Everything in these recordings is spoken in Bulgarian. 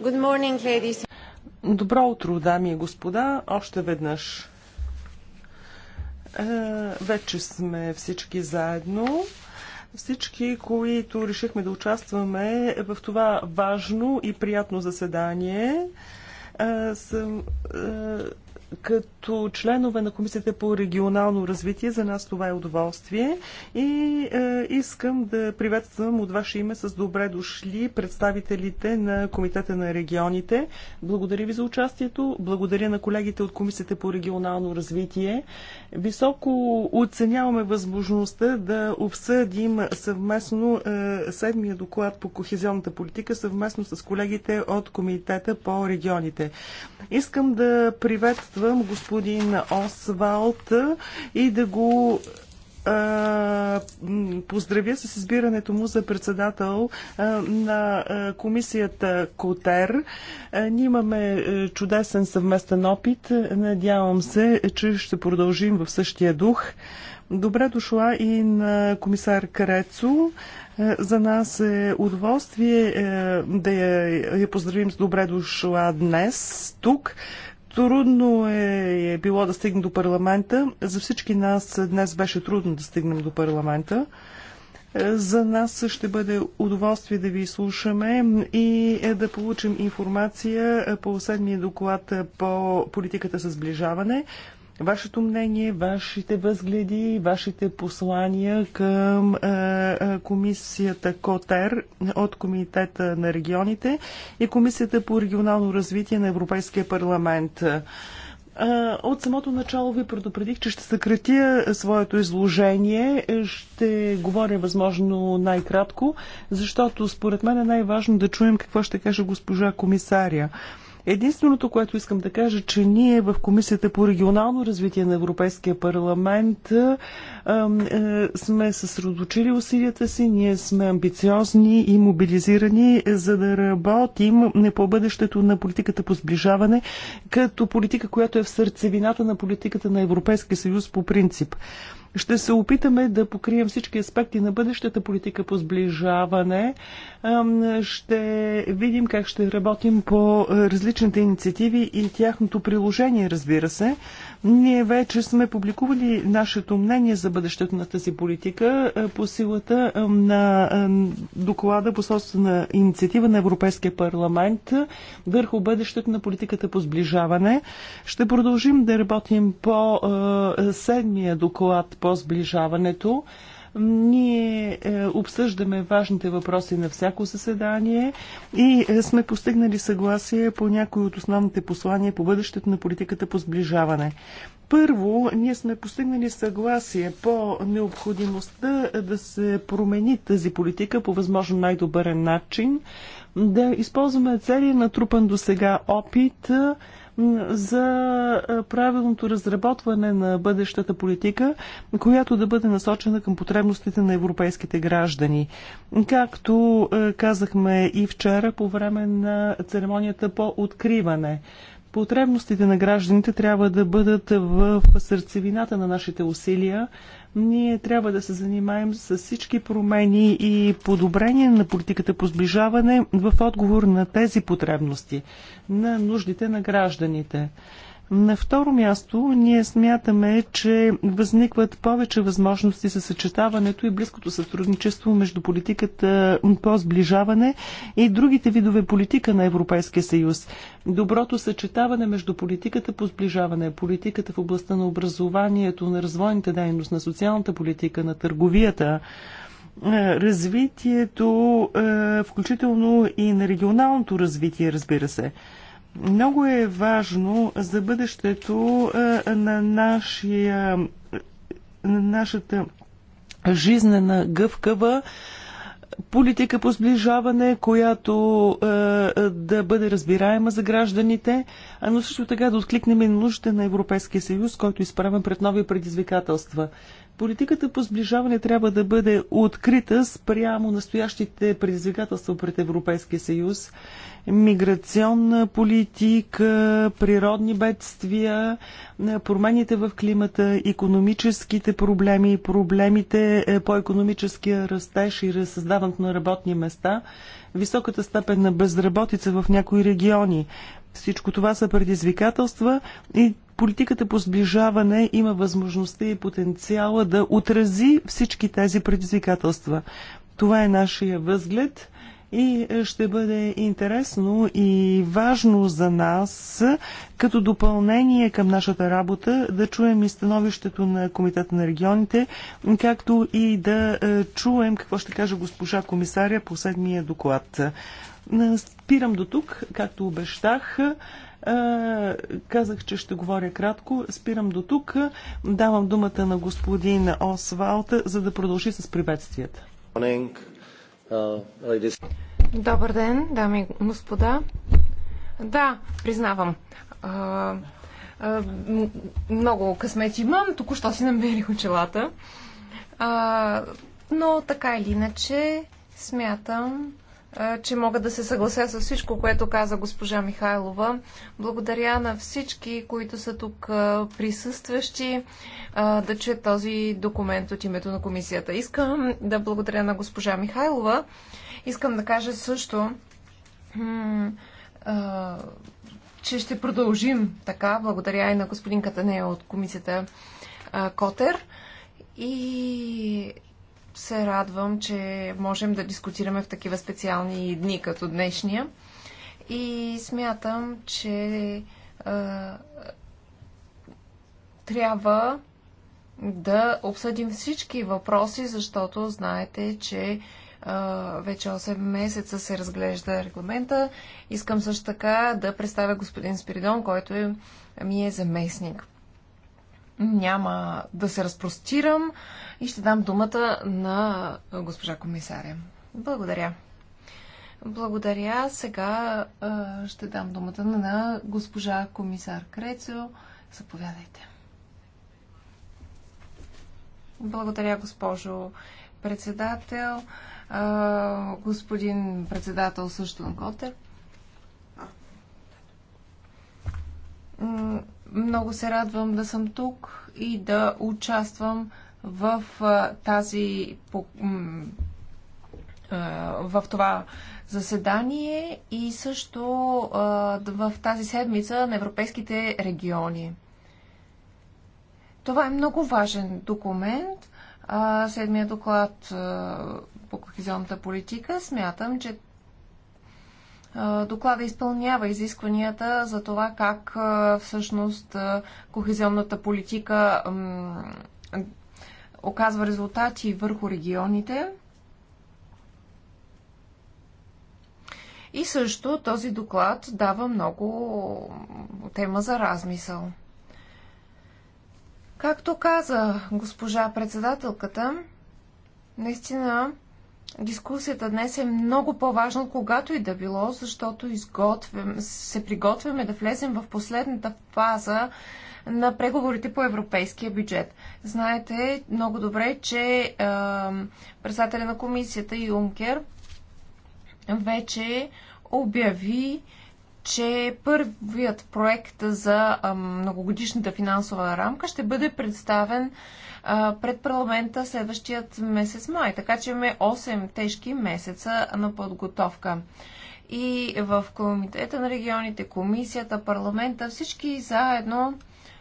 Morning, Добро утро, дами и господа, още веднъж. Е, вече сме всички заедно. Всички, които решихме да участваме в това важно и приятно заседание, е, съм, е, като членове на Комисията по регионално развитие, за нас това е удоволствие и е, искам да приветствам от ваше име с добре дошли представителите на Комитета на регионите. Благодаря ви за участието, благодаря на колегите от Комисията по регионално развитие. Високо оценяваме възможността да обсъдим съвместно е, седмия доклад по кохезионната политика съвместно с колегите от Комитета по регионите. Искам да приветствам приветствам господин Освалт и да го поздравя с избирането му за председател на комисията Котер. Ние имаме чудесен съвместен опит. Надявам се, че ще продължим в същия дух. Добре дошла и на комисар Карецо. За нас е удоволствие да я поздравим с добре дошла днес тук. Трудно е, е било да стигне до парламента. За всички нас днес беше трудно да стигнем до парламента. Е, за нас ще бъде удоволствие да ви слушаме и е, да получим информация е, по седмия доклад по политиката за сближаване вашето мнение, вашите възгледи, вашите послания към е, е, комисията КОТЕР от Комитета на регионите и Комисията по регионално развитие на Европейския парламент. Е, от самото начало ви предупредих, че ще съкратя своето изложение. Ще говоря възможно най-кратко, защото според мен е най-важно да чуем какво ще каже госпожа комисаря. Единственото, което искам да кажа, че ние в Комисията по регионално развитие на Европейския парламент е, е, сме съсредоточили усилията си, ние сме амбициозни и мобилизирани, е, за да работим е, по бъдещето на политиката по сближаване, като политика, която е в сърцевината на политиката на Европейския съюз по принцип. Ще се опитаме да покрием всички аспекти на бъдещата политика по сближаване. Ще видим как ще работим по различните инициативи и тяхното приложение, разбира се. Ние вече сме публикували нашето мнение за бъдещето на тази политика е, по силата е, на е, доклада по собствена инициатива на Европейския парламент върху бъдещето на политиката по сближаване. Ще продължим да работим по седмия доклад по сближаването. Ние е, обсъждаме важните въпроси на всяко съседание и е, сме постигнали съгласие по някои от основните послания по бъдещето на политиката по сближаване. Първо, ние сме постигнали съгласие по необходимостта да се промени тази политика по възможно най-добър начин, да използваме целият натрупан до сега опит за правилното разработване на бъдещата политика, която да бъде насочена към потребностите на европейските граждани. Както казахме и вчера по време на церемонията по откриване. Потребностите на гражданите трябва да бъдат в сърцевината на нашите усилия, ние трябва да се занимаем с всички промени и подобрения на политиката по сближаване в отговор на тези потребности, на нуждите на гражданите. На второ място, ние смятаме, че възникват повече възможности за съчетаването и близкото сътрудничество между политиката по сближаване и другите видове политика на Европейския съюз. Доброто съчетаване между политиката по сближаване, политиката в областта на образованието, на развойната дейност, на социалната политика, на търговията, е, развитието, е, включително и на регионалното развитие, разбира се. Много е важно за бъдещето на, нашия, на нашата жизнена гъвкава политика по сближаване, която е, да бъде разбираема за гражданите, а но също така да откликнем и нуждите на Европейския съюз, който е изправен пред нови предизвикателства. Политиката по сближаване трябва да бъде открита спрямо настоящите предизвикателства пред Европейския съюз миграционна политика, природни бедствия, промените в климата, економическите проблеми, проблемите е, по економическия растеж и създаването на работни места, високата степен на безработица в някои региони. Всичко това са предизвикателства и политиката по сближаване има възможността и потенциала да отрази всички тези предизвикателства. Това е нашия възглед и е, ще бъде интересно и важно за нас като допълнение към нашата работа да чуем и становището на Комитета на регионите, както и да е, чуем какво ще каже госпожа комисаря по седмия доклад. Е, спирам до тук, както обещах. Казах, че ще говоря кратко. Спирам до тук. Давам думата на господин Освалт, за да продължи с приветствията. Uh, Добър ден, дами и господа. Да, признавам. А, а, много късмет имам. Току-що си намерих очелата. А, но така или иначе, смятам, че мога да се съглася с всичко, което каза госпожа Михайлова. Благодаря на всички, които са тук присъстващи да чуят този документ от името на комисията. Искам да благодаря на госпожа Михайлова. Искам да кажа също, че ще продължим така. Благодаря и на господин Катанея от комисията Котер. И се радвам, че можем да дискутираме в такива специални дни, като днешния. И смятам, че а, трябва да обсъдим всички въпроси, защото знаете, че вече 8 месеца се разглежда регламента. Искам също така да представя господин Спиридон, който е, ми е заместник няма да се разпростирам и ще дам думата на госпожа комисаря. Благодаря. Благодаря. Сега ще дам думата на госпожа комисар Крецо. Заповядайте. Благодаря, госпожо председател. господин председател също на Готер. Много се радвам да съм тук и да участвам в тази в това заседание и също в тази седмица на европейските региони. Това е много важен документ. Седмия доклад по кохезионната политика. Смятам, че доклада изпълнява изискванията за това как всъщност кохезионната политика оказва резултати върху регионите. И също този доклад дава много тема за размисъл. Както каза госпожа председателката, наистина дискусията днес е много по-важна, когато и да било, защото изготвям, се приготвяме да влезем в последната фаза на преговорите по европейския бюджет. Знаете много добре, че е, председателя на комисията Юнкер вече обяви, че първият проект за е, многогодишната финансова рамка ще бъде представен пред парламента следващият месец май. Така че имаме 8 тежки месеца на подготовка. И в Комитета на регионите, комисията, парламента, всички заедно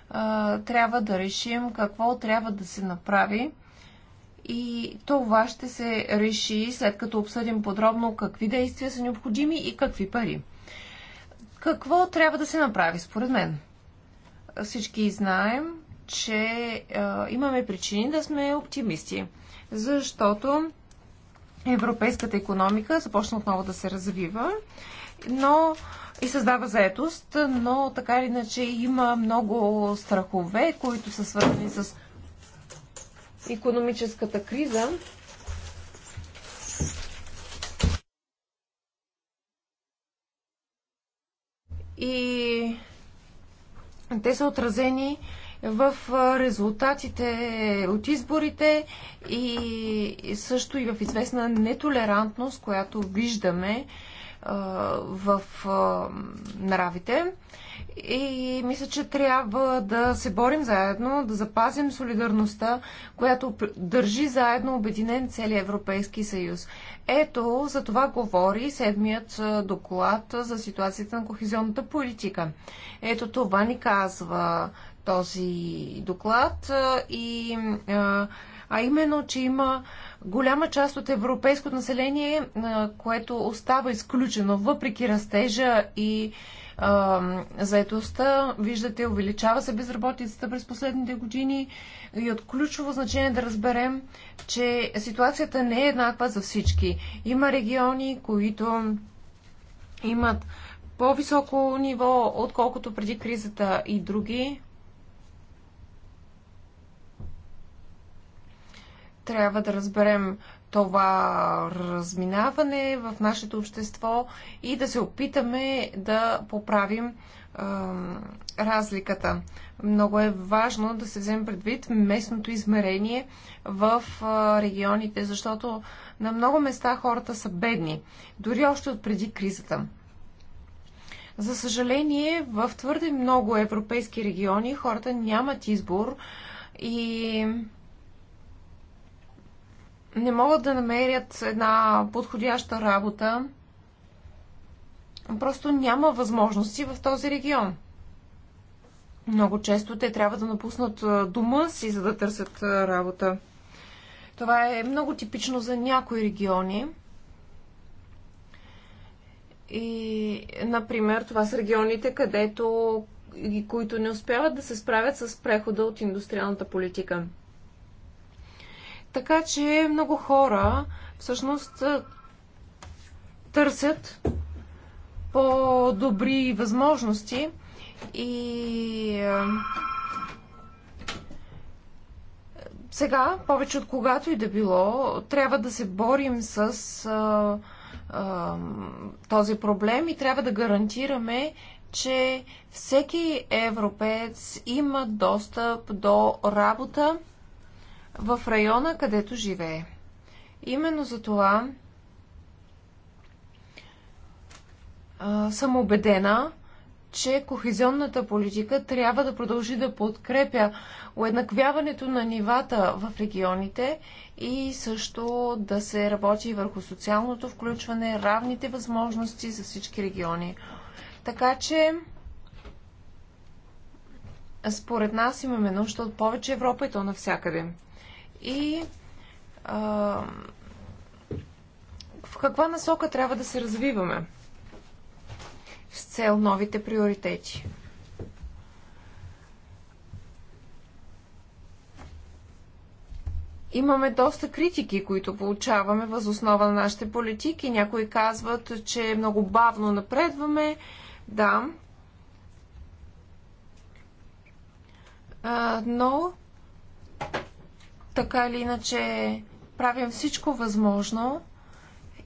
а, трябва да решим какво трябва да се направи. И това ще се реши след като обсъдим подробно какви действия са необходими и какви пари. Какво трябва да се направи според мен? Всички знаем, че а, имаме причини да сме оптимисти, защото европейската економика започна отново да се развива, но и създава заетост, но така или иначе има много страхове, които са свързани с економическата криза. И те са отразени в резултатите от изборите и също и в известна нетолерантност, която виждаме в нравите. И мисля, че трябва да се борим заедно, да запазим солидарността, която държи заедно обединен целият Европейски съюз. Ето, за това говори седмият доклад за ситуацията на кохезионната политика. Ето това ни казва този доклад и а именно, че има голяма част от европейското население, което остава изключено въпреки растежа и а, заедостта. Виждате, увеличава се безработицата през последните години и от ключово значение да разберем, че ситуацията не е еднаква за всички. Има региони, които имат по-високо ниво, отколкото преди кризата и други, Трябва да разберем това разминаване в нашето общество и да се опитаме да поправим разликата. Много е важно да се вземе предвид местното измерение в регионите, защото на много места хората са бедни, дори още от преди кризата. За съжаление, в твърде много европейски региони хората нямат избор и не могат да намерят една подходяща работа, просто няма възможности в този регион. Много често те трябва да напуснат дома си, за да търсят работа. Това е много типично за някои региони. И, например, това са регионите, където и които не успяват да се справят с прехода от индустриалната политика. Така че много хора всъщност е, търсят по-добри възможности и е, сега, повече от когато и да било, трябва да се борим с а, е, а, този проблем и трябва да гарантираме, че всеки европеец има достъп до работа в района, където живее. Именно за това а, съм убедена, че кохезионната политика трябва да продължи да подкрепя уеднаквяването на нивата в регионите и също да се работи върху социалното включване, равните възможности за всички региони. Така че, според нас имаме нужда от повече Европа и то навсякъде и а, в каква насока трябва да се развиваме с цел новите приоритети. имаме доста критики, които получаваме въз основа на нашите политики. Някои казват, че много бавно напредваме. Да. А, но така или иначе правим всичко възможно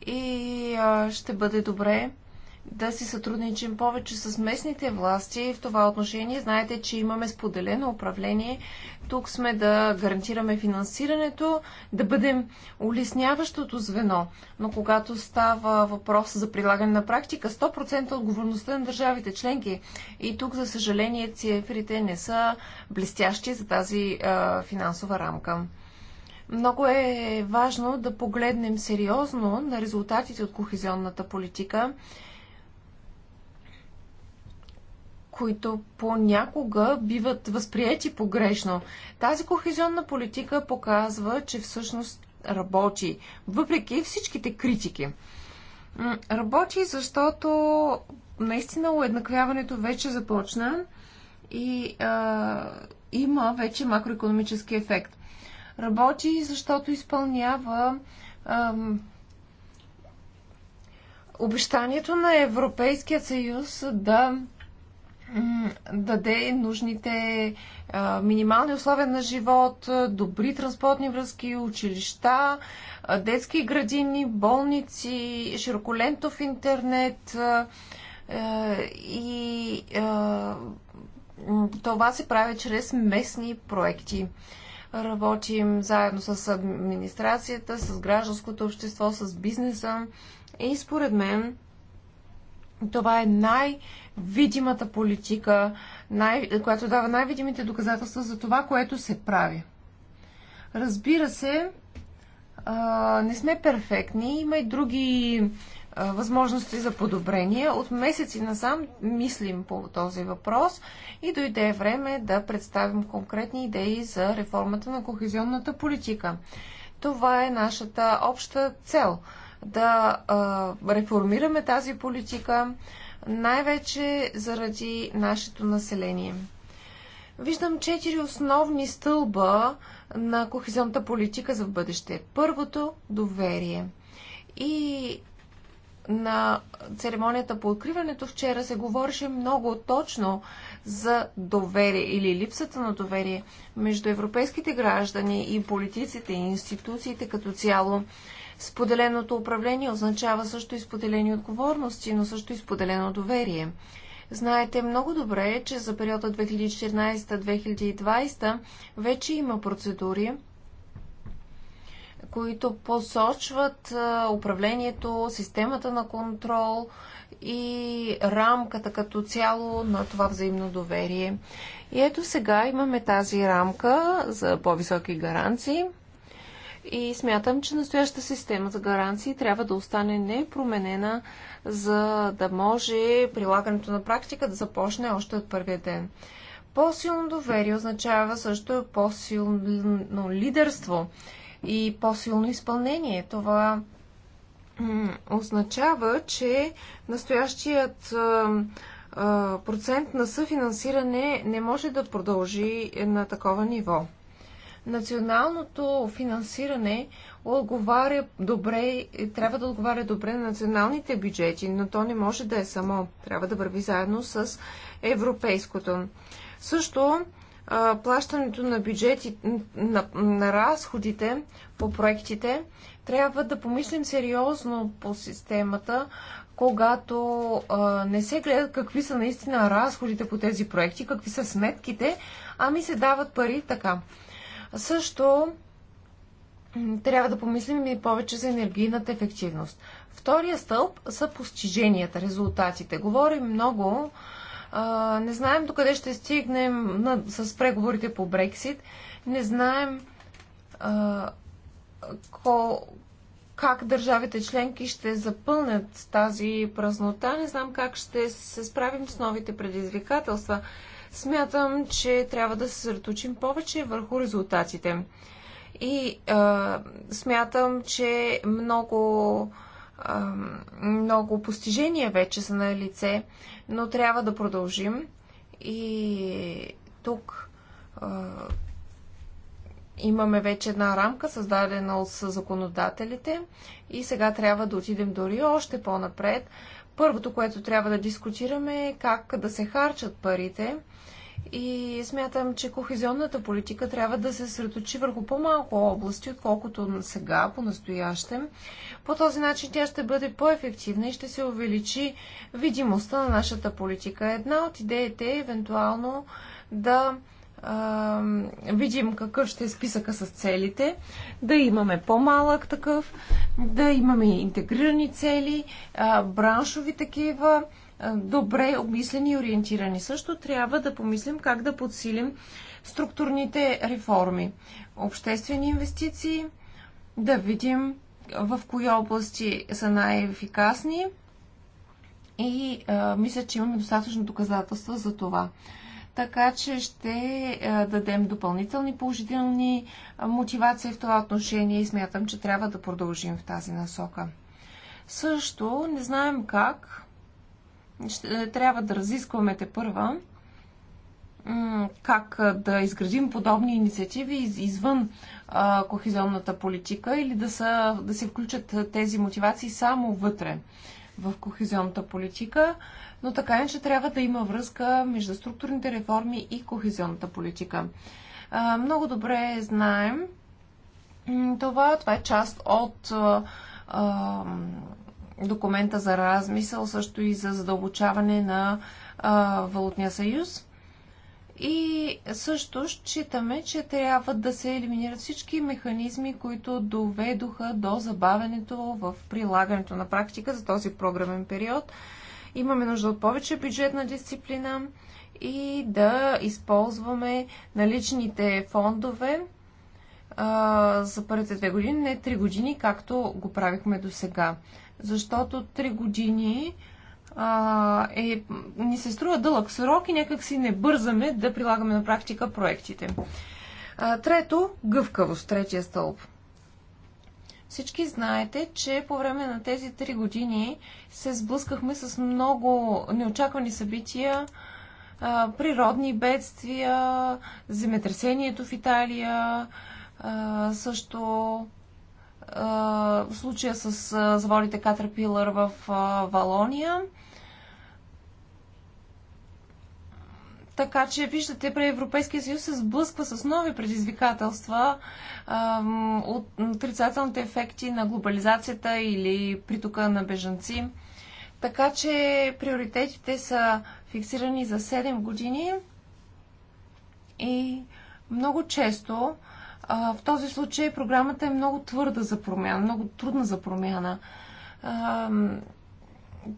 и а, ще бъде добре да си сътрудничим повече с местните власти в това отношение. Знаете, че имаме споделено управление. Тук сме да гарантираме финансирането, да бъдем улесняващото звено. Но когато става въпрос за прилагане на практика, 100% отговорността на държавите членки. И тук, за съжаление, цифрите не са блестящи за тази а, финансова рамка. Много е важно да погледнем сериозно на резултатите от кохезионната политика, които понякога биват възприяти погрешно. Тази кохезионна политика показва, че всъщност работи, въпреки всичките критики. Работи, защото наистина уеднаквяването вече започна и а, има вече макроекономически ефект. Работи, защото изпълнява ам, обещанието на Европейския съюз да даде нужните а, минимални условия на живот, добри транспортни връзки, училища, а, детски градини, болници, широколентов интернет а, е, и това се прави чрез местни проекти. Работим заедно с администрацията, с гражданското общество, с бизнеса. И според мен това е най-видимата политика, най- която дава най-видимите доказателства за това, което се прави. Разбира се, а, не сме перфектни. Има и други възможности за подобрение. От месеци насам мислим по този въпрос и дойде време да представим конкретни идеи за реформата на кохезионната политика. Това е нашата обща цел да реформираме тази политика, най-вече заради нашето население. Виждам четири основни стълба на кохезионната политика за бъдеще. Първото доверие. И на церемонията по откриването вчера се говореше много точно за доверие или липсата на доверие между европейските граждани и политиците и институциите като цяло. Споделеното управление означава също и споделени отговорности, но също и споделено доверие. Знаете много добре, че за периода 2014-2020 вече има процедури, които посочват управлението, системата на контрол и рамката като цяло на това взаимно доверие. И ето сега имаме тази рамка за по-високи гаранции. И смятам, че настоящата система за гаранции трябва да остане непроменена, за да може прилагането на практика да започне още от първия ден. По-силно доверие означава също по-силно лидерство и по-силно изпълнение. Това означава, че настоящият процент на съфинансиране не може да продължи на такова ниво. Националното финансиране отговаря добре, трябва да отговаря добре на националните бюджети, но то не може да е само. Трябва да върви заедно с европейското. Също плащането на бюджети, на, на разходите по проектите, трябва да помислим сериозно по системата, когато а, не се гледат какви са наистина разходите по тези проекти, какви са сметките, ами се дават пари така. Също трябва да помислим и повече за енергийната ефективност. Втория стълб са постиженията, резултатите. Говорим много а, не знаем докъде ще стигнем на, с преговорите по Брексит. Не знаем а, ко, как държавите членки ще запълнят тази празнота. Не знам как ще се справим с новите предизвикателства. Смятам, че трябва да се съсредоточим повече върху резултатите. И а, смятам, че много много постижения вече са на лице, но трябва да продължим. И тук имаме вече една рамка, създадена от законодателите, и сега трябва да отидем дори още по-напред. Първото, което трябва да дискутираме е как да се харчат парите, и смятам, че кохезионната политика трябва да се средочи върху по-малко области, отколкото на сега, по-настоящем. По този начин тя ще бъде по-ефективна и ще се увеличи видимостта на нашата политика. Една от идеите е евентуално да а, видим какъв ще е списъка с целите, да имаме по-малък такъв, да имаме интегрирани цели, а, браншови такива е, добре обмислени и ориентирани. Също трябва да помислим как да подсилим структурните реформи, обществени инвестиции, да видим в кои области са най-ефикасни и а, е, мисля, че имаме достатъчно доказателства за това. Така че ще е, дадем допълнителни положителни мотивации в това отношение и смятам, че трябва да продължим в тази насока. Също не знаем как ще, е, трябва да разискваме те първа как е, да изградим подобни инициативи извън а, кохезионната политика или да, са, да се включат е, тези мотивации само вътре в кохезионната политика, но така иначе трябва да има връзка между структурните реформи и кохезионната политика. А, много добре знаем това. Това е част от а, документа за размисъл, също и за задълбочаване на а, Валутния съюз. И също считаме, че трябва да се елиминират всички механизми, които доведоха до забавенето в прилагането на практика за този програмен период. Имаме нужда от повече бюджетна дисциплина и да използваме наличните фондове а, за първите две години, не три години, както го правихме до сега защото три години а, е, ни се струва дълъг срок и някак си не бързаме да прилагаме на практика проектите. А, трето, гъвкавост, третия стълб. Всички знаете, че по време на тези три години се сблъскахме с много неочаквани събития, природни бедствия, земетресението в Италия, също в случая с заводите Caterpillar в Валония. Така че, виждате, при Европейския съюз се сблъсква с нови предизвикателства от отрицателните ефекти на глобализацията или притока на бежанци. Така че приоритетите са фиксирани за 7 години и много често в този случай програмата е много твърда за промяна, много трудна за промяна.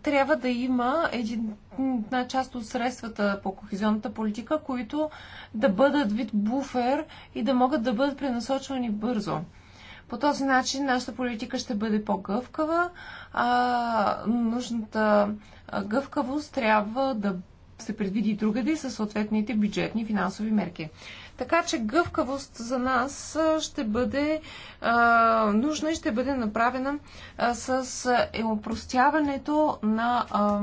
Трябва да има една част от средствата по кохезионната политика, които да бъдат вид буфер и да могат да бъдат пренасочвани бързо. По този начин нашата политика ще бъде по-гъвкава, а нужната гъвкавост трябва да се предвиди другаде със съответните бюджетни финансови мерки. Така че гъвкавост за нас ще бъде а, нужна и ще бъде направена а, с е, упростяването на а,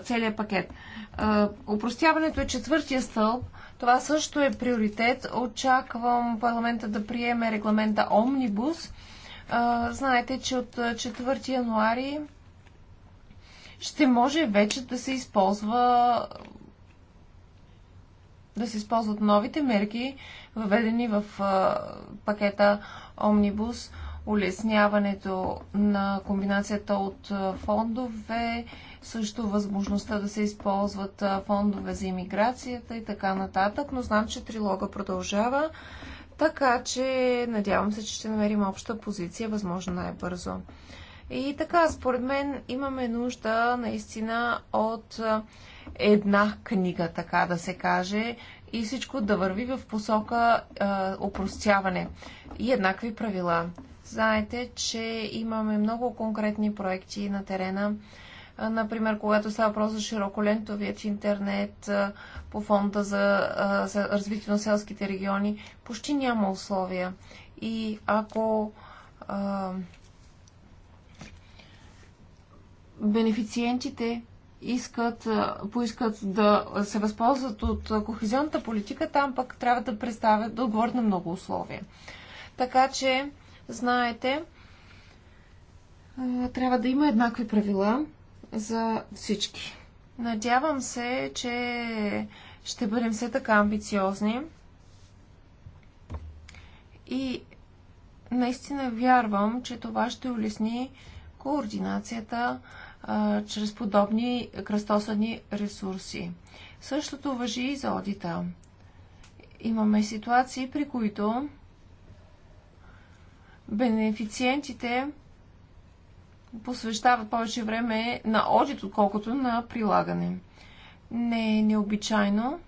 целият пакет. А, упростяването е четвъртия стълб. Това също е приоритет. Очаквам парламента да приеме регламента Омнибус. Знаете, че от 4 януари ще може вече да се използва да се използват новите мерки, въведени в пакета Омнибус, улесняването на комбинацията от фондове, също възможността да се използват фондове за иммиграцията и така нататък, но знам, че трилога продължава, така че надявам се, че ще намерим обща позиция, възможно най-бързо. И така, според мен имаме нужда наистина от една книга, така да се каже, и всичко да върви в посока а, упростяване и еднакви правила. Знаете, че имаме много конкретни проекти на терена. А, например, когато става въпрос за широколентовият интернет а, по фонда за, а, за развитие на селските региони, почти няма условия. И ако бенефициентите искат, поискат да се възползват от кохезионната политика, там пък трябва да представят, да отговорят на много условия. Така че, знаете, трябва да има еднакви правила за всички. Надявам се, че ще бъдем все така амбициозни и наистина вярвам, че това ще улесни координацията а, чрез подобни кръстосани ресурси. Същото въжи и за одита. Имаме ситуации, при които бенефициентите посвещават повече време на одит, отколкото на прилагане. Не е необичайно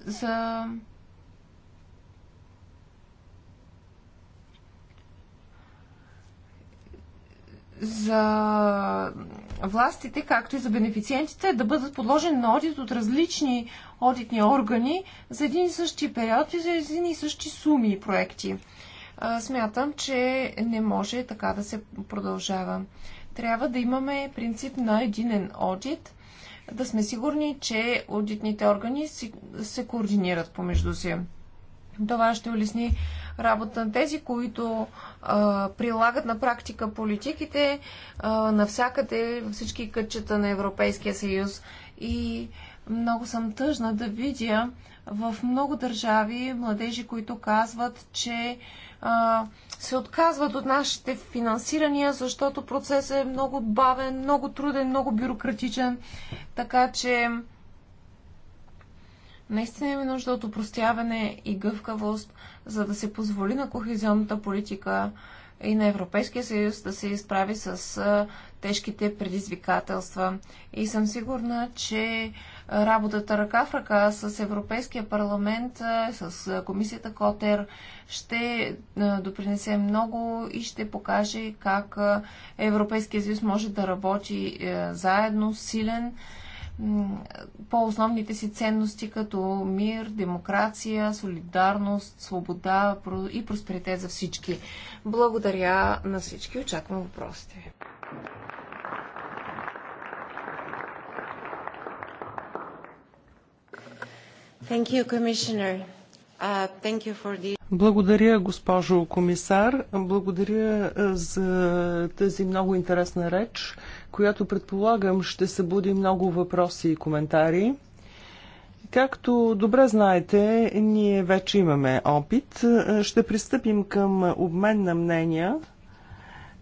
за за властите, както и за бенефициентите, да бъдат подложени на одит от различни одитни органи за един и същи период и за един и същи суми и проекти. Смятам, че не може така да се продължава. Трябва да имаме принцип на единен одит, да сме сигурни, че одитните органи се координират помежду си. Това ще улесни работа на тези, които а, прилагат на практика политиките а, навсякъде, във всички кътчета на Европейския съюз. И много съм тъжна да видя в много държави младежи, които казват, че а, се отказват от нашите финансирания, защото процесът е много бавен, много труден, много бюрократичен. Така че Наистина има нужда от упростяване и гъвкавост, за да се позволи на кохезионната политика и на Европейския съюз да се изправи с тежките предизвикателства. И съм сигурна, че работата ръка в ръка с Европейския парламент, с комисията Котер ще допринесе много и ще покаже как Европейския съюз може да работи заедно, силен по основните си ценности, като мир, демокрация, солидарност, свобода и просперитет за всички. Благодаря на всички. Очаквам въпросите. Thank you, Commissioner. Uh, Благодаря, госпожо комисар. Благодаря за тази много интересна реч която предполагам ще събуди много въпроси и коментари. Както добре знаете, ние вече имаме опит. Ще пристъпим към обмен на мнения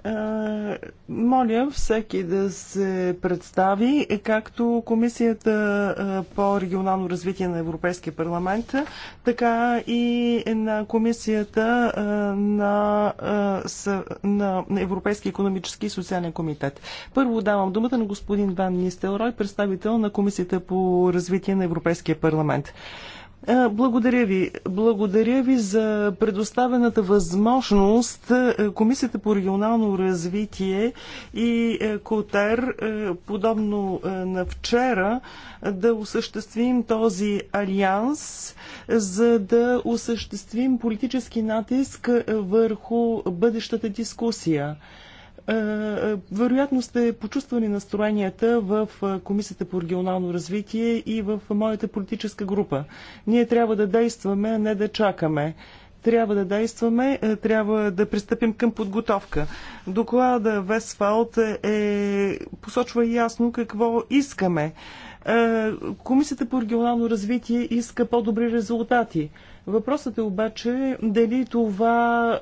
е, моля всеки да се представи, както Комисията е, по регионално развитие на Европейския парламент, така и на Комисията е, на, на Европейския економически и социален комитет. Първо давам думата на господин Ван Нистелрой, представител на Комисията по развитие на Европейския парламент. Благодаря ви. Благодаря ви за предоставената възможност Комисията по регионално развитие и Котер, подобно на вчера, да осъществим този алианс, за да осъществим политически натиск върху бъдещата дискусия. Е, е, вероятно сте почувствали настроенията в е, Комисията по регионално развитие и в моята политическа група. Ние трябва да действаме, а не да чакаме трябва да действаме, трябва да пристъпим към подготовка. Доклада Весфалт е, посочва ясно какво искаме. Е, Комисията по регионално развитие иска по-добри резултати. Въпросът е обаче дали това е,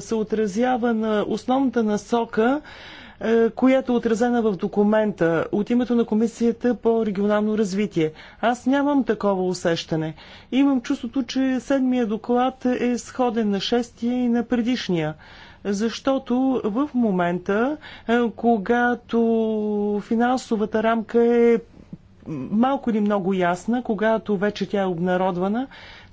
се отразява на основната насока, е, която е отразена в документа от името на Комисията по регионално развитие. Аз нямам такова усещане. Имам чувството, че седмия доклад е сходен на шестия и на предишния защото в момента, когато финансовата рамка е малко или много ясна, когато вече тя е обнародвана,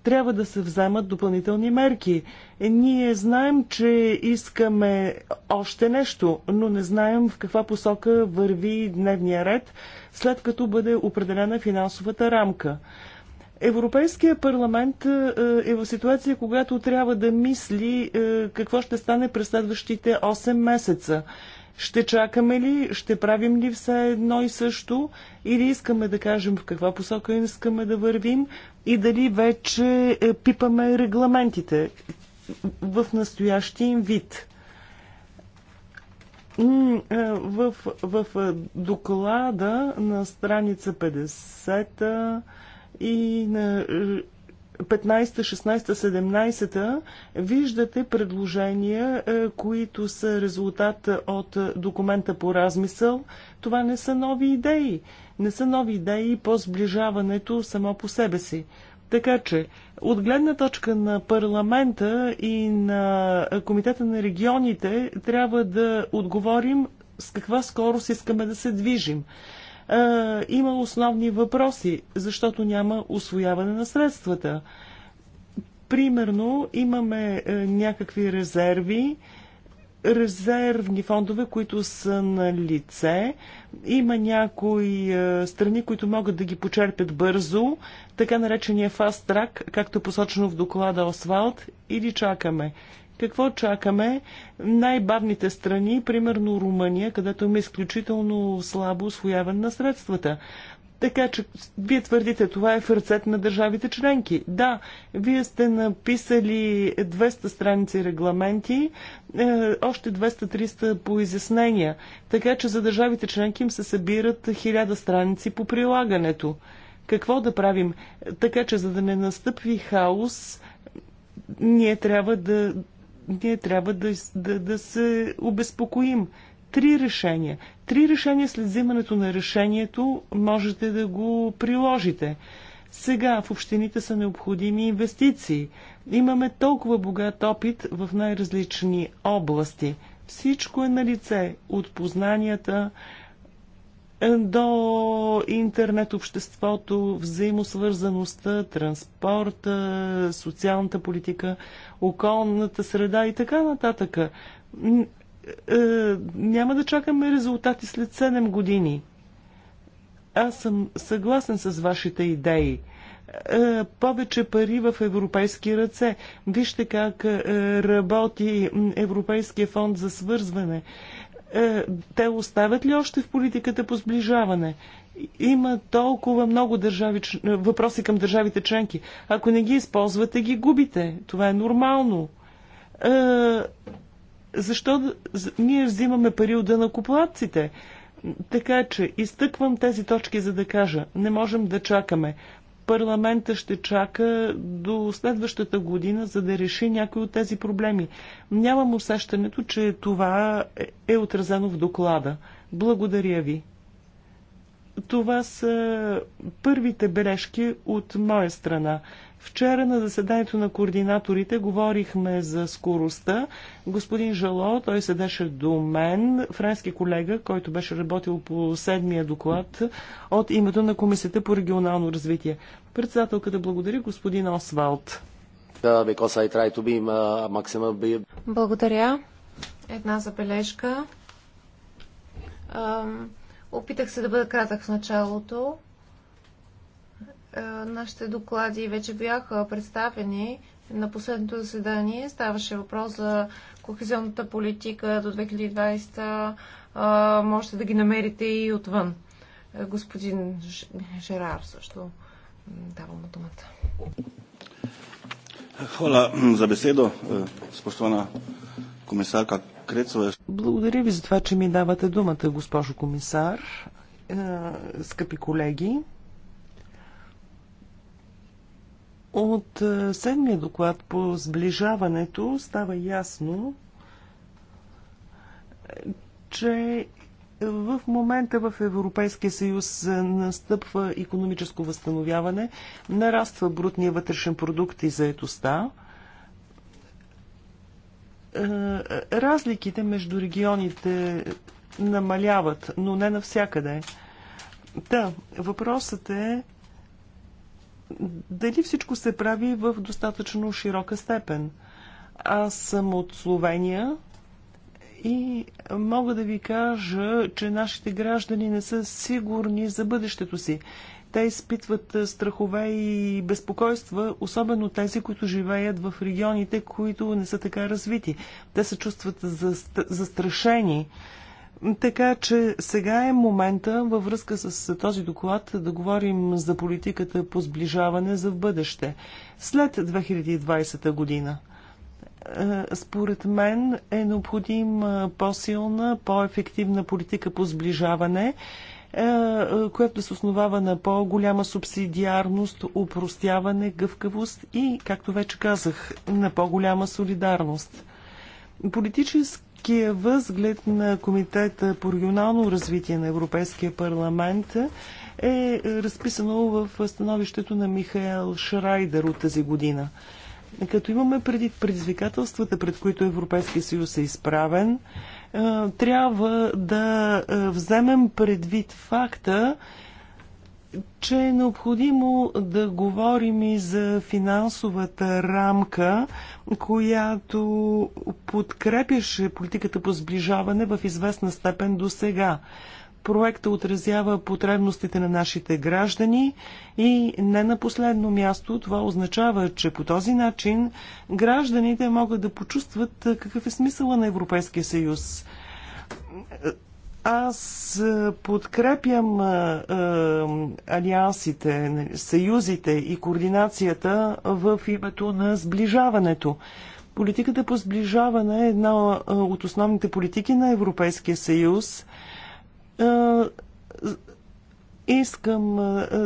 трябва да се вземат допълнителни мерки. Е, ние знаем, че искаме още нещо, но не знаем в каква посока върви дневния ред, след като бъде определена финансовата рамка. Европейския парламент е, е, е в ситуация, когато трябва да мисли какво ще стане през следващите 8 месеца. Ще чакаме ли, ще правим ли все едно и също, или искаме да кажем в каква посока искаме да вървим и дали вече е, пипаме регламентите в настоящия им вид. Е, в, в е, доклада на страница 50 и на 15, 16, 17 виждате предложения, е, които са резултат от документа по размисъл. Това не са нови идеи. Не са нови идеи по сближаването само по себе си. Така че, от гледна точка на парламента и на Комитета на регионите, трябва да отговорим с каква скорост искаме да се движим има основни въпроси, защото няма освояване на средствата. Примерно имаме някакви резерви, резервни фондове, които са на лице. Има някои страни, които могат да ги почерпят бързо, така наречения фаст трак, както е посочено в доклада Освалт, или чакаме. Какво чакаме? Най-бавните страни, примерно Румъния, където има изключително слабо освояване на средствата. Така че, вие твърдите, това е в ръцете на държавите членки. Да, вие сте написали 200 страници регламенти, е, още 200-300 по изяснения. Така че за държавите членки им се събират 1000 страници по прилагането. Какво да правим? Така че, за да не настъпи хаос, ние трябва да ние трябва да, да, да се обезпокоим. Три решения. Три решения след взимането на решението можете да го приложите. Сега в общините са необходими инвестиции. Имаме толкова богат опит в най-различни области. Всичко е на лице от познанията, до интернет обществото, взаимосвързаността, транспорта, социалната политика, околната среда и така нататък. Е, няма да чакаме резултати след 7 години. Аз съм съгласен с вашите идеи е, повече пари в европейски ръце. Вижте как е, работи Европейския фонд за свързване. Е, те остават ли още в политиката по сближаване? Има толкова много държави, е, въпроси към държавите членки. Ако не ги използвате, ги губите. Това е нормално. Е, защо ние взимаме пари от дънакоплатците? Така че изтъквам тези точки, за да кажа, не можем да чакаме парламента ще чака до следващата година, за да реши някои от тези проблеми. Нямам усещането, че това е, е отразено в доклада. Благодаря ви. Това са първите бележки от моя страна. Вчера на заседанието на координаторите говорихме за скоростта. Господин Жало, той седеше до мен, френски колега, който беше работил по седмия доклад от името на Комисията по регионално развитие. Председателката благодари господин Освалд. Uh, Благодаря. Една забележка. Опитах се да бъда кратък в началото. Е, нашите доклади вече бяха представени на последното заседание. Ставаше въпрос за кохезионната политика до 2020. Е, можете да ги намерите и отвън. Е, господин Жерар също давам му думата. Хвала за беседо, спощвана комисарка Крецова. Благодаря ви за това, че ми давате думата, госпожо комисар, скъпи колеги. От е, седмия доклад по сближаването става ясно, че в момента в Европейския съюз настъпва економическо възстановяване, нараства брутния вътрешен продукт и заетостта. Е, е, разликите между регионите намаляват, но не навсякъде. Та, въпросът е дали всичко се прави в достатъчно широка степен. Аз съм от Словения и мога да ви кажа, че нашите граждани не са сигурни за бъдещето си. Те изпитват страхове и безпокойства, особено тези, които живеят в регионите, които не са така развити. Те се чувстват застрашени. За така че сега е момента във връзка с този доклад да говорим за политиката по сближаване за в бъдеще, след 2020 година. Е, според мен е необходим е, по-силна, по-ефективна политика по сближаване, е, която се основава на по-голяма субсидиарност, упростяване, гъвкавост и, както вече казах, на по-голяма солидарност. Политически краткия възглед на Комитета по регионално развитие на Европейския парламент е разписано в становището на Михаел Шрайдер от тази година. Като имаме преди предизвикателствата, пред които Европейския съюз е изправен, е, трябва да е, вземем предвид факта, че е необходимо да говорим и за финансовата рамка, която подкрепяше политиката по сближаване в известна степен до сега. Проекта отразява потребностите на нашите граждани и не на последно място това означава, че по този начин гражданите могат да почувстват какъв е смисъла на Европейския съюз аз е, подкрепям е, е, алиансите, нали, съюзите и координацията в името на сближаването. Политиката по сближаване е една от основните политики на Европейския съюз. Искам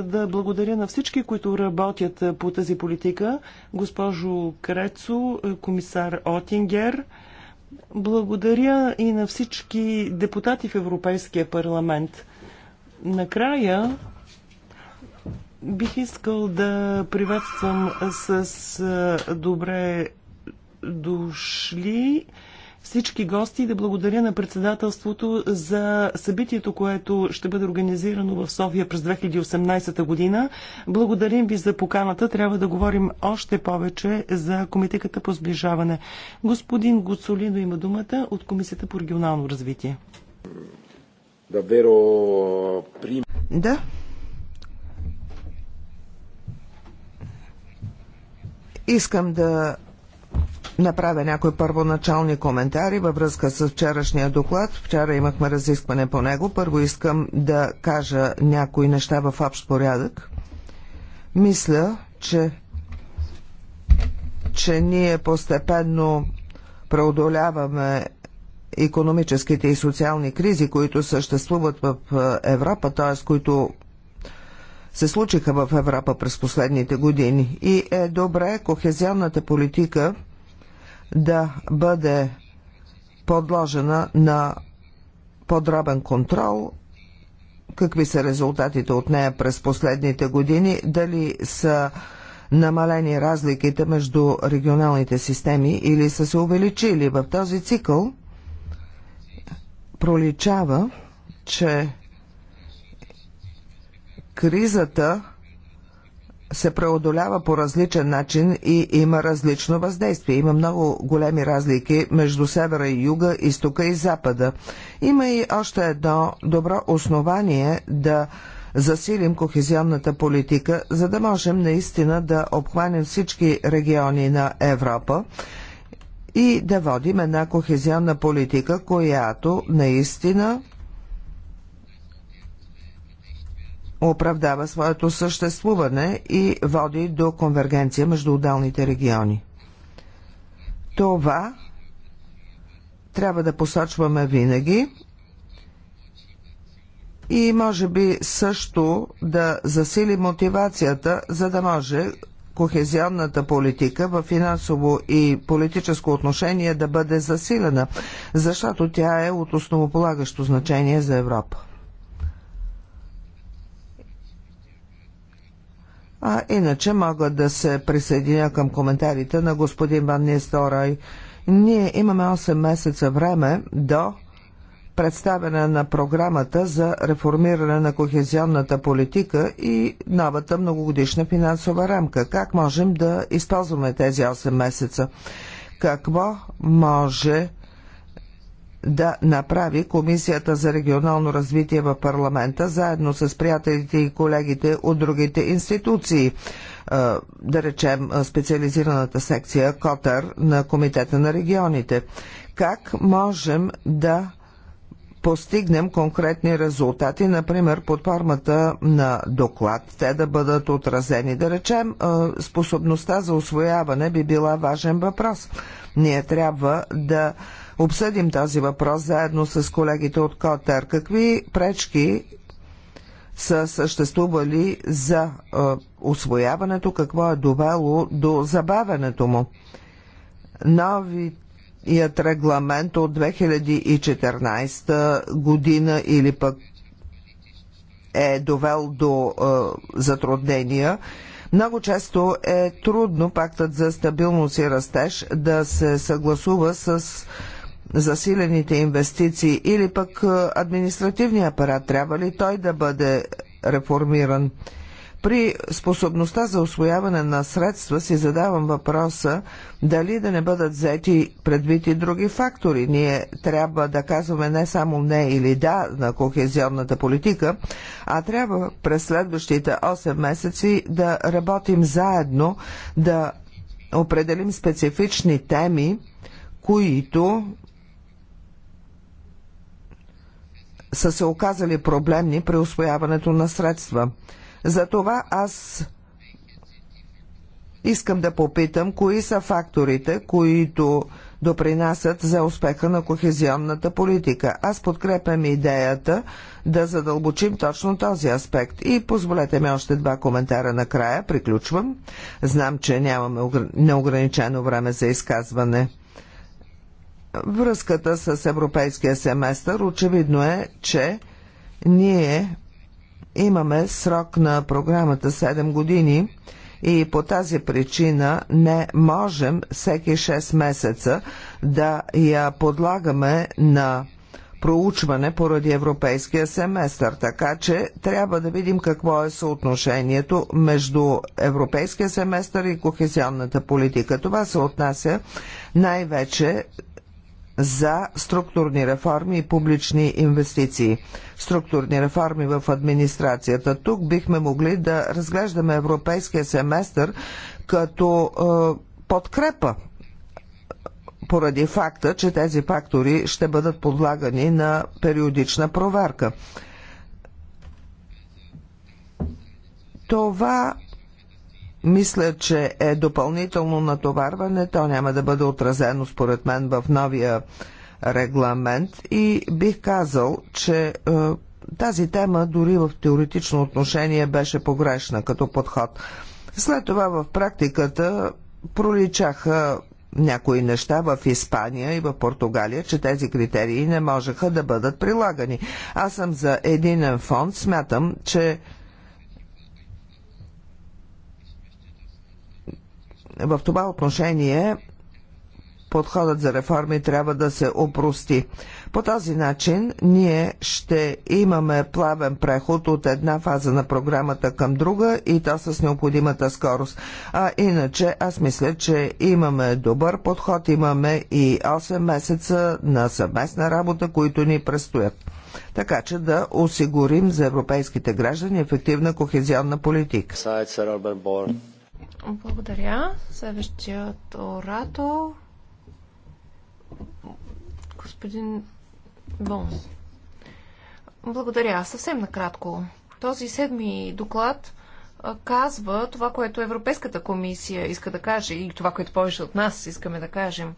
да благодаря на всички, които работят по тази политика. Госпожо Крецо, комисар Отингер, благодаря и на всички депутати в Европейския парламент. Накрая бих искал да приветствам с добре дошли всички гости и да благодаря на председателството за събитието, което ще бъде организирано в София през 2018 година. Благодарим ви за поканата. Трябва да говорим още повече за комитетата по сближаване. Господин Гуцолино има думата от Комисията по регионално развитие. Да. Искам да направя някои първоначални коментари във връзка с вчерашния доклад. Вчера имахме разискване по него. Първо искам да кажа някои неща в общ порядък. Мисля, че, че ние постепенно преодоляваме економическите и социални кризи, които съществуват в е, Европа, т.е. които се случиха в Европа през последните години. И е добре кохезионната политика да бъде подложена на подробен контрол, какви са резултатите от нея през последните години, дали са намалени разликите между регионалните системи или са се увеличили. В този цикъл проличава, че кризата се преодолява по различен начин и има различно въздействие. Има много големи разлики между севера и юга, изтока и запада. Има и още едно добро основание да засилим кохезионната политика, за да можем наистина да обхванем всички региони на Европа и да водим една кохезионна политика, която наистина оправдава своето съществуване и води до конвергенция между отделните региони. Това трябва да посочваме винаги и може би също да засили мотивацията, за да може кохезионната политика в финансово и политическо отношение да бъде засилена, защото тя е от основополагащо значение за Европа. А иначе мога да се присъединя към коментарите на господин Ван Нисторай. Ние имаме 8 месеца време до представяне на програмата за реформиране на кохезионната политика и новата многогодишна финансова рамка. Как можем да използваме тези 8 месеца? Какво може да направи Комисията за регионално развитие в парламента, заедно с приятелите и колегите от другите институции е, да речем, специализираната секция Котър на Комитета на регионите. Как можем да постигнем конкретни резултати, например под формата на доклад, те да бъдат отразени. Да речем, е, способността за освояване би била важен въпрос. Ние трябва да обсъдим този въпрос заедно с колегите от Котер. Какви пречки са съществували за е, освояването, какво е довело до забавянето му? Новият регламент от 2014 година или пък е довел до е, затруднения. Много често е трудно пактът за стабилност и растеж да се съгласува с засилените инвестиции или пък административния апарат, трябва ли той да бъде реформиран? При способността за освояване на средства си задавам въпроса дали да не бъдат взети предвид и други фактори. Ние трябва да казваме не само не или да на кохезионната политика, а трябва през следващите 8 месеци да работим заедно, да определим специфични теми, които са се оказали проблемни при освояването на средства. Затова аз искам да попитам, кои са факторите, които допринасят за успеха на кохезионната политика. Аз подкрепям идеята да задълбочим точно този аспект. И позволете ми още два коментара накрая. Приключвам. Знам, че нямаме неограничено време за изказване връзката с европейския семестър, очевидно е, че ние имаме срок на програмата 7 години и по тази причина не можем всеки 6 месеца да я подлагаме на проучване поради европейския семестър, така че трябва да видим какво е съотношението между европейския семестър и кохезионната политика. Това се отнася най-вече за структурни реформи и публични инвестиции. Структурни реформи в администрацията. Тук бихме могли да разглеждаме европейския семестър като е, подкрепа поради факта, че тези фактори ще бъдат подлагани на периодична проверка. Това мисля, че е допълнително натоварване. То няма да бъде отразено, според мен, в новия регламент. И бих казал, че е, тази тема дори в теоретично отношение беше погрешна като подход. След това в практиката проличаха някои неща в Испания и в Португалия, че тези критерии не можеха да бъдат прилагани. Аз съм за единен фонд. Смятам, че в това отношение подходът за реформи трябва да се опрости. По този начин ние ще имаме плавен преход от една фаза на програмата към друга и то с необходимата скорост. А иначе аз мисля, че имаме добър подход, имаме и 8 месеца на съвместна работа, които ни предстоят. Така че да осигурим за европейските граждани ефективна кохезионна политика. Благодаря. Следващият оратор господин Бон. Благодаря. Съвсем накратко. Този седми доклад казва това, което Европейската комисия иска да каже и това, което повече от нас искаме да кажем.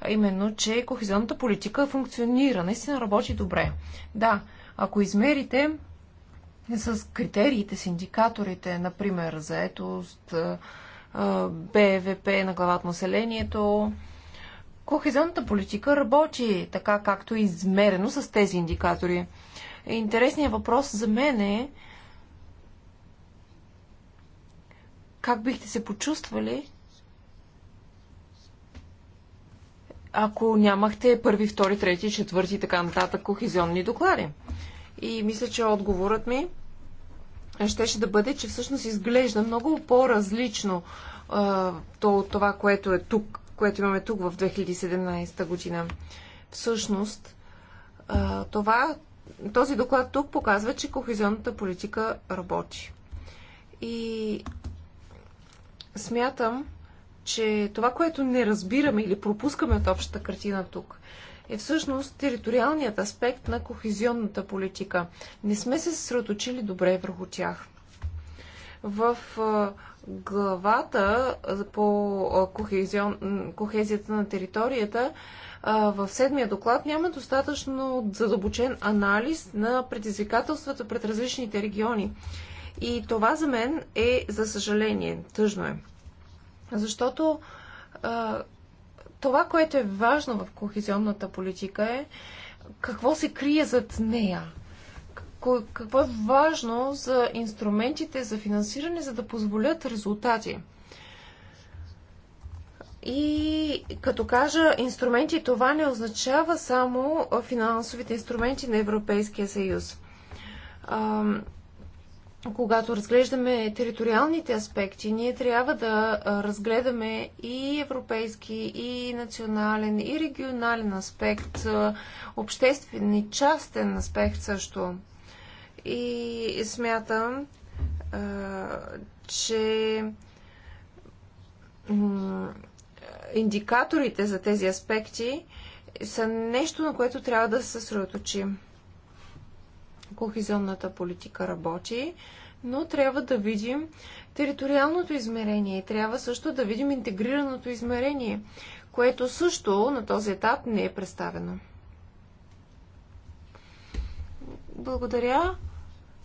А именно, че кохезионната политика функционира, наистина работи добре. Да, ако измерите с критериите, с индикаторите, например, заетост, БВП е на глава от населението. Кохезионната политика работи така, както е измерено с тези индикатори. Интересният въпрос за мен е как бихте се почувствали, ако нямахте първи, втори, трети, четвърти и така нататък кохезионни доклади? И мисля, че отговорът ми щеше да бъде, че всъщност изглежда много по-различно то от това, което е тук, което имаме тук в 2017 година. Всъщност, а, това, този доклад тук показва, че кохезионната политика работи. И смятам, че това, което не разбираме или пропускаме от общата картина тук, е всъщност териториалният аспект на кохезионната политика. Не сме се съсредоточили добре върху тях. В главата по кохезион, кохезията на територията в седмия доклад няма достатъчно задълбочен анализ на предизвикателствата пред различните региони. И това за мен е, за съжаление, тъжно е. Защото това, което е важно в кохезионната политика е какво се крие зад нея. Какво е важно за инструментите за финансиране, за да позволят резултати. И като кажа инструменти, това не означава само финансовите инструменти на Европейския съюз когато разглеждаме териториалните аспекти, ние трябва да разгледаме и европейски, и национален, и регионален аспект, обществен и частен аспект също. И смятам, че индикаторите за тези аспекти са нещо, на което трябва да се съсредоточим. Кохизионната политика работи, но трябва да видим териториалното измерение и трябва също да видим интегрираното измерение, което също на този етап не е представено. Благодаря.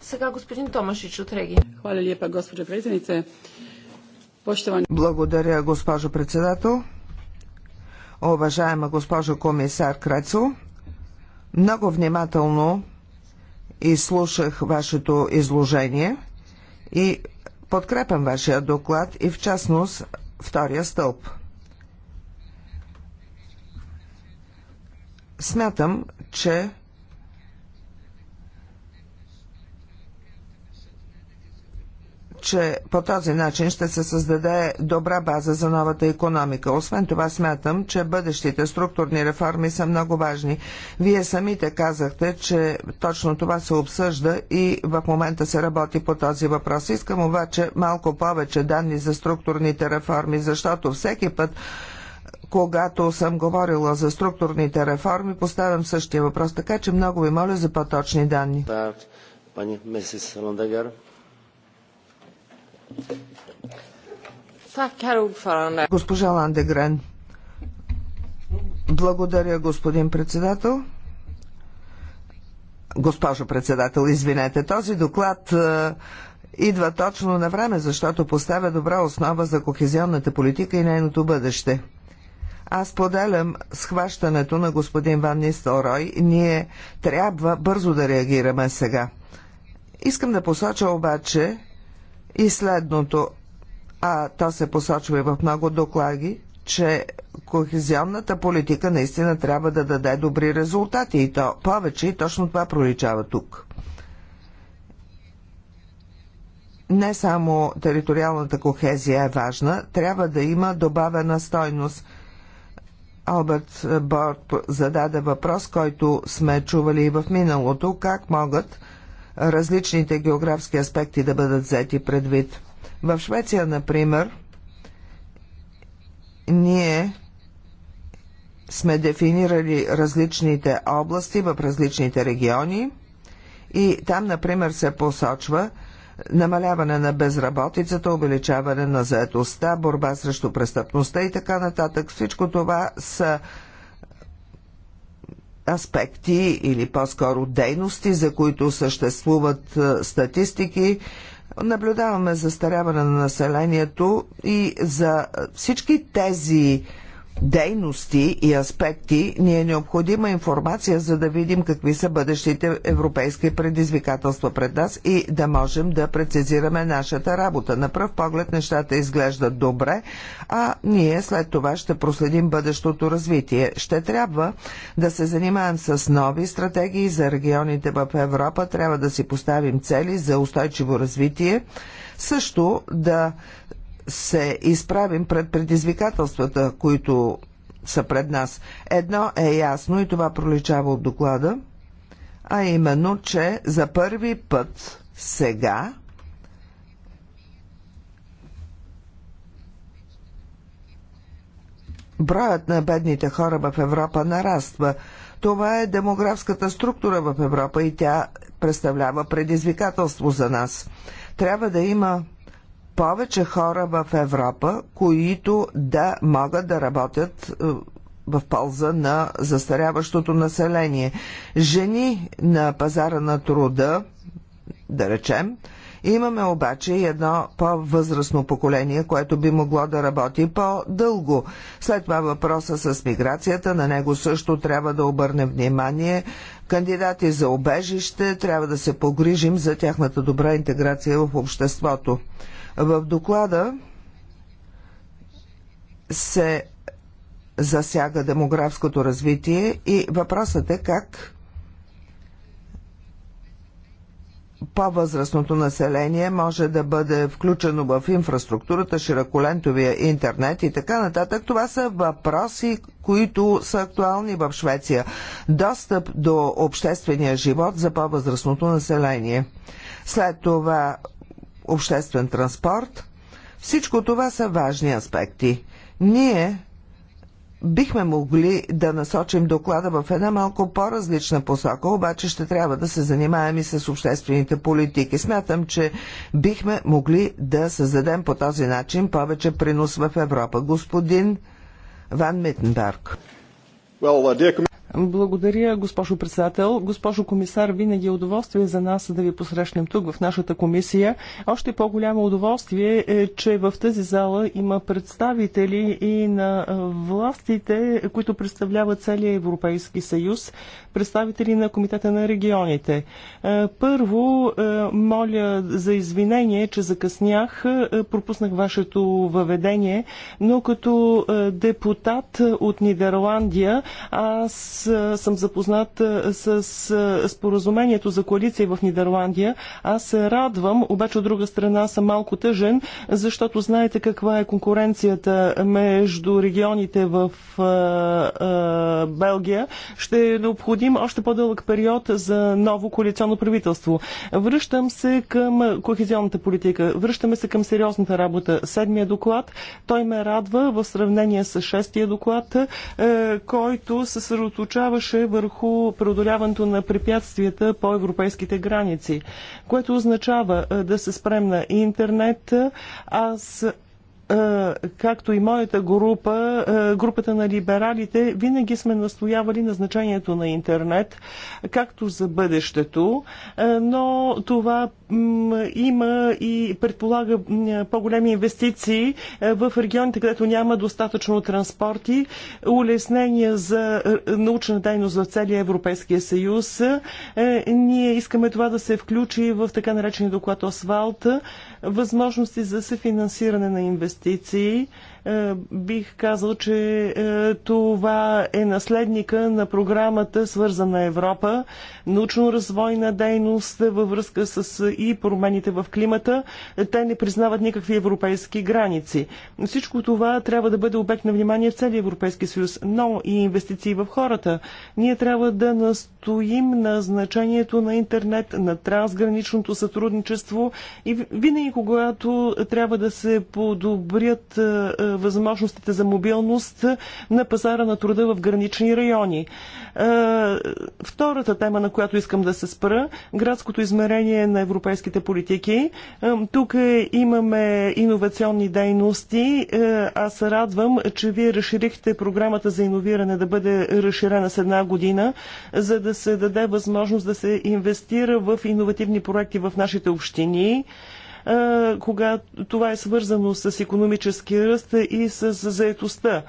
Сега господин Томашич от Реги. Хваля лепа, госпожа председнице. Благодаря, госпожо председател. Уважаема госпожо комисар Крецо, много внимателно и слушах вашето изложение и подкрепям вашия доклад и в частност втория стълб. Смятам, че че по този начин ще се създаде добра база за новата економика. Освен това смятам, че бъдещите структурни реформи са много важни. Вие самите казахте, че точно това се обсъжда и в момента се работи по този въпрос. Искам обаче малко повече данни за структурните реформи, защото всеки път когато съм говорила за структурните реформи, поставям същия въпрос, така че много ви моля за по-точни данни. Госпожа Ландегрен. Благодаря, господин председател. Госпожо председател, извинете, този доклад е, идва точно на време, защото поставя добра основа за кохезионната политика и нейното бъдеще. Аз поделям схващането на господин Ван Нистелрой. Ние трябва бързо да реагираме сега. Искам да посоча обаче, и следното, а то се посочва и в много доклади, че кохезионната политика наистина трябва да даде добри резултати и то повече и точно това проличава тук. Не само териториалната кохезия е важна, трябва да има добавена стойност. Алберт Борт зададе въпрос, който сме чували и в миналото, как могат различните географски аспекти да бъдат взети предвид. В Швеция, например, ние сме дефинирали различните области в различните региони и там, например, се посочва намаляване на безработицата, увеличаване на заетостта, борба срещу престъпността и така нататък. Всичко това са аспекти или по-скоро дейности, за които съществуват е, статистики. Наблюдаваме застаряване на населението и за всички тези дейности и аспекти ни е необходима информация, за да видим какви са бъдещите европейски предизвикателства пред нас и да можем да прецизираме нашата работа. На пръв поглед нещата изглеждат добре, а ние след това ще проследим бъдещото развитие. Ще трябва да се занимаем с нови стратегии за регионите в Европа, трябва да си поставим цели за устойчиво развитие, също да се изправим пред предизвикателствата, които са пред нас. Едно е ясно и това проличава от доклада, а именно, че за първи път сега броят на бедните хора в Европа нараства. Това е демографската структура в Европа и тя представлява предизвикателство за нас. Трябва да има повече хора в Европа, които да могат да работят е, в полза на застаряващото население. Жени на пазара на труда, да речем, Имаме обаче и едно по-възрастно поколение, което би могло да работи по-дълго. След това въпроса с миграцията, на него също трябва да обърнем внимание. Кандидати за обежище трябва да се погрижим за тяхната добра интеграция в обществото. В доклада се засяга демографското развитие и въпросът е как по-възрастното население може да бъде включено в инфраструктурата, широколентовия интернет и така нататък. Това са въпроси, които са актуални в Швеция. Достъп до обществения живот за по-възрастното население. След това обществен транспорт. Всичко това са важни аспекти. Ние бихме могли да насочим доклада в една малко по-различна посока, обаче ще трябва да се занимаем и с обществените политики. Смятам, че бихме могли да създадем по този начин повече принос в Европа. Господин Ван Митенберг. Well, uh, благодаря, госпожо председател. Госпожо комисар, винаги е удоволствие за нас да ви посрещнем тук в нашата комисия. Още по-голямо удоволствие е, че в тази зала има представители и на властите, които представляват целия Европейски съюз, представители на Комитета на регионите. Първо, моля за извинение, че закъснях, пропуснах вашето въведение, но като депутат от Нидерландия аз аз съм запознат с споразумението за коалиция в Нидерландия. Аз се радвам, обаче от друга страна съм малко тъжен, защото знаете каква е конкуренцията между регионите в Белгия. Ще е необходим още по-дълъг период за ново коалиционно правителство. Връщам се към кохезионната политика. Връщаме се към сериозната работа. Седмия доклад, той ме радва в сравнение с шестия доклад, е, който се съсредоточава съсредоточаваше върху преодоляването на препятствията по европейските граници, което означава е, да се спрем на интернет. Аз е, както и моята група, е, групата на либералите, винаги сме настоявали на значението на интернет, както за бъдещето, но това има и предполага по-големи инвестиции е, в регионите, където няма достатъчно транспорти, улеснения за е, научна дейност в целия Европейския съюз. Е, ние искаме това да се включи в така наречения доклад Освалт, възможности за съфинансиране на инвестиции. Е, бих казал, че е, това е наследника на програмата Свързана Европа, научно-развойна дейност във връзка с е, и промените в климата. Те не признават никакви европейски граници. Всичко това трябва да бъде обект на внимание в целия Европейски съюз, но и инвестиции в хората. Ние трябва да настоим на значението на интернет, на трансграничното сътрудничество и винаги, когато трябва да се подобрят възможностите за мобилност на пазара на труда в гранични райони. Е, втората тема, на която искам да се спра, градското измерение на европейските политики. Е, тук имаме иновационни дейности. Е, аз се радвам, че вие разширихте програмата за иновиране да бъде разширена с една година, за да се даде възможност да се инвестира в иновативни проекти в нашите общини кога това е свързано с економически ръст и с заетостта.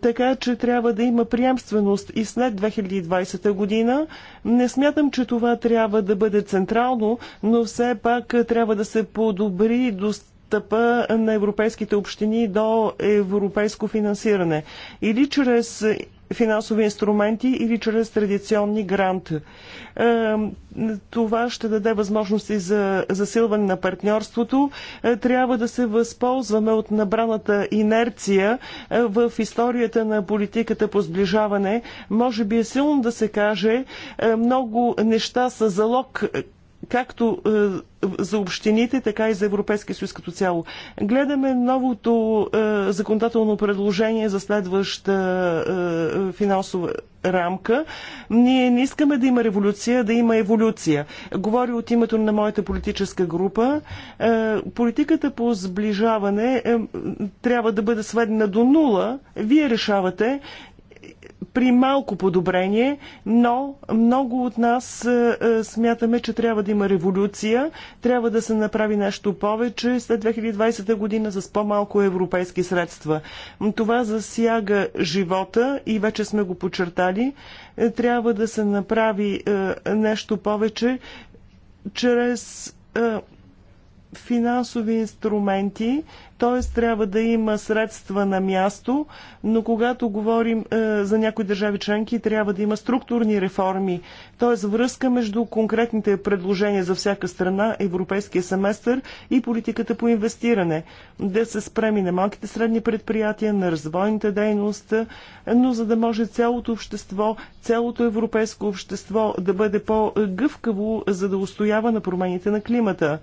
Така че трябва да има приемственост и след 2020 година. Не смятам, че това трябва да бъде централно, но все пак трябва да се подобри до стъпа на европейските общини до европейско финансиране. Или чрез финансови инструменти или чрез традиционни гранти. Това ще даде възможности за засилване на партньорството. Е, трябва да се възползваме от набраната инерция е, в историята на политиката по сближаване. Може би е силно да се каже, е, много неща са залог както е, за общините, така и за Европейския съюз като цяло. Гледаме новото е, законодателно предложение за следваща е, финансова рамка. Ние не искаме да има революция, да има еволюция. Говори от името на моята политическа група. Политиката по сближаване трябва да бъде сведена до нула. Вие решавате при малко подобрение, но много от нас е, е, смятаме, че трябва да има революция, трябва да се направи нещо повече след 2020 година с по-малко европейски средства. Това засяга живота и вече сме го почертали. Е, трябва да се направи нещо повече чрез финансови инструменти, т.е. трябва да има средства на място, но когато говорим е, за някои държави членки, трябва да има структурни реформи, т.е. връзка между конкретните предложения за всяка страна, европейския семестър и политиката по инвестиране, да се спреми на малките средни предприятия, на развойната дейност, но за да може цялото общество, цялото европейско общество да бъде по-гъвкаво, за да устоява на промените на климата.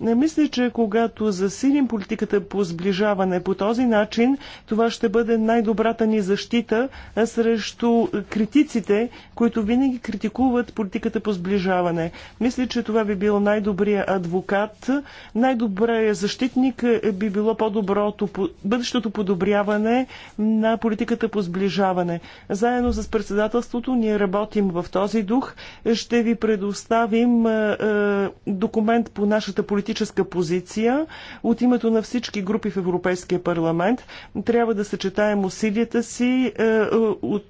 Не мисля, че когато засилим политиката по сближаване. По този начин това ще бъде най-добрата ни защита срещу критиците, които винаги критикуват политиката по сближаване. Мисля, че това би бил най-добрият адвокат, най-добрият защитник е, би било по-доброто, бъдещото подобряване на политиката по сближаване. Заедно с председателството ние работим в този дух. Ще ви предоставим документ по нашата политическа позиция от името на всички политически групи в Европейския парламент трябва да съчетаем усилията си е, е, от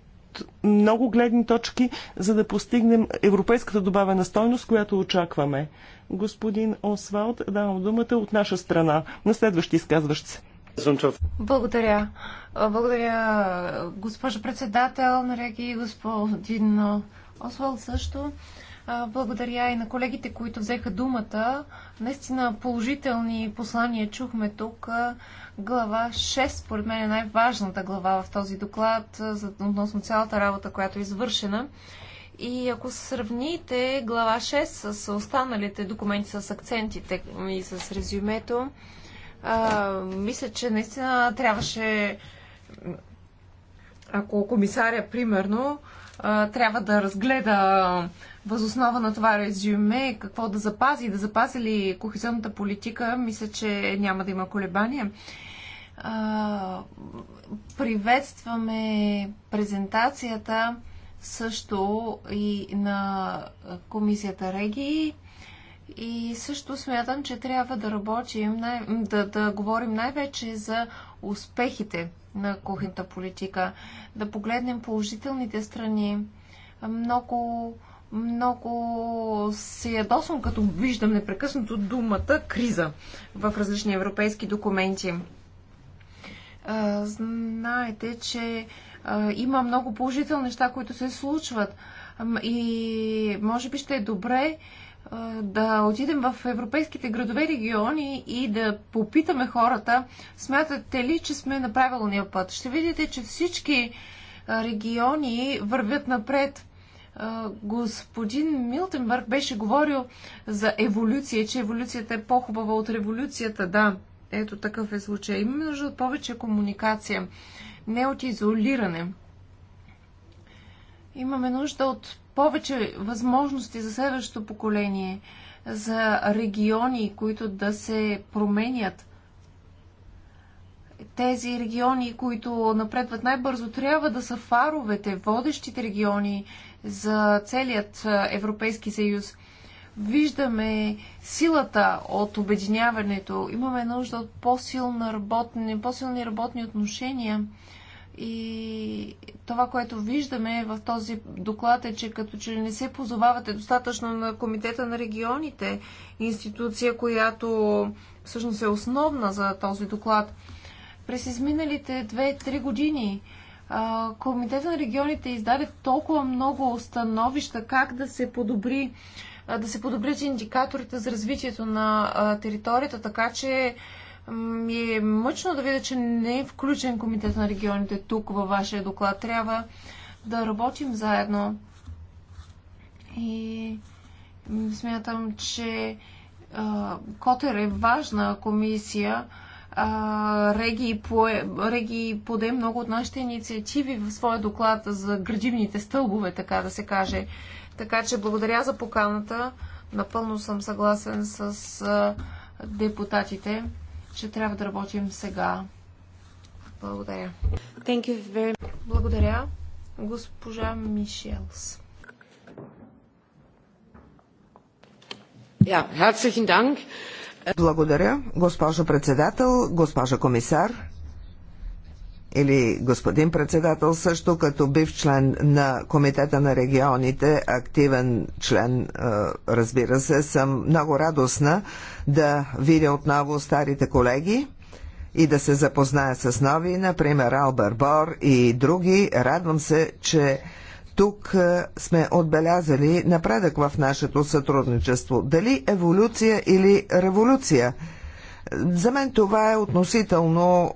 много гледни точки, за да постигнем европейската добавена стойност, която очакваме. Господин Освалд, давам думата от наша страна на следващи изказващ се. Благодаря. Благодаря, госпожо председател на Реги, господин Освалд също. Благодаря и на колегите, които взеха думата. Наистина положителни послания чухме тук. Глава 6, според мен, е най-важната глава в този доклад относно цялата работа, която е извършена. И ако сравните глава 6 с останалите документи, с акцентите и с резюмето, а, мисля, че наистина трябваше, ако комисаря, примерно, трябва да разгледа възоснова на това резюме какво да запази, да запази ли кохезионната политика, мисля, че няма да има колебания. А, приветстваме презентацията също и на комисията Реги. И също смятам, че трябва да работим, най- да, да говорим най-вече за успехите на кухнята политика, да погледнем положителните страни. Много много се ядосвам, като виждам непрекъснато думата криза в различни европейски документи. Знаете, че има много положителни неща, които се случват. И може би ще е добре да отидем в европейските градове региони и да попитаме хората, смятате ли, че сме на правилния път. Ще видите, че всички региони вървят напред господин Милтенбърг беше говорил за еволюция, че еволюцията е по-хубава от революцията. Да, ето такъв е случай. Имаме нужда от повече комуникация, не от изолиране. Имаме нужда от повече възможности за следващото поколение, за региони, които да се променят. Тези региони, които напредват най-бързо, трябва да са фаровете, водещите региони, за целият Европейски съюз. Виждаме силата от обединяването. Имаме нужда от по-силни работни, по работни отношения. И това, което виждаме в този доклад е, че като че не се позовавате достатъчно на Комитета на регионите, институция, която всъщност е основна за този доклад. През изминалите 2-3 години Комитета на регионите издаде толкова много установища, как да се подобри да се подобрят индикаторите за развитието на територията, така че ми е мъчно да видя, че не е включен Комитет на регионите тук във вашия доклад. Трябва да работим заедно. И смятам, че Котер е важна комисия Реги, пое, Реги поде много от нашите инициативи в своя доклад за градивните стълбове, така да се каже. Така че благодаря за поканата. Напълно съм съгласен с а, депутатите, че трябва да работим сега. Благодаря. Thank you very... Благодаря, госпожа Мишелс. Ja, herzlichen Dank. Благодаря, госпожо председател, госпожа комисар или господин председател, също като бив член на Комитета на регионите, активен член, е, разбира се, съм много радостна да видя отново старите колеги и да се запозная с нови, например Албер Бор и други. Радвам се, че тук сме отбелязали напредък в нашето сътрудничество. Дали еволюция или революция? За мен това е относително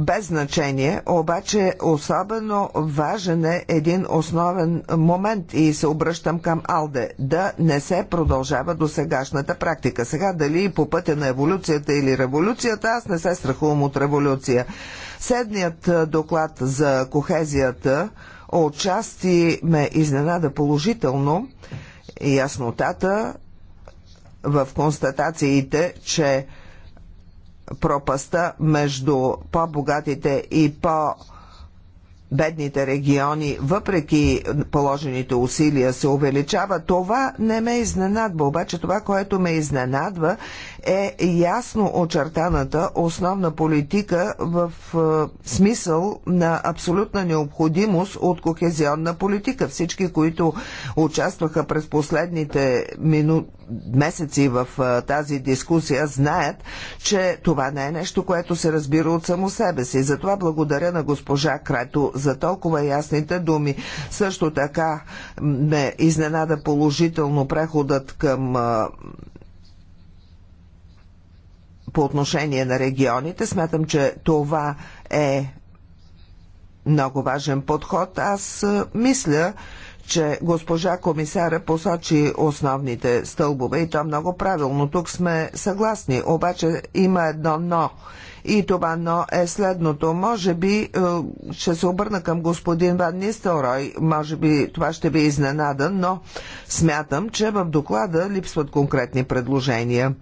без значение, обаче особено важен е един основен момент и се обръщам към Алде да не се продължава до сегашната практика. Сега дали по пътя на еволюцията или революцията, аз не се страхувам от революция. Седният доклад за кохезията отчасти ме изненада положително и яснотата в констатациите, че пропаста между по-богатите и по-богатите бедните региони, въпреки положените усилия, се увеличава, това не ме изненадва. Обаче това, което ме изненадва е ясно очертаната основна политика в е, смисъл на абсолютна необходимост от кохезионна политика. Всички, които участваха през последните мину... месеци в е, тази дискусия, знаят, че това не е нещо, което се разбира от само себе си. Затова благодаря на госпожа Крето за толкова ясните думи. Също така ме изненада положително преходът към по отношение на регионите. Смятам, че това е много важен подход. Аз мисля, че госпожа комисара посочи основните стълбове и то много правилно. Тук сме съгласни, обаче има едно но. И това но е следното. Може би е, ще се обърна към господин Ван Нистелрой, може би това ще би изненада, но смятам, че в доклада липсват конкретни предложения.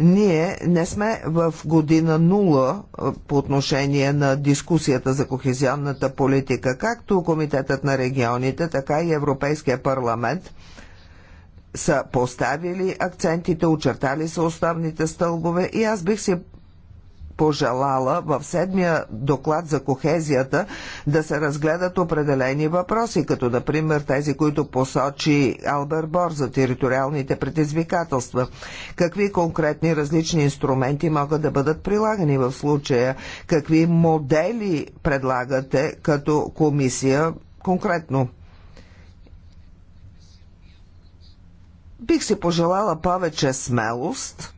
Ние не сме в година нула по отношение на дискусията за кохезионната политика, както Комитетът на регионите, така и Европейския парламент са поставили акцентите, очертали са основните стълбове и аз бих си пожелала в седмия доклад за кохезията да се разгледат определени въпроси, като например тези, които посочи Албер Бор за териториалните предизвикателства. Какви конкретни различни инструменти могат да бъдат прилагани в случая? Какви модели предлагате като комисия конкретно? Бих си пожелала повече смелост –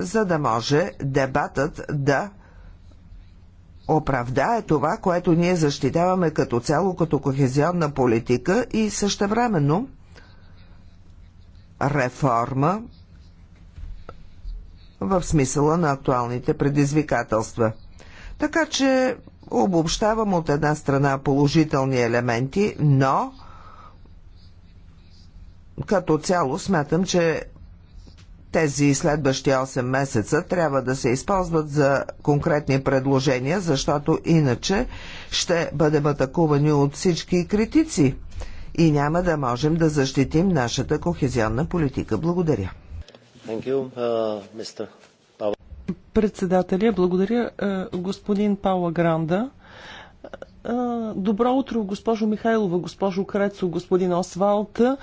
за да може дебатът да оправдае това, което ние защитаваме като цяло, като кохезионна политика и същевременно реформа в смисъла на актуалните предизвикателства. Така че обобщавам от една страна положителни елементи, но като цяло смятам, че тези следващи 8 месеца трябва да се използват за конкретни предложения, защото иначе ще бъдем атакувани от всички критици и няма да можем да защитим нашата кохезионна политика. Благодаря. You, uh, Председателя, благодаря uh, господин Паула Гранда. Е, добро утро, госпожо Михайлова, госпожо Крецо, господин Освалт. Е,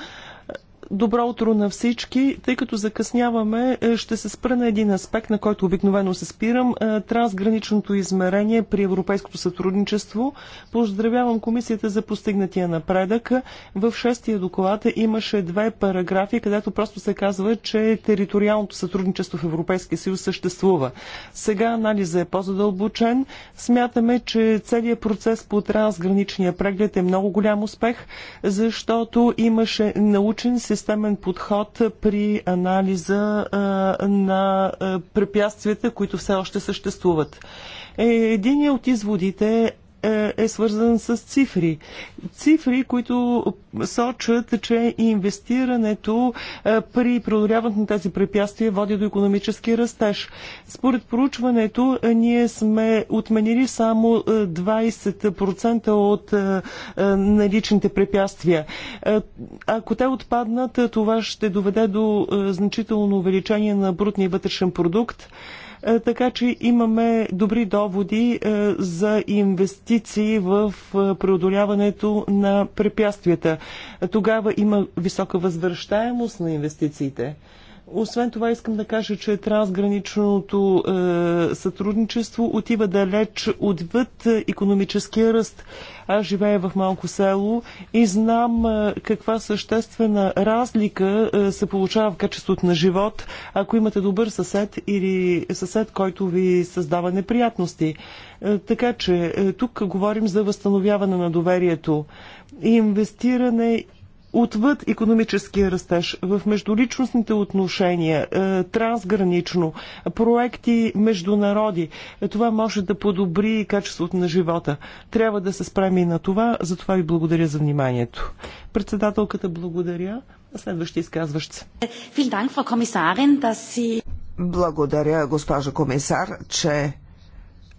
Добро утро на всички. Тъй като закъсняваме, е, ще се спра на един аспект, на който обикновено се спирам. Е, трансграничното измерение при европейското сътрудничество. Поздравявам комисията за постигнатия напредък. В шестия доклад имаше две параграфи, където просто се казва, че териториалното сътрудничество в Европейския съюз съществува. Сега анализа е по-задълбочен. Смятаме, че целият процес по трансграничния преглед е много голям успех, защото имаше научен се системен подход при анализа на препятствията, които все още съществуват. Е, единият от изводите е, е свързан с цифри. Цифри, които сочат, че инвестирането е, при преодоляването на тези препятствия води до економически растеж. Според проучването, е, ние сме отменили само 20% от наличните препятствия. Ако те отпаднат, това ще доведе до значително увеличение на брутния вътрешен продукт. Е, така че имаме добри доводи е, за инвестиции в е, преодоляването на препятствията. Тогава има висока възвръщаемост на инвестициите. Освен това искам да кажа, че трансграничното е, сътрудничество отива далеч отвъд економическия ръст. Аз живея в малко село и знам е, каква съществена разлика е, се получава в качеството на живот, ако имате добър съсед или съсед, който ви създава неприятности. Е, така че е, тук говорим за възстановяване на доверието, инвестиране отвъд економическия растеж, в междуличностните отношения, е, трансгранично, проекти между народи. Е, това може да подобри качеството на живота. Трябва да се спрем и на това. Затова ви благодаря за вниманието. Председателката благодаря. Следващи изказващ се. Благодаря, госпожа комисар, че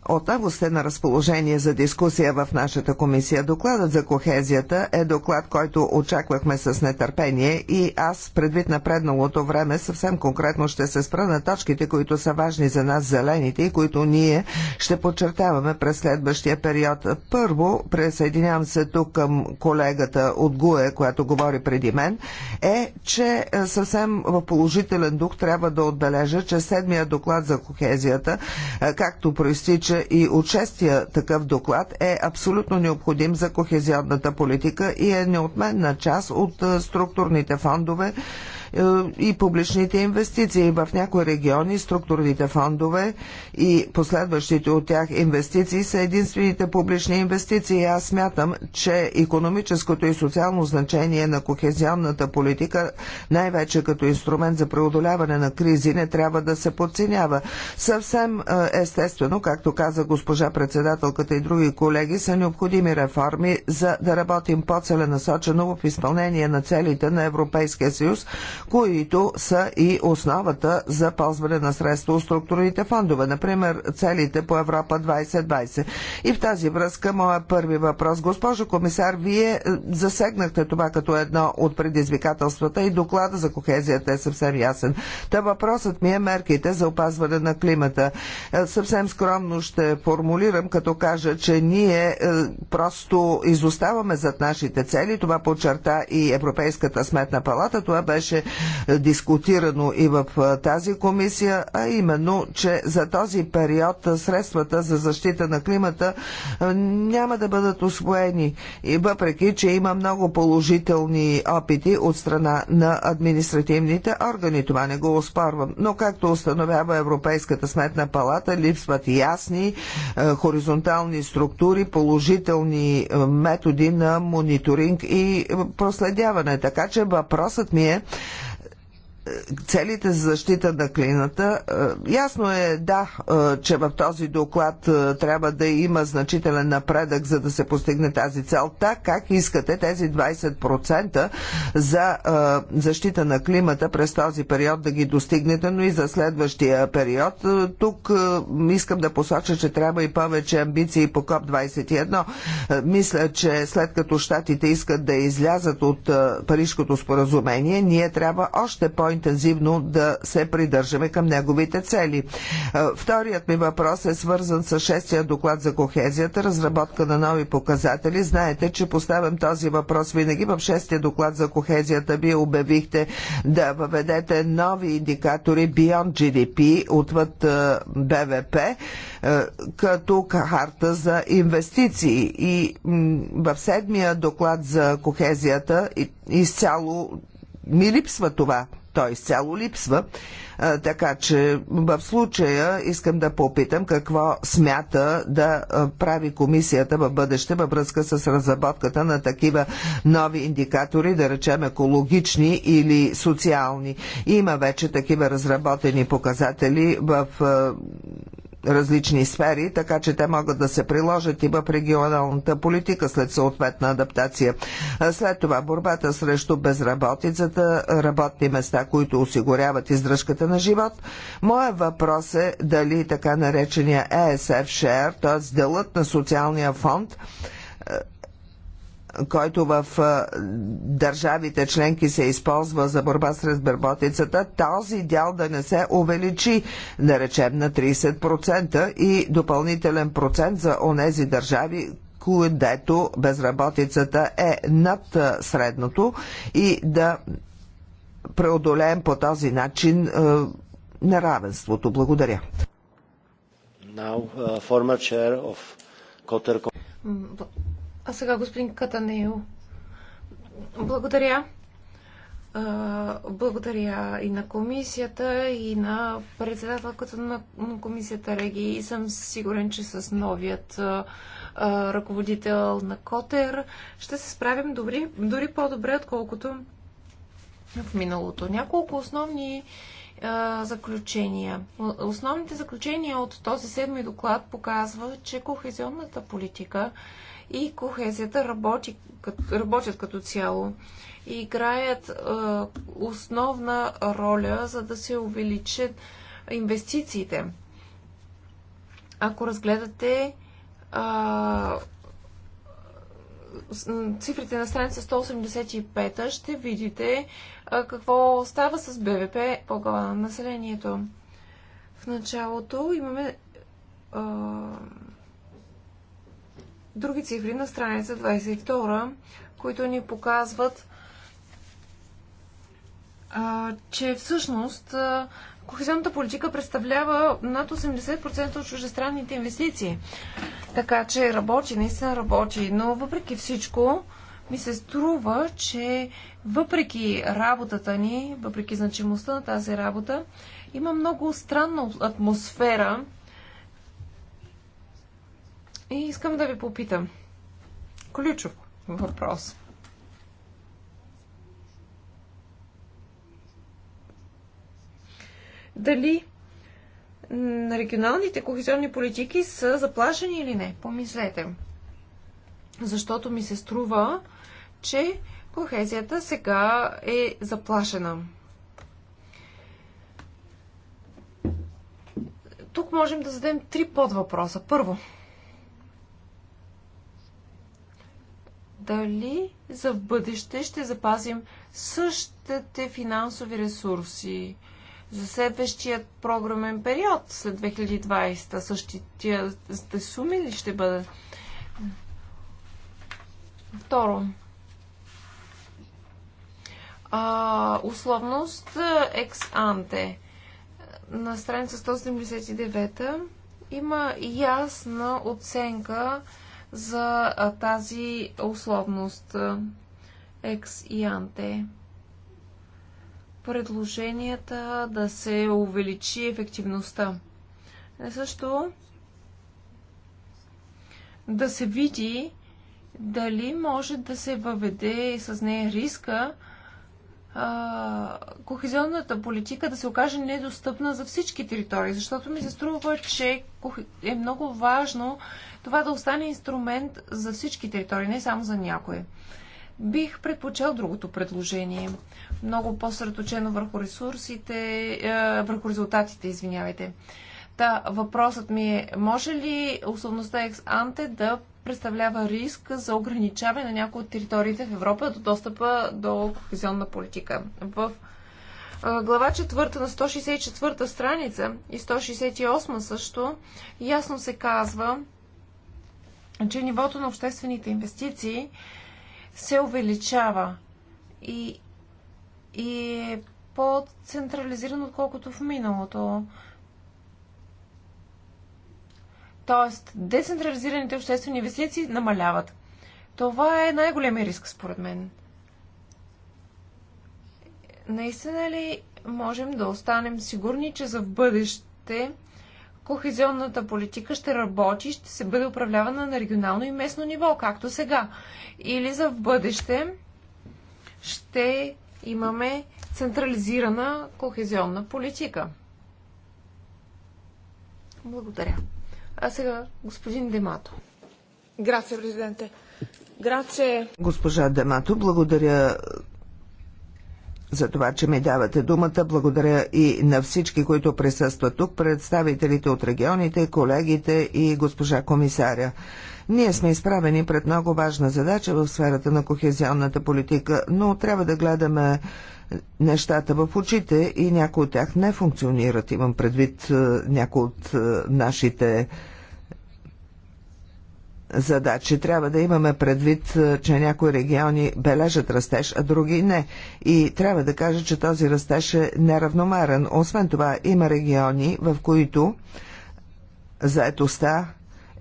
от август сте на разположение за дискусия в нашата комисия. Докладът за кохезията е доклад, който очаквахме с нетърпение и аз, предвид на предналото време, съвсем конкретно ще се спра на точките, които са важни за нас, зелените, и които ние ще подчертаваме през следващия период. Първо, присъединявам се тук към колегата от ГУЕ, която говори преди мен, е, че е, съвсем в положителен дух трябва да отбележа, че седмия доклад за кохезията, е, както проистича и участия такъв доклад е абсолютно необходим за кохезионната политика и е неотменна част от структурните фондове, е, и публичните инвестиции. В някои региони структурните фондове и последващите от тях инвестиции са единствените публични инвестиции. Аз смятам, че економическото и социално значение на кохезионната политика, най-вече като инструмент за преодоляване на кризи, не трябва да се подценява. Съвсем е, естествено, както каза госпожа председателката и други колеги, са необходими реформи, за да работим по-целенасочено в изпълнение на целите на Европейския съюз, които са и основата за ползване на средства от структурните фондове, например целите по Европа 2020. И в тази връзка моя първи въпрос, госпожо комисар, вие е, засегнахте това като едно от предизвикателствата и доклада за кохезията е съвсем ясен. Та въпросът ми е мерките за опазване на климата. Е, съвсем скромно ще формулирам, като кажа, че ние е, просто изоставаме зад нашите цели. Това подчерта и Европейската сметна палата. Това беше дискутирано и в тази комисия, а именно, че за този период средствата за защита на климата няма да бъдат освоени. И въпреки, че има много положителни опити от страна на административните органи, това не го оспорвам. Но както установява Европейската сметна палата, липсват ясни хоризонтални структури, положителни методи на мониторинг и проследяване. Така че въпросът ми е целите за защита на клината. Е, ясно е, да, е, че в този доклад е, трябва да има значителен напредък, за да се постигне тази цел. Така, как искате тези 20% за защита на климата през този период да ги достигнете, но и за следващия период. Тук искам да посоча, че трябва и повече амбиции по КОП-21. Мисля, че след като щатите искат да излязат от Парижкото споразумение, ние трябва още по по-интензивно да се придържаме към неговите цели. Е, вторият ми въпрос е свързан с шестия доклад за кохезията, разработка на нови показатели. Знаете, че поставям този въпрос винаги в шестия доклад за кохезията. Вие обявихте да въведете нови индикатори Beyond GDP, отвъд е, БВП, е, като харта за инвестиции. И в седмия доклад за кохезията изцяло ми липсва това той изцяло липсва. Така че в случая искам да попитам какво смята да прави комисията в бъдеще във връзка с разработката на такива нови индикатори, да речем екологични или социални. Има вече такива разработени показатели в различни сфери, така че те могат да се приложат и в регионалната политика след съответна адаптация. След това борбата срещу безработицата, работни места, които осигуряват издръжката на живот. Моя въпрос е дали така наречения ESF Share, т.е. делът на социалния фонд, който в държавите членки се използва за борба с безработицата, този дял да не се увеличи, да речем, на 30% и допълнителен процент за онези държави, където безработицата е над средното и да преодолеем по този начин е, неравенството. Благодаря. Now, uh, а сега господин Катанео. Благодаря. Благодаря и на комисията, и на председателката на комисията Реги. И съм сигурен, че с новият ръководител на Котер ще се справим добри, дори по-добре, отколкото в миналото. Няколко основни заключения. Основните заключения от този седми доклад показва, че кохезионната политика и кохезията работи, работят като цяло и играят основна роля, за да се увеличат инвестициите. Ако разгледате цифрите на страница 185 ще видите какво става с БВП по глава на населението. В началото имаме други цифри на страница 22, които ни показват, а, че всъщност а, кохезионната политика представлява над 80% от чужестранните инвестиции. Така че работи, наистина работи. Но въпреки всичко, ми се струва, че въпреки работата ни, въпреки значимостта на тази работа, има много странна атмосфера и искам да ви попитам. Ключов въпрос. Дали на регионалните кохезионни политики са заплашени или не? Помислете. Защото ми се струва, че кохезията сега е заплашена. Тук можем да зададем три подвъпроса. Първо, дали за бъдеще ще запазим същите финансови ресурси за следващият програмен период след 2020? Същите суми ли ще бъдат? Второ. А, условност екс анте. На страница 179 има ясна оценка за тази условност X и анте. Предложенията да се увеличи ефективността. Не също да се види дали може да се въведе с нея риска кохезионната политика да се окаже недостъпна за всички територии, защото ми се струва, че е много важно това да остане инструмент за всички територии, не само за някои. Бих предпочел другото предложение. Много по-средоточено върху ресурсите, върху резултатите, извинявайте. Та, въпросът ми е, може ли условността екс-анте да представлява риск за ограничаване на някои от териториите в Европа до достъпа до кохезионна политика? В глава 4 на 164 та страница и 168 също ясно се казва, че нивото на обществените инвестиции се увеличава и, и е по-централизирано, отколкото в миналото. Тоест, децентрализираните обществени инвестиции намаляват. Това е най-големия риск, според мен. Наистина ли можем да останем сигурни, че за в бъдеще кохезионната политика ще работи, ще се бъде управлявана на регионално и местно ниво, както сега? Или за в бъдеще ще имаме централизирана кохезионна политика? Благодаря. А сега господин Демато. Грация, президенте. Грация. Госпожа Демато, благодаря за това, че ми давате думата. Благодаря и на всички, които присъстват тук, представителите от регионите, колегите и госпожа комисаря. Ние сме изправени пред много важна задача в сферата на кохезионната политика, но трябва да гледаме нещата в очите и някои от тях не функционират. Имам предвид е, някои от е, нашите задачи. Трябва да имаме предвид, е, че някои региони бележат растеж, а други не. И трябва да кажа, че този растеж е неравномерен. Освен това, има региони, в които заетостта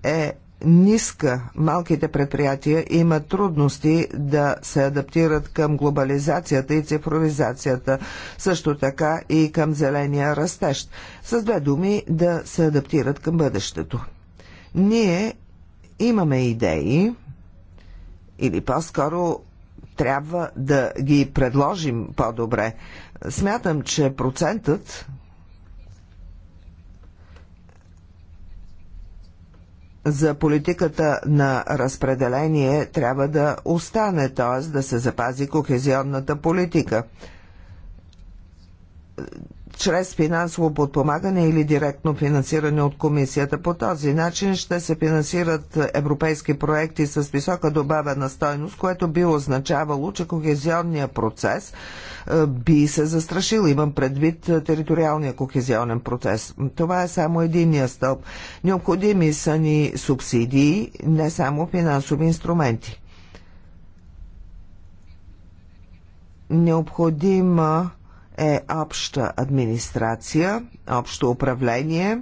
е ниска. Малките предприятия имат трудности да се адаптират към глобализацията и цифровизацията, също така и към зеления растеж. С две думи да се адаптират към бъдещето. Ние имаме идеи, или по-скоро трябва да ги предложим по-добре. Смятам, че процентът за политиката на разпределение трябва да остане, т.е. да се запази кохезионната политика чрез финансово подпомагане или директно финансиране от комисията. По този начин ще се финансират европейски проекти с висока добавена стойност, което би означавало, че кохезионния процес е, би се застрашил. Имам предвид е, териториалния кохезионен процес. Това е само единия стълб. Необходими са ни субсидии, не само финансови инструменти. Необходима е обща администрация, общо управление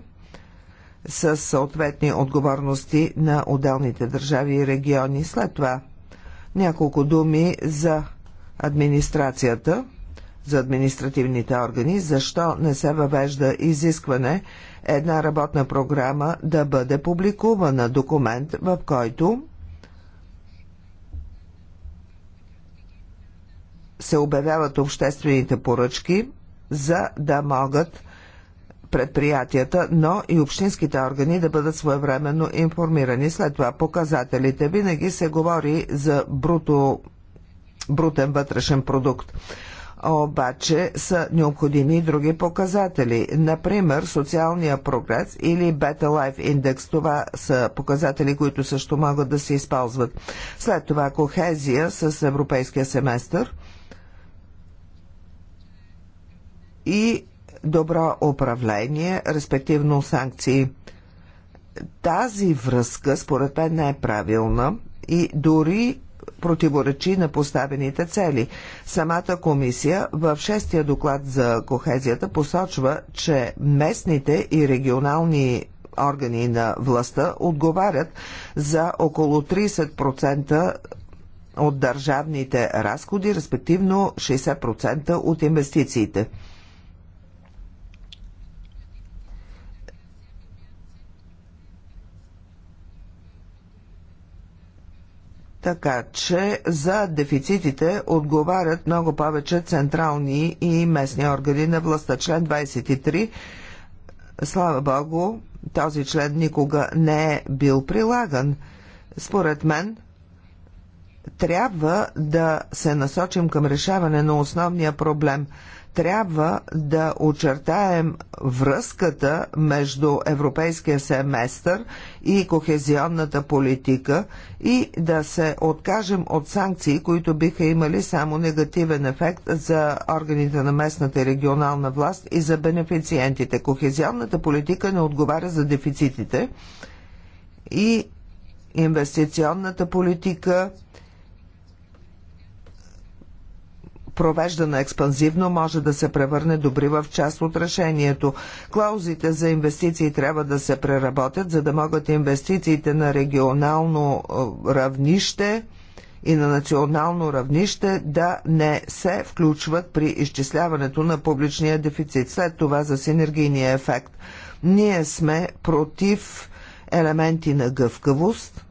с съответни отговорности на отделните държави и региони. След това няколко думи за администрацията, за административните органи, защо не се въвежда изискване една работна програма да бъде публикувана документ, в който се обявяват обществените поръчки, за да могат предприятията, но и общинските органи да бъдат своевременно информирани. След това показателите. Винаги се говори за бруто, брутен вътрешен продукт. Обаче са необходими и други показатели. Например, социалния прогрес или Better Life Index. Това са показатели, които също могат да се използват. След това кохезия с европейския семестър – и добро управление, респективно санкции. Тази връзка, според мен, не е правилна и дори противоречи на поставените цели. Самата комисия в шестия доклад за кохезията посочва, че местните и регионални органи на властта отговарят за около 30% от държавните разходи, респективно 60% от инвестициите. така че за дефицитите отговарят много повече централни и местни органи на властта. Член 23, слава Богу, този член никога не е бил прилаган. Според мен, трябва да се насочим към решаване на основния проблем – трябва да очертаем връзката между европейския семестър и кохезионната политика и да се откажем от санкции, които биха имали само негативен ефект за органите на местната и регионална власт и за бенефициентите. Кохезионната политика не отговаря за дефицитите и инвестиционната политика провеждана експанзивно, може да се превърне добри в част от решението. Клаузите за инвестиции трябва да се преработят, за да могат инвестициите на регионално е, равнище и на национално равнище да не се включват при изчисляването на публичния дефицит. След това за синергийния ефект. Ние сме против елементи на гъвкавост,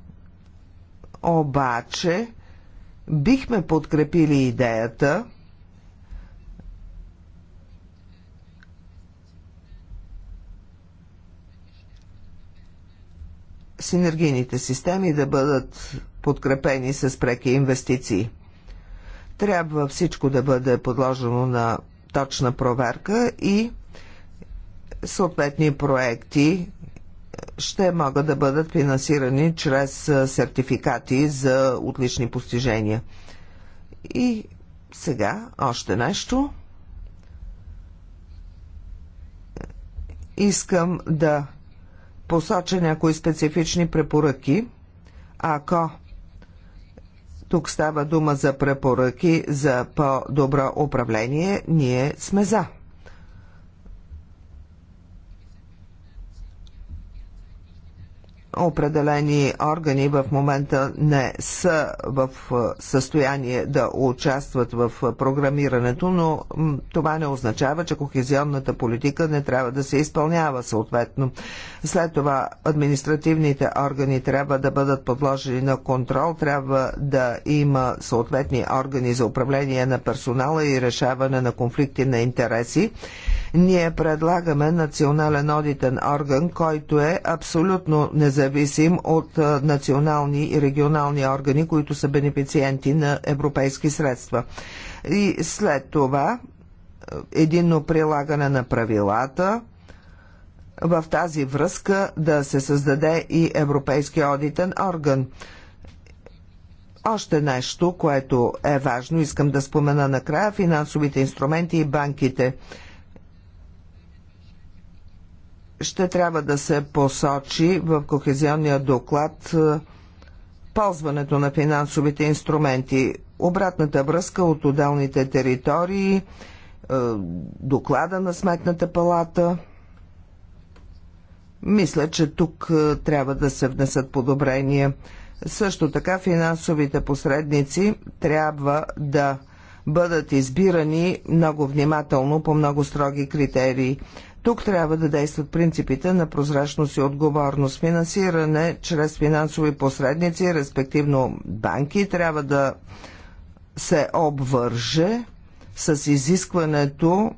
обаче бихме подкрепили идеята синергийните системи да бъдат подкрепени с преки инвестиции. Трябва всичко да бъде подложено на точна проверка и съответни проекти ще могат да бъдат финансирани чрез сертификати за отлични постижения. И сега още нещо. Искам да посоча някои специфични препоръки. Ако тук става дума за препоръки за по-добро управление, ние сме за. определени органи в момента не са в състояние да участват в програмирането, но това не означава, че кохезионната политика не трябва да се изпълнява съответно. След това административните органи трябва да бъдат подложени на контрол, трябва да има съответни органи за управление на персонала и решаване на конфликти на интереси. Ние предлагаме национален одитен орган, който е абсолютно независим от национални и регионални органи, които са бенефициенти на европейски средства. И след това единно прилагане на правилата, в тази връзка да се създаде и Европейски одитен орган. Още нещо, което е важно, искам да спомена накрая финансовите инструменти и банките ще трябва да се посочи в кохезионния доклад е, ползването на финансовите инструменти, обратната връзка от отделните територии, е, доклада на Сметната палата. Мисля, че тук е, трябва да се внесат подобрения. Също така финансовите посредници трябва да бъдат избирани много внимателно по много строги критерии. Тук трябва да действат принципите на прозрачност и отговорност. Финансиране чрез финансови посредници, респективно банки, трябва да се обвърже с изискването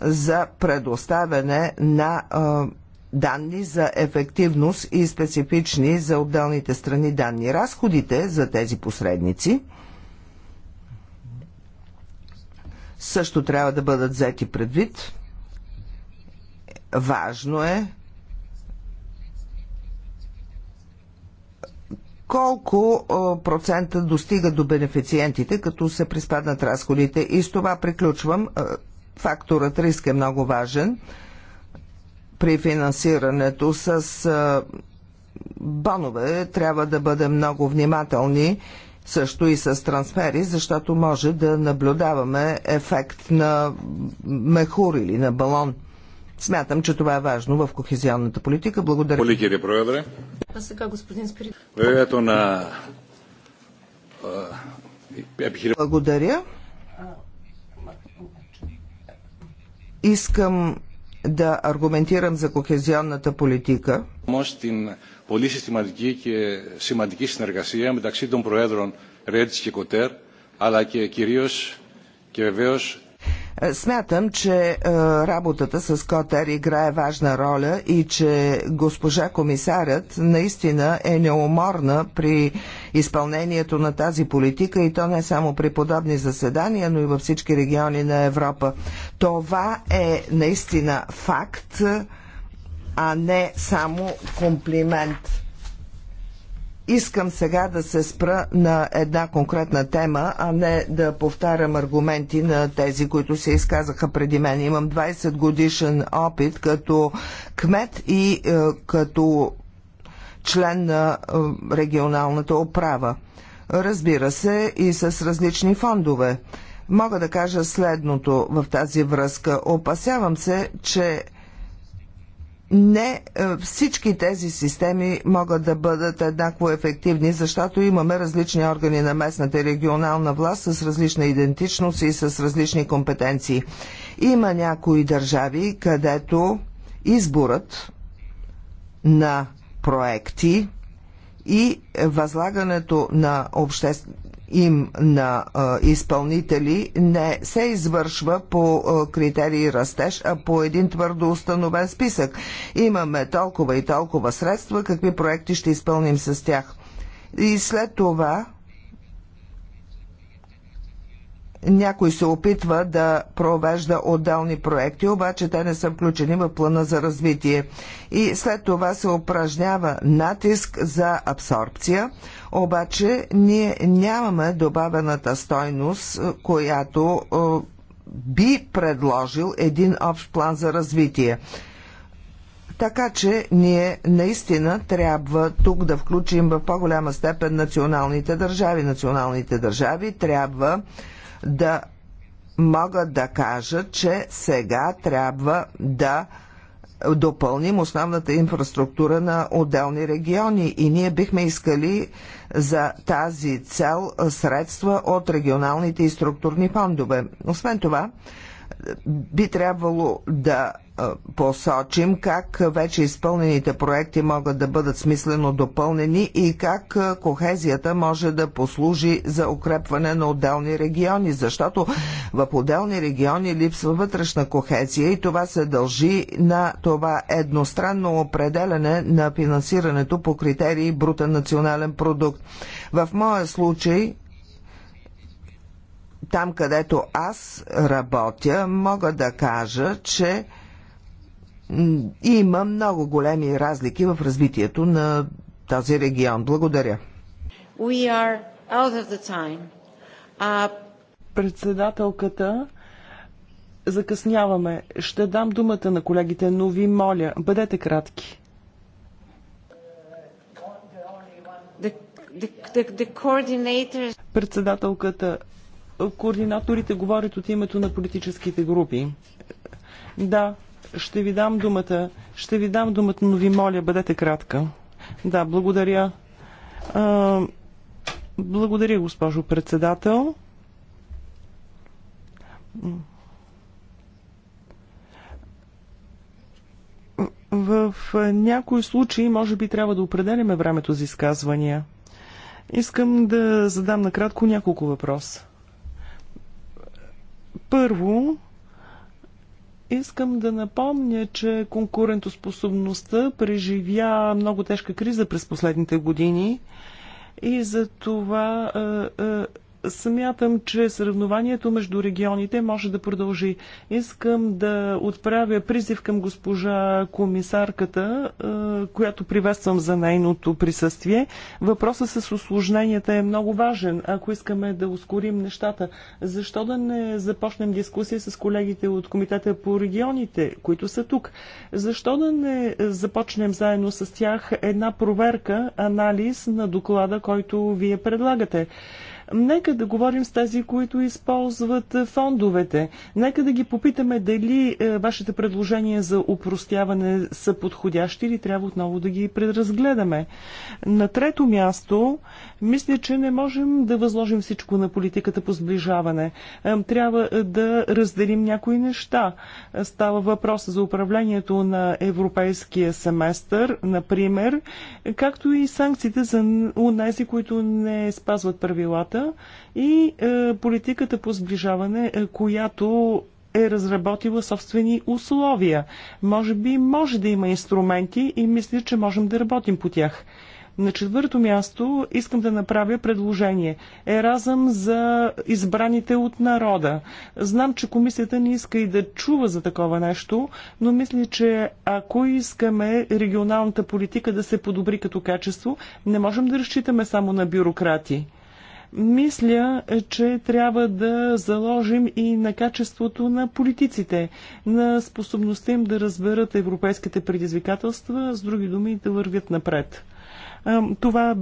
за предоставяне на а, данни за ефективност и специфични за отделните страни данни. Разходите за тези посредници също трябва да бъдат взети предвид – важно е колко процента достига до бенефициентите, като се приспаднат разходите. И с това приключвам. Факторът риск е много важен при финансирането с бонове. Трябва да бъдем много внимателни също и с трансфери, защото може да наблюдаваме ефект на мехур или на балон – Смятам, че това е важно в кохезионната политика. Благодаря. Πολύ, κύριε Πρόεδρε. А сега господин Спирит. Βέβαια το να... Благодаря. Искам да аргументирам за кохезионната политика. Όμως την πολύ συστηματική και σημαντική συνεργασία μεταξύ των Προέδρων Ρέντς και Κοτέρ, αλλά και κυρίως και βεβαίως Смятам, че е, работата с Котер играе важна роля и че госпожа комисарят наистина е неуморна при изпълнението на тази политика и то не само при подобни заседания, но и във всички региони на Европа. Това е наистина факт, а не само комплимент. Искам сега да се спра на една конкретна тема, а не да повтарям аргументи на тези, които се изказаха преди мен. Имам 20 годишен опит като кмет и е, като член на е, регионалната управа. Разбира се, и с различни фондове. Мога да кажа следното в тази връзка. Опасявам се, че не е, всички тези системи могат да бъдат еднакво ефективни, защото имаме различни органи на местната и регионална власт с различна идентичност и с различни компетенции. Има някои държави, където изборът на проекти и възлагането на обществен им на изпълнители не се извършва по критерии растеж, а по един твърдо установен списък. Имаме толкова и толкова средства, какви проекти ще изпълним с тях. И след това Някой се опитва да провежда отделни проекти, обаче те не са включени в плана за развитие. И след това се упражнява натиск за абсорбция, обаче ние нямаме добавената стойност, е, която е, би предложил един общ план за развитие. Така че ние наистина трябва тук да включим в по-голяма степен националните държави. Националните държави трябва да могат да кажат, че сега трябва да допълним основната инфраструктура на отделни региони и ние бихме искали за тази цел средства от регионалните и структурни фондове. Освен това, би трябвало да посочим как вече изпълнените проекти могат да бъдат смислено допълнени и как кохезията може да послужи за укрепване на отделни региони, защото в отделни региони липсва вътрешна кохезия и това се дължи на това едностранно определене на финансирането по критерии брутен национален продукт. В моя случай там, където аз работя, мога да кажа, че има много големи разлики в развитието на този регион. Благодаря. We are out of the time. Uh... Председателката закъсняваме. Ще дам думата на колегите, но ви моля, бъдете кратки. The, the, the, Председателката Координаторите говорят от името на политическите групи. Да, ще ви дам думата. Ще ви дам думата, но ви моля, бъдете кратка. Да, благодаря. А, благодаря, госпожо председател. В някои случаи, може би, трябва да определяме времето за изказвания. Искам да задам накратко няколко въпроса. Първо, Искам да напомня, че конкурентоспособността преживя много тежка криза през последните години и за това Смятам, че съревнованието между регионите може да продължи. Искам да отправя призив към госпожа комисарката, която приветствам за нейното присъствие. Въпросът с осложненията е много важен, ако искаме да ускорим нещата. Защо да не започнем дискусия с колегите от Комитета по регионите, които са тук? Защо да не започнем заедно с тях една проверка, анализ на доклада, който вие предлагате? Нека да говорим с тези, които използват е, фондовете. Нека да ги попитаме дали е, вашите предложения за упростяване са подходящи или трябва отново да ги предразгледаме. На трето място мисля, че не можем да възложим всичко на политиката по сближаване. Е, трябва е, да разделим някои неща. Е, става въпрос за управлението на европейския семестър, например, както и санкциите за унези, които не спазват правилата и политиката по сближаване, която е разработила собствени условия. Може би може да има инструменти и мисля, че можем да работим по тях. На четвърто място искам да направя предложение. Еразъм за избраните от народа. Знам, че комисията не иска и да чува за такова нещо, но мисля, че ако искаме регионалната политика да се подобри като качество, не можем да разчитаме само на бюрократи. Мисля, че трябва да заложим и на качеството на политиците, на способността им да разберат европейските предизвикателства, с други думи да вървят напред. Това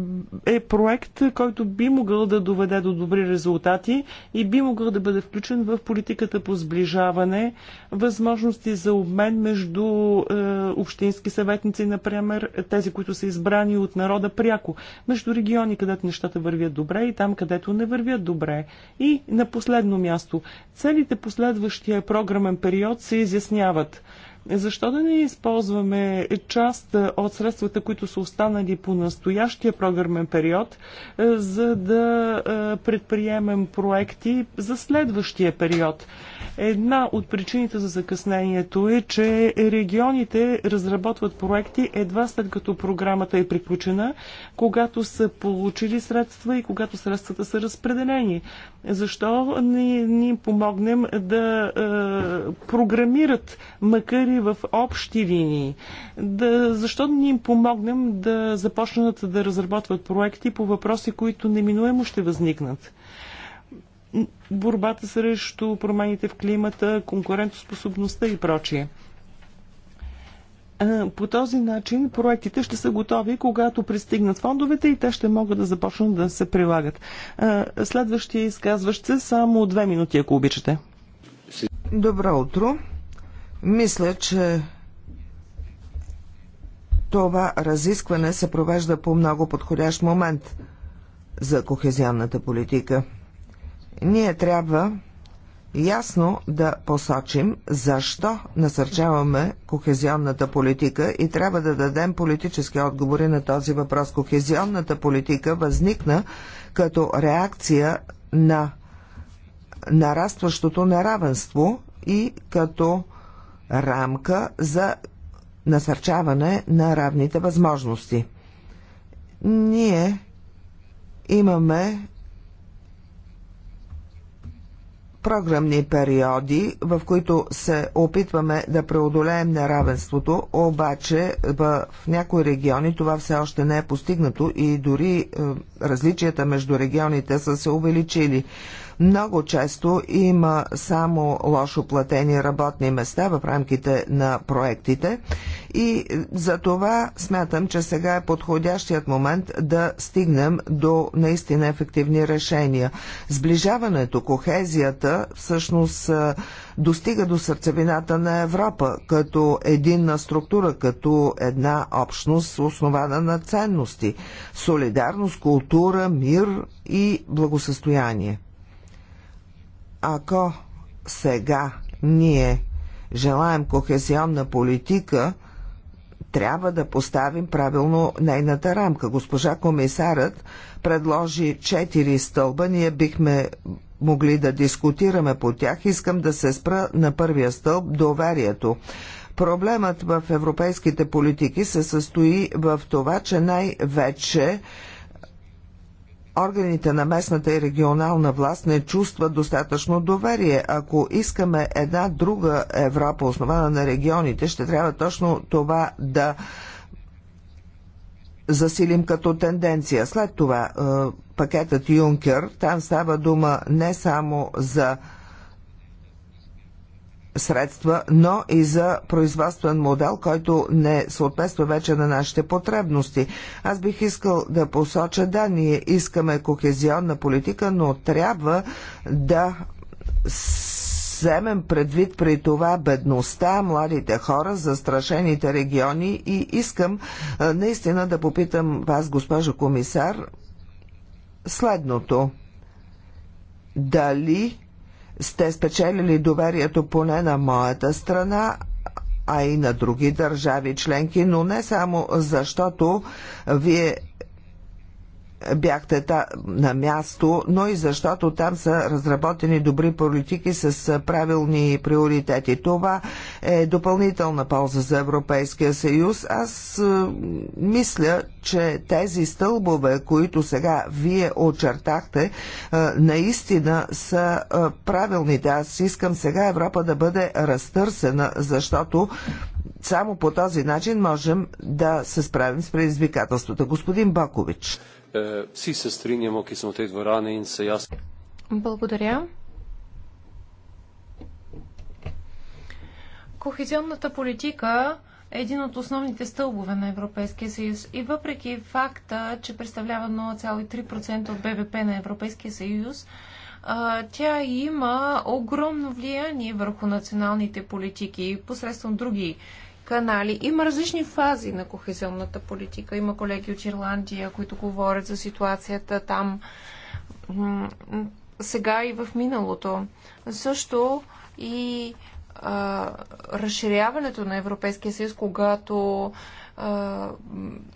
е проект, който би могъл да доведе до добри резултати и би могъл да бъде включен в политиката по сближаване, възможности за обмен между е, общински съветници, например, тези, които са избрани от народа пряко, между региони, където нещата вървят добре и там, където не вървят добре. И на последно място, целите последващия програмен период се изясняват. Защо да не използваме част е, от средствата, които са останали по настоящия програмен период, е, за да е, предприемем проекти за следващия период? Една от причините за закъснението е, че регионите разработват проекти едва след като програмата е приключена, когато са получили средства и когато средствата са разпределени. Защо ни, ни помогнем да е, програмират, макар и в общи линии? Да, защо ни им помогнем да започнат да разработват проекти по въпроси, които неминуемо ще възникнат? борбата срещу промените в климата, конкурентоспособността и прочие. По този начин проектите ще са готови, когато пристигнат фондовете и те ще могат да започнат да се прилагат. Следващия изказващ се само две минути, ако обичате. Добро утро. Мисля, че това разискване се провежда по много подходящ момент за кохезионната политика – ние трябва ясно да посочим защо насърчаваме кохезионната политика и трябва да дадем политически отговори на този въпрос. Кохезионната политика възникна като реакция на нарастващото неравенство и като рамка за насърчаване на равните възможности. Ние имаме програмни периоди, в които се опитваме да преодолеем неравенството, обаче в някои региони това все още не е постигнато и дори е, различията между регионите са се увеличили. Много често има само лошо платени работни места в рамките на проектите и за това смятам, че сега е подходящият момент да стигнем до наистина ефективни решения. Сближаването, кохезията всъщност достига до сърцевината на Европа като единна структура, като една общност, основана на ценности солидарност, култура, мир и благосъстояние ако сега ние желаем кохезионна политика, трябва да поставим правилно нейната рамка. Госпожа комисарът предложи четири стълба, ние бихме могли да дискутираме по тях. Искам да се спра на първия стълб – доверието. Проблемът в европейските политики се състои в това, че най-вече органите на местната и регионална власт не чувстват достатъчно доверие. Ако искаме една друга Европа, основана на регионите, ще трябва точно това да засилим като тенденция. След това е, пакетът Юнкер, там става дума не само за средства, но и за производствен модел, който не съответства вече на нашите потребности. Аз бих искал да посоча, да, ние искаме кохезионна политика, но трябва да вземем предвид при това бедността, младите хора, застрашените региони и искам наистина да попитам вас, госпожо комисар, следното. Дали сте спечелили доверието поне на моята страна, а и на други държави членки, но не само защото вие бяхте та, на място, но и защото там са разработени добри политики с правилни приоритети. Това е допълнителна полза за Европейския съюз. Аз мисля, че тези стълбове, които сега вие очертахте, наистина са правилните. Аз искам сега Европа да бъде разтърсена, защото само по този начин можем да се справим с предизвикателствата. Господин Бакович. Вси е, се стринемо, ки сме в тези дворани и се ясно. Благодаря. Кохезионната политика е един от основните стълбове на Европейския съюз и въпреки факта, че представлява 0,3% от БВП на Европейския съюз, тя има огромно влияние върху националните политики посредством други канали. Има различни фази на кохезионната политика. Има колеги от Ирландия, които говорят за ситуацията там сега и в миналото. Също и а, разширяването на Европейския съюз, когато а,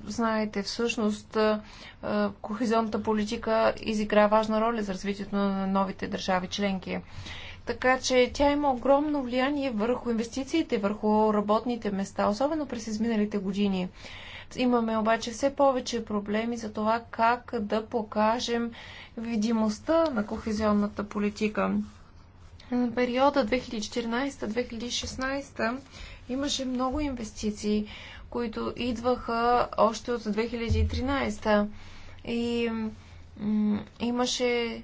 знаете, всъщност кохезионната политика изигра важна роля за развитието на новите държави членки. Така че тя има огромно влияние върху инвестициите, върху работните места, особено през изминалите години. Имаме обаче все повече проблеми за това как да покажем видимостта на кохезионната политика. На периода 2014-2016 имаше много инвестиции, които идваха още от 2013. И имаше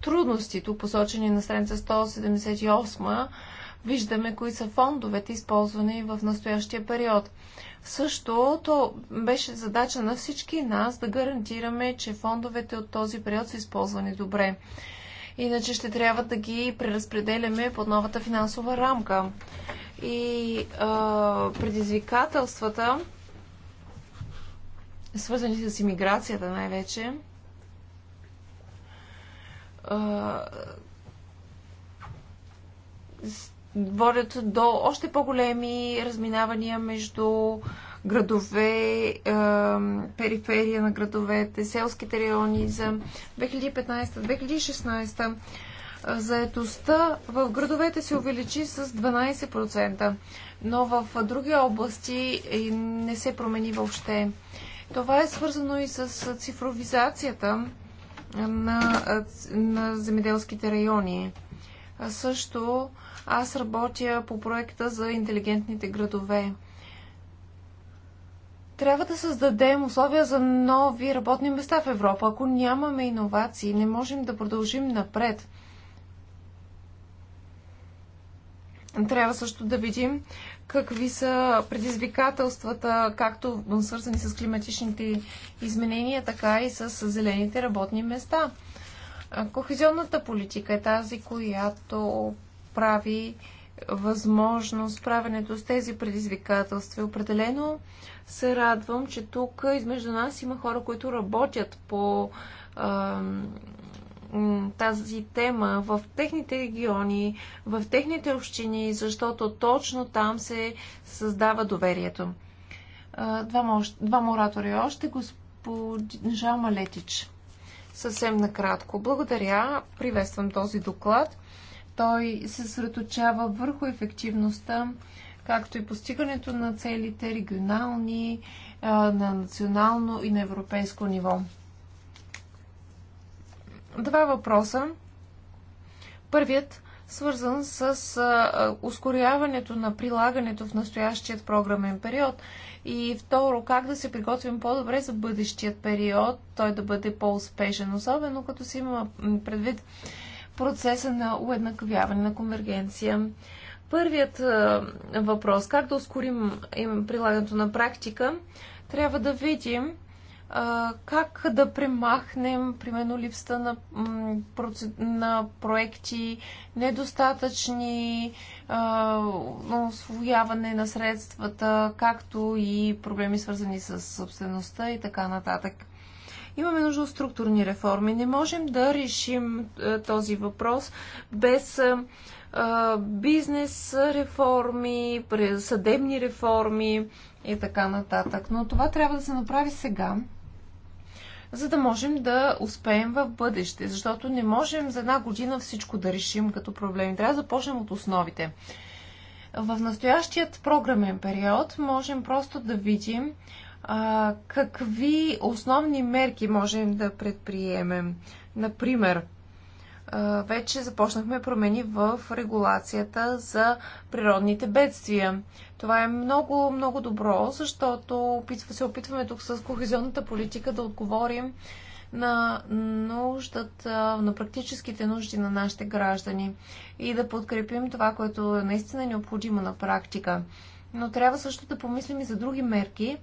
Трудностите, посочени на страница 178, виждаме кои са фондовете, използвани в настоящия период. Също то беше задача на всички нас да гарантираме, че фондовете от този период са използвани добре. Иначе ще трябва да ги преразпределяме под новата финансова рамка. И а, предизвикателствата, свързани с иммиграцията най-вече, водят до още по-големи разминавания между градове, периферия на градовете, селските райони за 2015-2016. Заетостта в градовете се увеличи с 12%, но в други области е, не се промени въобще. Това е свързано и с цифровизацията на, на земеделските райони. А също аз работя по проекта за интелигентните градове. Трябва да създадем условия за нови работни места в Европа. Ако нямаме иновации, не можем да продължим напред. Трябва също да видим какви са предизвикателствата, както свързани с климатичните изменения, така и с зелените работни места. Кохезионната политика е тази, която прави възможно справянето с тези предизвикателства. Определено се радвам, че тук измежду нас има хора, които работят по тази тема в техните региони, в техните общини, защото точно там се създава доверието. Два двама оратори още, госпожа Малетич. Съвсем накратко. Благодаря. Приветствам този доклад. Той се средочава върху ефективността, както и постигането на целите регионални, на национално и на европейско ниво два въпроса. Първият свързан с ускоряването на прилагането в настоящият програмен период и второ, как да се приготвим по-добре за бъдещият период, той да бъде по-успешен, особено като си има предвид процеса на уеднаквяване на конвергенция. Първият въпрос, как да ускорим прилагането на практика, трябва да видим как да премахнем, примерно, липсата на, на проекти, недостатъчни а, освояване на средствата, както и проблеми свързани с собствеността и така нататък. Имаме нужда от структурни реформи. Не можем да решим този въпрос без бизнес реформи, съдебни реформи и така нататък. Но това трябва да се направи сега, за да можем да успеем в бъдеще, защото не можем за една година всичко да решим като проблеми. Трябва да започнем от основите. В настоящият програмен период можем просто да видим а, какви основни мерки можем да предприемем. Например, вече започнахме промени в регулацията за природните бедствия. Това е много, много добро, защото опитва, се опитваме тук с кохезионната политика да отговорим на нуждата, на практическите нужди на нашите граждани и да подкрепим това, което е наистина необходимо на практика. Но трябва също да помислим и за други мерки,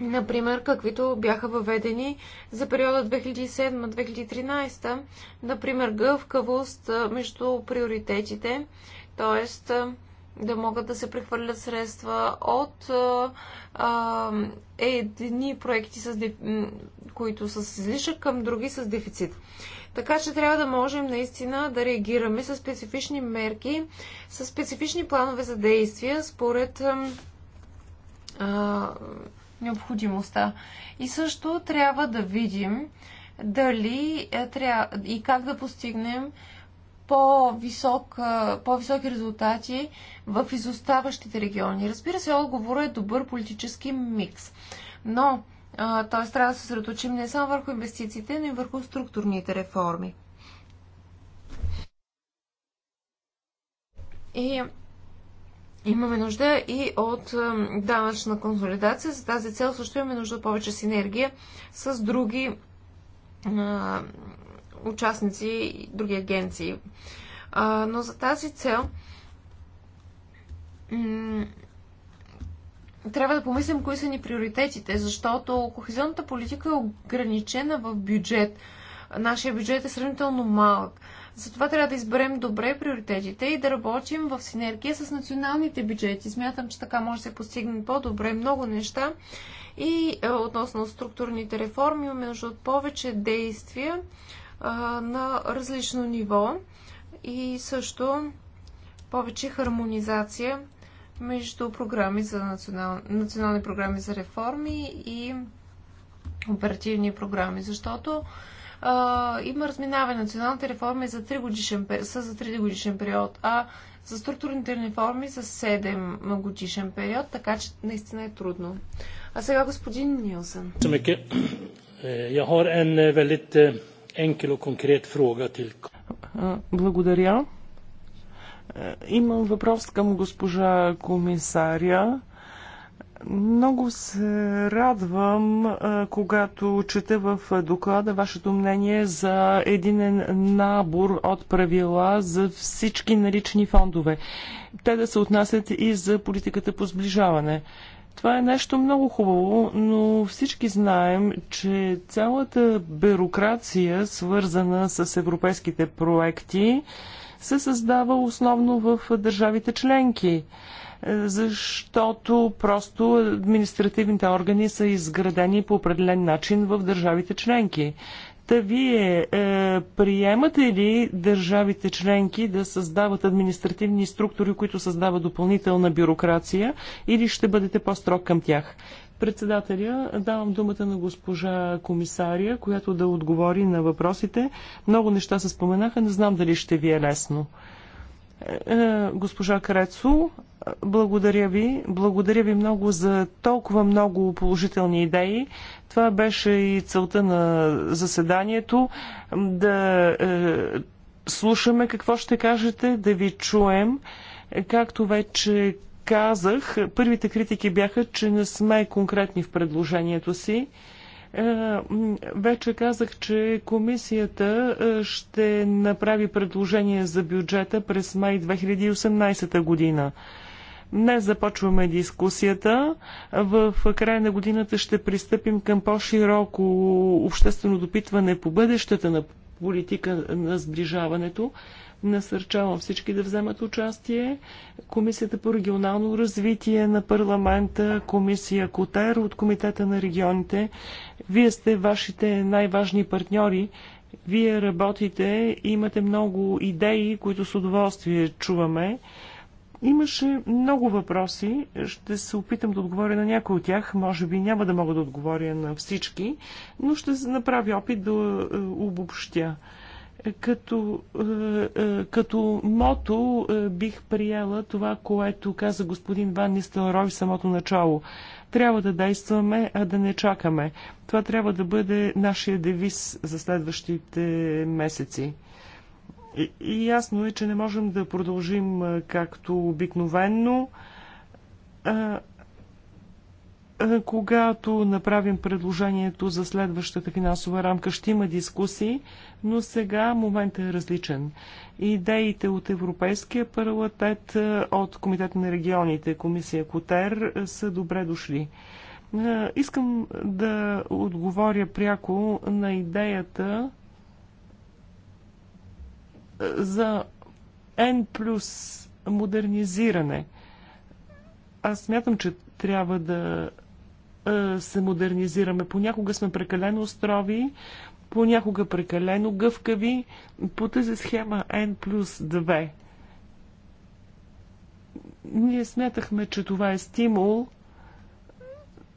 например, каквито бяха въведени за периода 2007-2013, например, гъвкавост между приоритетите, т.е. да могат да се прехвърлят средства от а, едни проекти, с, които са с излишък, към други с дефицит. Така че трябва да можем наистина да реагираме с специфични мерки, с специфични планове за действия според а, необходимостта. И също трябва да видим дали е, трябва и как да постигнем по-висок, е, по-високи резултати в изоставащите региони. Разбира се, отговорът е добър политически микс. Но, т.е. трябва да се средоточим не само върху инвестициите, но и върху структурните реформи. И Имаме нужда и от данъчна консолидация. За тази цел също имаме нужда от повече синергия с други а, участници и други агенции. А, но за тази цел трябва да помислим кои са ни приоритетите, защото кохезионната политика е ограничена в бюджет. Нашия бюджет е сравнително малък. Затова трябва да изберем добре приоритетите и да работим в синергия с националните бюджети. Смятам, че така може да се постигне по-добре много неща. И е, относно структурните реформи имаме нужда от повече действия е, на различно ниво и също повече хармонизация между програми за национал... национални програми за реформи и оперативни програми, защото има разминаване. Националните реформи за 3 годишен, са за 3 годишен период, а за структурните реформи за 7 годишен период, така че наистина е трудно. А сега господин Нилсън. Eh, eh, eh, благодаря. Е, имам въпрос към госпожа комисаря. Много се радвам, когато чета в доклада вашето мнение за един набор от правила за всички налични фондове. Те да се отнасят и за политиката по сближаване. Това е нещо много хубаво, но всички знаем, че цялата бюрокрация, свързана с европейските проекти, се създава основно в държавите членки защото просто административните органи са изградени по определен начин в държавите членки. Та вие е, приемате ли държавите членки да създават административни структури, които създават допълнителна бюрокрация или ще бъдете по-строг към тях? Председателя, давам думата на госпожа комисария, която да отговори на въпросите. Много неща се споменаха, не знам дали ще ви е лесно. Е, госпожа Крецо, благодаря ви. Благодаря ви много за толкова много положителни идеи. Това беше и целта на заседанието да е, слушаме какво ще кажете, да ви чуем. Както вече казах, първите критики бяха, че не сме конкретни в предложението си. Е, вече казах, че комисията е, ще направи предложение за бюджета през май 2018 година. Днес започваме дискусията. В края на годината ще пристъпим към по-широко обществено допитване по бъдещата на политика на сближаването. Насърчавам всички да вземат участие. Комисията по регионално развитие на парламента, комисия Котер от Комитета на регионите. Вие сте вашите най-важни партньори. Вие работите, имате много идеи, които с удоволствие чуваме. Имаше много въпроси. Ще се опитам да отговоря на някои от тях. Може би няма да мога да отговоря на всички, но ще направя опит да е, обобщя. Като, е, е, като мото е, бих приела това, което каза господин Ван Нистелрой в самото начало. Трябва да действаме, а да не чакаме. Това трябва да бъде нашия девиз за следващите месеци. И, и ясно е, че не можем да продължим както обикновенно. когато направим предложението за следващата финансова рамка, ще има дискусии, но сега моментът е различен. Идеите от Европейския парламент, е, от Комитет на регионите, Комисия Котер е, са добре дошли. Е, искам да отговоря пряко на идеята за N плюс модернизиране. Аз смятам, че трябва да се модернизираме. Понякога сме прекалено острови, понякога прекалено гъвкави по тази схема N плюс 2. Ние смятахме, че това е стимул,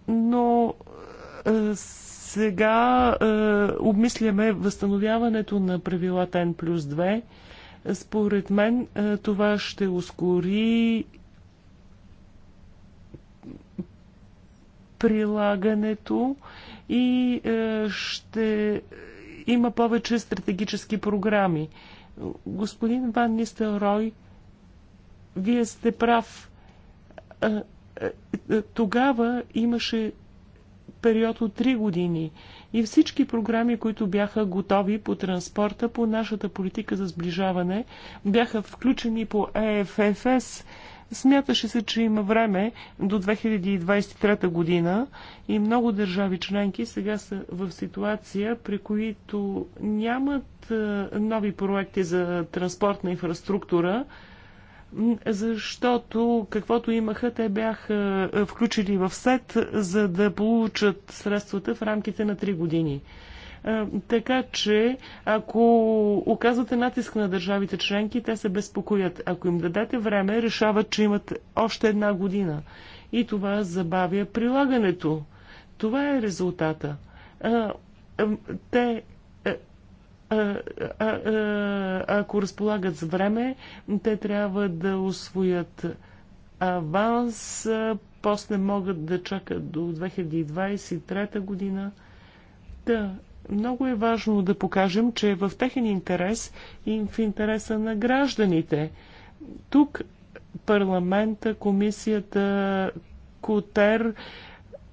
но е, сега е, обмисляме възстановяването на правилата N плюс 2. Според мен е, това ще ускори прилагането и е, ще има повече стратегически програми. Господин Ван Нистелрой, вие сте прав. Е, е, тогава имаше период от 3 години и всички програми, които бяха готови по транспорта, по нашата политика за сближаване, бяха включени по ЕФФС Смяташе се, че има време до 2023 година и много държави членки сега са в ситуация, при които нямат е, нови проекти за транспортна инфраструктура, защото каквото имаха, те бяха е, включили в сет, за да получат средствата в рамките на 3 години. Така че, ако оказвате натиск на държавите членки, те се безпокоят. Ако им дадете време, решават, че имат още една година. И това забавя прилагането. Това е резултата. Те а, а, а, ако разполагат с време, те трябва да освоят аванс, после могат да чакат до 2023 година. Да, много е важно да покажем, че е в техен интерес и в интереса на гражданите. Тук парламента, комисията, Котер,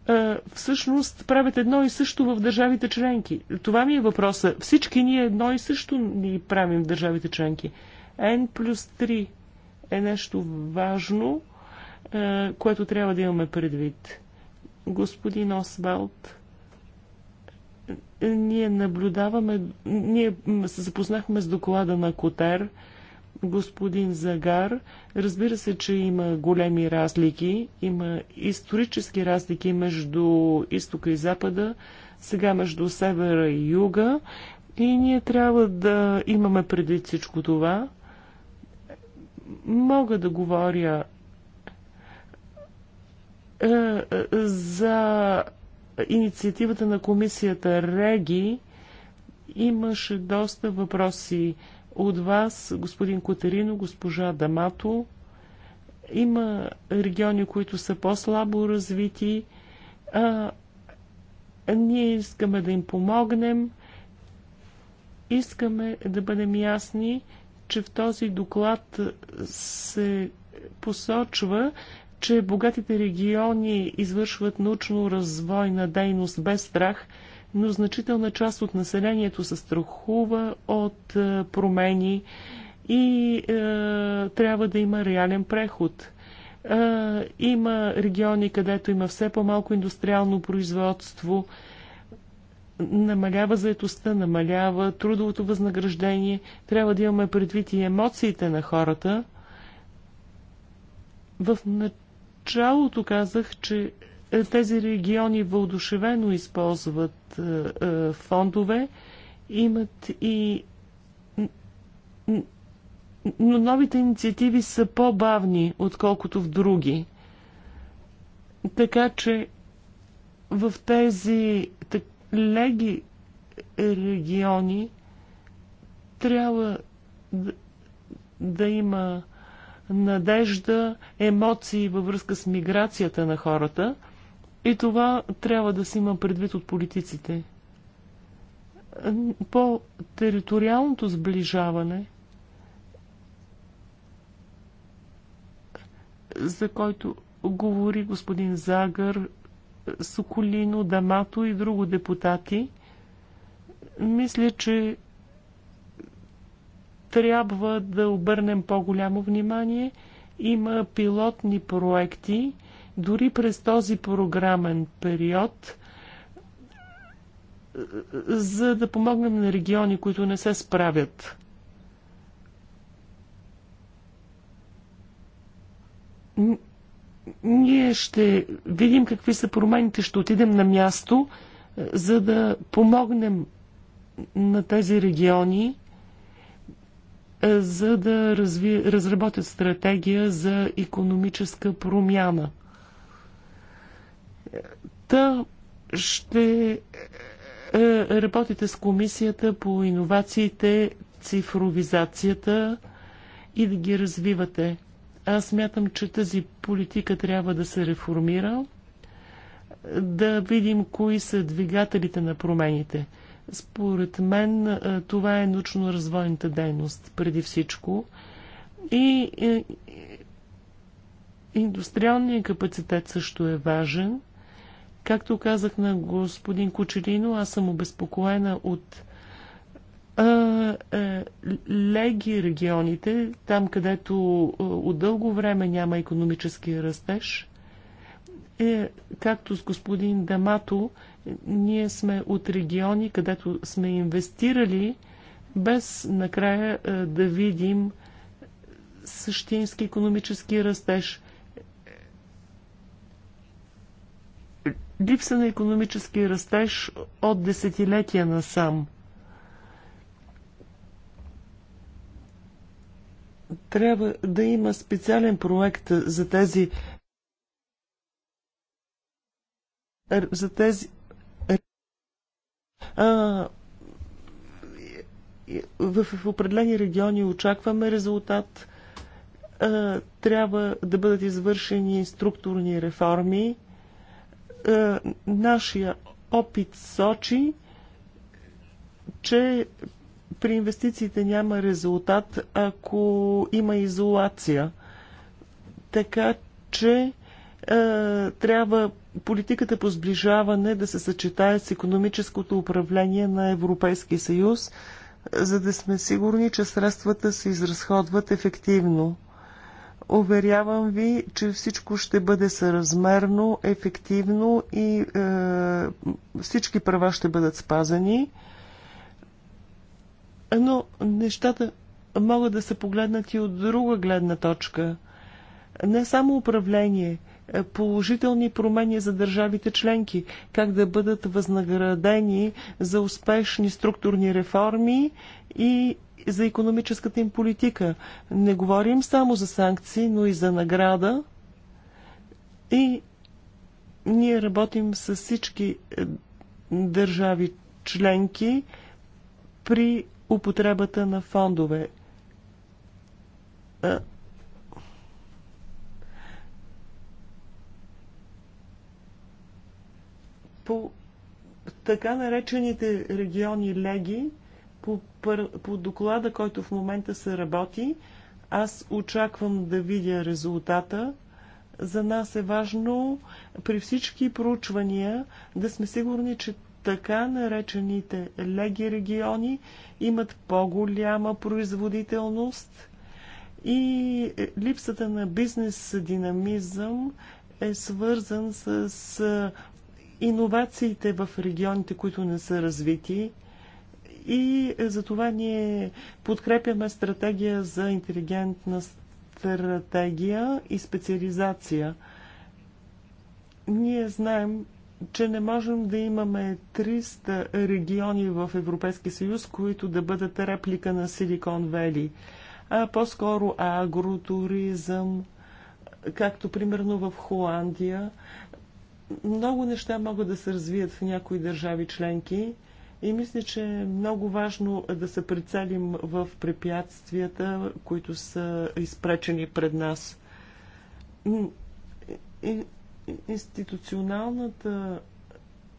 е, всъщност правят едно и също в държавите членки. Това ми е въпроса. Всички ние едно и също ни правим в държавите членки. N плюс 3 е нещо важно, е, което трябва да имаме предвид. Господин Освалд. Ние наблюдаваме, ние се запознахме с доклада на Котер, господин Загар. Разбира се, че има големи разлики, има исторически разлики между изтока и запада, сега между севера и юга. И ние трябва да имаме преди всичко това. Мога да говоря е, е, за инициативата на комисията Реги имаше доста въпроси от вас, господин Котерино, госпожа Дамато. Има региони, които са по-слабо развити. А, ние искаме да им помогнем. Искаме да бъдем ясни, че в този доклад се посочва, че богатите региони извършват научно-развойна дейност без страх, но значителна част от населението се страхува от е, промени и е, трябва да има реален преход. Е, има региони, където има все по-малко индустриално производство, намалява заетостта, намалява трудовото възнаграждение. Трябва да имаме предвид и емоциите на хората. В началото началото казах, че е, тези региони въодушевено използват е, е, фондове, имат и но новите инициативи са по-бавни, отколкото в други. Така че в тези так, леги региони трябва да, да има надежда, емоции във връзка с миграцията на хората. И това трябва да се има предвид от политиците. По териториалното сближаване, за който говори господин Загър, Соколино, Дамато и друго депутати, мисля, че трябва да обърнем по-голямо внимание. Има пилотни проекти, дори през този програмен период, за да помогнем на региони, които не се справят. Ние ще видим какви са промените, ще отидем на място, за да помогнем на тези региони за да разви, разработят стратегия за економическа промяна. Та ще е, работите с комисията по иновациите, цифровизацията и да ги развивате. Аз мятам, че тази политика трябва да се реформира, да видим кои са двигателите на промените – според мен е, това е научно-развойната дейност преди всичко. Е, и индустриалният капацитет също е важен. Както казах на господин Кучелино, аз съм обезпокоена от е, леги регионите, там където от дълго време няма економически растеж, е, както с господин Дамато, ние сме от региони, където сме инвестирали, без накрая е, да видим същински економически растеж. Липса на економически растеж от десетилетия насам. Трябва да има специален проект за тези за тези а, в, в определени региони очакваме резултат. А, трябва да бъдат извършени структурни реформи. А, нашия опит сочи, че при инвестициите няма резултат, ако има изолация. Така че трябва политиката по сближаване да се съчетае с економическото управление на Европейския съюз, за да сме сигурни, че средствата се изразходват ефективно. Уверявам ви, че всичко ще бъде съразмерно, ефективно и е, всички права ще бъдат спазани. Но нещата могат да се погледнат и от друга гледна точка. Не само управление – е, положителни промени за държавите членки, как да бъдат възнаградени за успешни структурни реформи и за економическата им политика. Не говорим само за санкции, но и за награда. И ние работим с всички е, държави членки при употребата на фондове е, по така наречените региони Леги, по, по доклада, който в момента се работи, аз очаквам да видя резултата. За нас е важно при всички проучвания да сме сигурни, че така наречените леги региони имат по-голяма производителност и липсата на бизнес динамизъм е свързан с иновациите в регионите, които не са развити. И за това ние подкрепяме стратегия за интелигентна стратегия и специализация. Ние знаем, че не можем да имаме 300 региони в Европейския съюз, които да бъдат реплика на Силикон Вели, а по-скоро агротуризъм, както примерно в Холандия. Много неща могат да се развият в някои държави членки и мисля, че е много важно да се прицелим в препятствията, които са изпречени пред нас. Институционалната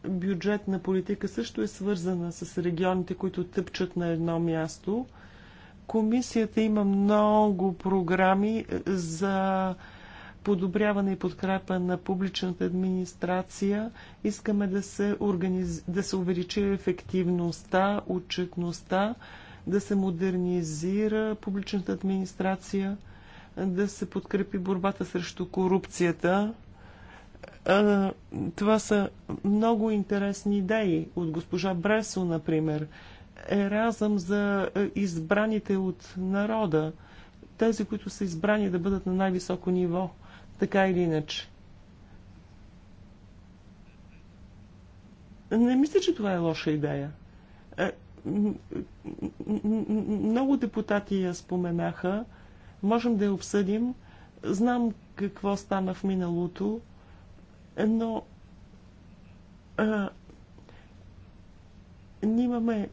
бюджетна политика също е свързана с регионите, които тъпчат на едно място. Комисията има много програми е, за подобряване и подкрепа на публичната администрация. Искаме да се, организ... да се увеличи ефективността, отчетността, да се модернизира публичната администрация, да се подкрепи борбата срещу корупцията. Това са много интересни идеи от госпожа Бресо, например. разъм за е, избраните от народа, тези, които са избрани да бъдат на най-високо ниво – така или иначе. Не мисля, че това е лоша идея. Е, много депутати я споменаха. Можем да я обсъдим. Знам какво стана в миналото, но а, е, ние имаме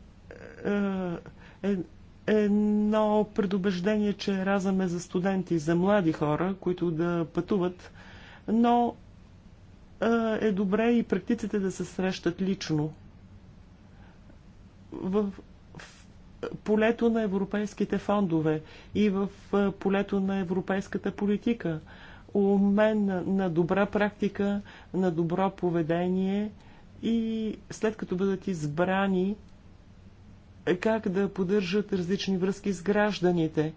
а, е, е едно предубеждение, че разъм е за студенти, за млади хора, които да пътуват, но е добре и практиците да се срещат лично. В, в полето на европейските фондове и в полето на европейската политика. Умен на добра практика, на добро поведение и след като бъдат избрани е как да поддържат различни връзки с гражданите.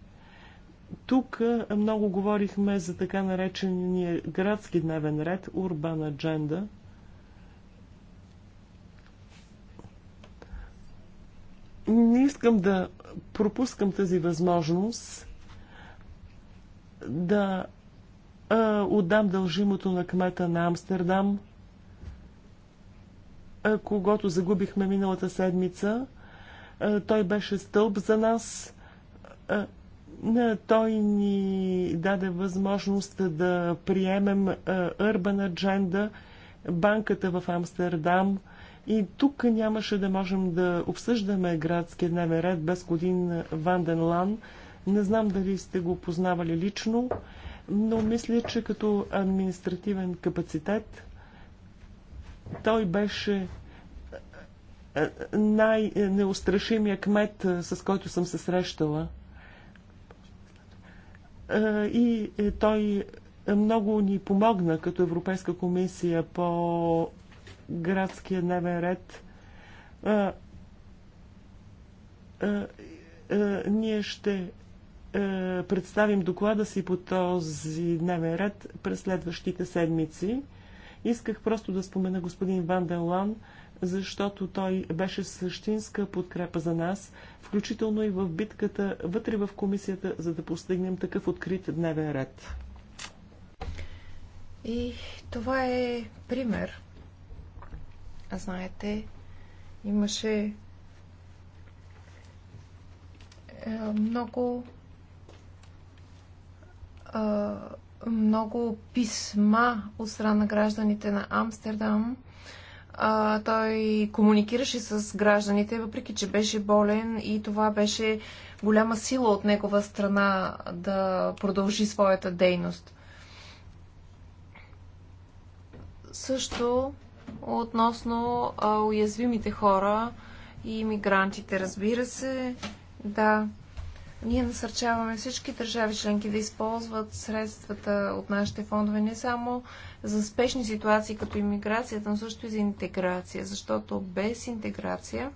Тук много говорихме за така наречения градски дневен ред, Urban Agenda. Не искам да пропускам тази възможност да а, отдам дължимото на кмета на Амстердам, а, когато загубихме миналата седмица е, той беше стълб за нас. Е, е, той ни даде възможност да приемем Urban Agenda, банката в Амстердам. И тук нямаше да можем да обсъждаме градския дневен ред без годин Ванден Лан. Не знам дали сте го познавали лично, но мисля, че като административен капацитет той беше най-неустрашимия кмет, с който съм се срещала. И е, той много ни помогна като Европейска комисия по градския дневен ред. Ние ще представим доклада си по този дневен ред през следващите седмици. Исках просто да спомена господин Ван Делан, защото той беше същинска подкрепа за нас, включително и в битката вътре в комисията, за да постигнем такъв открит дневен ред. И това е пример. А знаете, имаше е, много е, много писма от страна на гражданите на Амстердам а, той комуникираше с гражданите, въпреки че беше болен и това беше голяма сила от негова страна да продължи своята дейност. Също относно а, уязвимите хора и мигрантите, разбира се, да. Ние насърчаваме всички държави членки да използват средствата от нашите фондове не само за спешни ситуации като иммиграцията, но също и за интеграция, защото без интеграция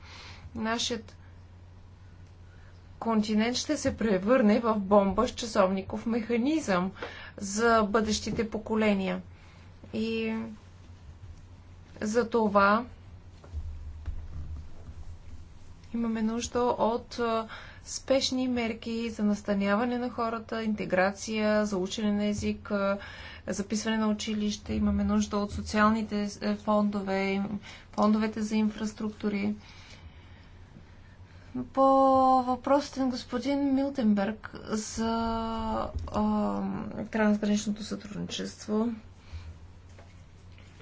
нашият континент ще се превърне в бомба с часовников механизъм за бъдещите поколения. И за това имаме нужда от спешни мерки за настаняване на хората, интеграция, за учене на език, записване на училище. Имаме нужда от социалните е, фондове, фондовете за инфраструктури. По въпросите на господин Милтенберг за а, трансграничното сътрудничество,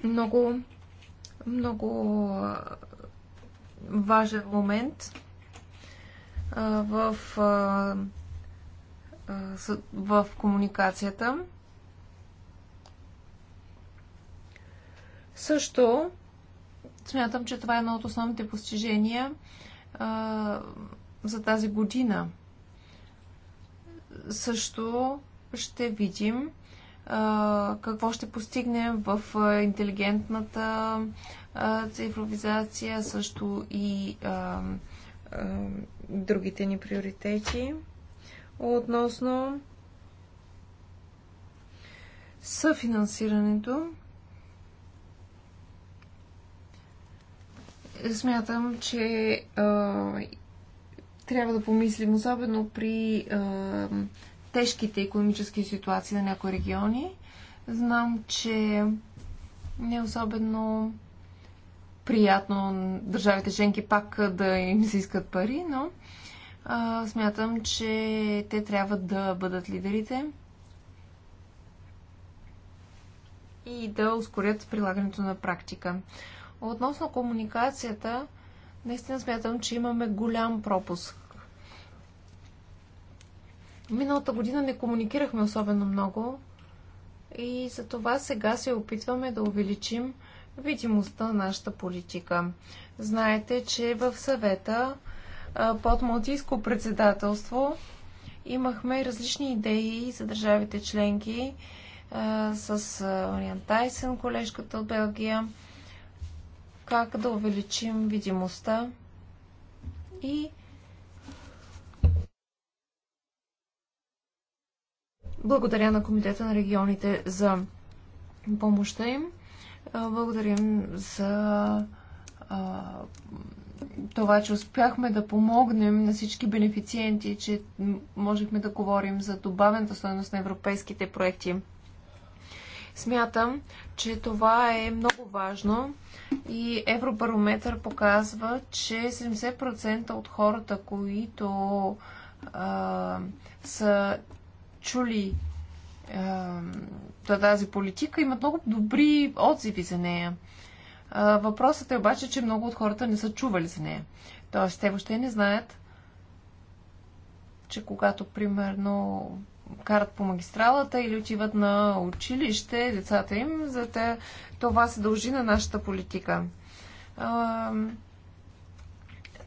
много, много важен момент в, в комуникацията. Също смятам, че това е едно от основните постижения за тази година. Също ще видим какво ще постигнем в интелигентната цифровизация, също и а, другите ни приоритети относно съфинансирането. Смятам, че а, трябва да помислим, особено при а, тежките економически ситуации на някои региони. Знам, че не особено приятно държавите членки пак да им се искат пари, но а, смятам, че те трябва да бъдат лидерите и да ускорят прилагането на практика. Относно комуникацията, наистина смятам, че имаме голям пропуск. Миналата година не комуникирахме особено много и за това сега се опитваме да увеличим видимостта на нашата политика. Знаете, че в съвета под Малтийско председателство имахме различни идеи за държавите членки с Ориан Тайсен, колежката от Белгия, как да увеличим видимостта и благодаря на Комитета на регионите за помощта им. Благодарим за а, това, че успяхме да помогнем на всички бенефициенти, че можехме да говорим за добавената стоеност на европейските проекти. Смятам, че това е много важно и Европарометър показва, че 70% от хората, които а, са чули тази политика, имат много добри отзиви за нея. Въпросът е обаче, че много от хората не са чували за нея. Тоест, те въобще не знаят, че когато, примерно, карат по магистралата или отиват на училище, децата им, за те, това се дължи на нашата политика.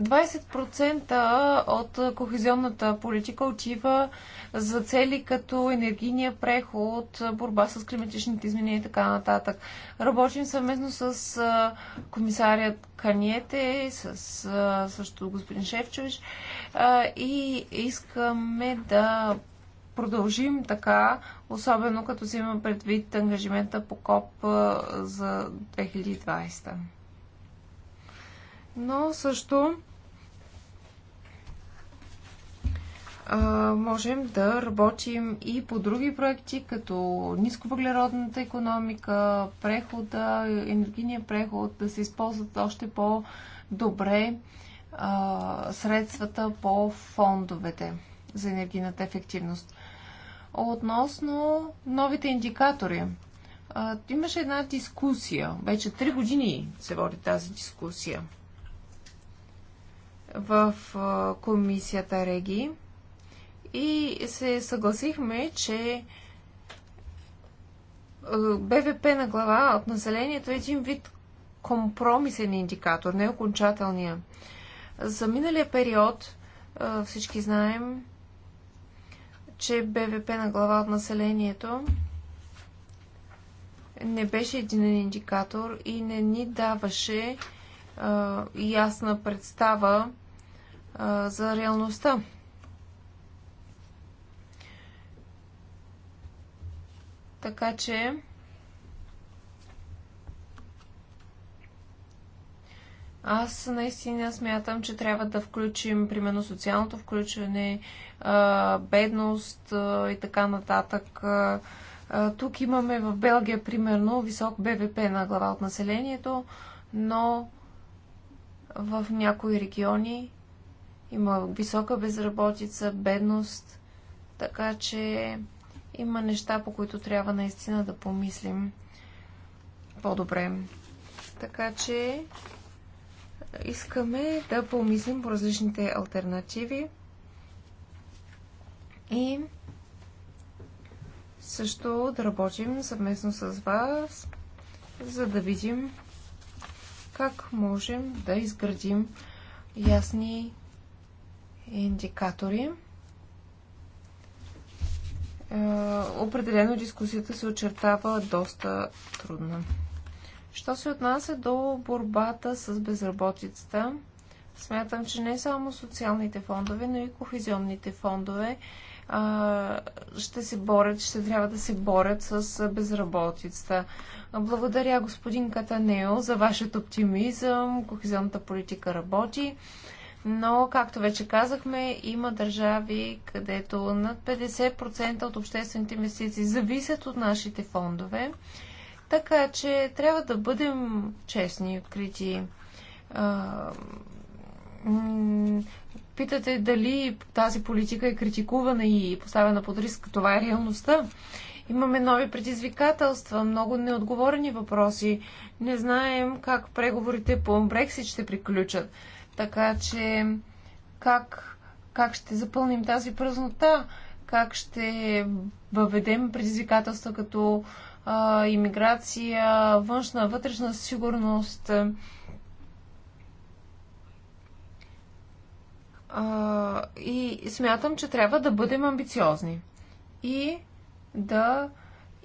20% от кохезионната политика отива за цели като енергийния преход, борба с климатичните изменения и така нататък. Работим съвместно с комисарият Каниете, с също господин Шевчевич и искаме да продължим така, особено като взимам предвид ангажимента по КОП за 2020 но също можем да работим и по други проекти, като нисковъглеродната економика, прехода, енергийния преход, да се използват още по-добре средствата по фондовете за енергийната ефективност. Относно новите индикатори. Имаше една дискусия. Вече три години се води тази дискусия в комисията Реги и се съгласихме, че БВП на глава от населението е един вид компромисен индикатор, не окончателния. За миналия период всички знаем, че БВП на глава от населението не беше един индикатор и не ни даваше ясна представа за реалността. Така че аз наистина смятам, че трябва да включим примерно социалното включване, бедност и така нататък. Тук имаме в Белгия примерно висок БВП на глава от населението, но в някои региони има висока безработица, бедност, така че има неща, по които трябва наистина да помислим по-добре. Така че е, искаме да помислим по различните альтернативи и също да работим съвместно с вас, за да видим как можем да изградим ясни индикатори. Е, определено дискусията се очертава доста трудно. Що се отнася до борбата с безработицата, смятам, че не само социалните фондове, но и кохезионните фондове ще се борят, ще трябва да се борят с безработицата. Благодаря господин Катанео за вашето оптимизъм. Кохезионната политика работи но, както вече казахме, има държави, където над 50% от обществените инвестиции зависят от нашите фондове. Така че трябва да бъдем честни и открити. Питате дали тази политика е критикувана и поставена под риск. Това е реалността. Имаме нови предизвикателства, много неотговорени въпроси. Не знаем как преговорите по Брексит ще приключат. Така че как, как ще запълним тази празнота? Как ще въведем предизвикателства като а, иммиграция, външна, вътрешна сигурност? А, и смятам, че трябва да бъдем амбициозни и да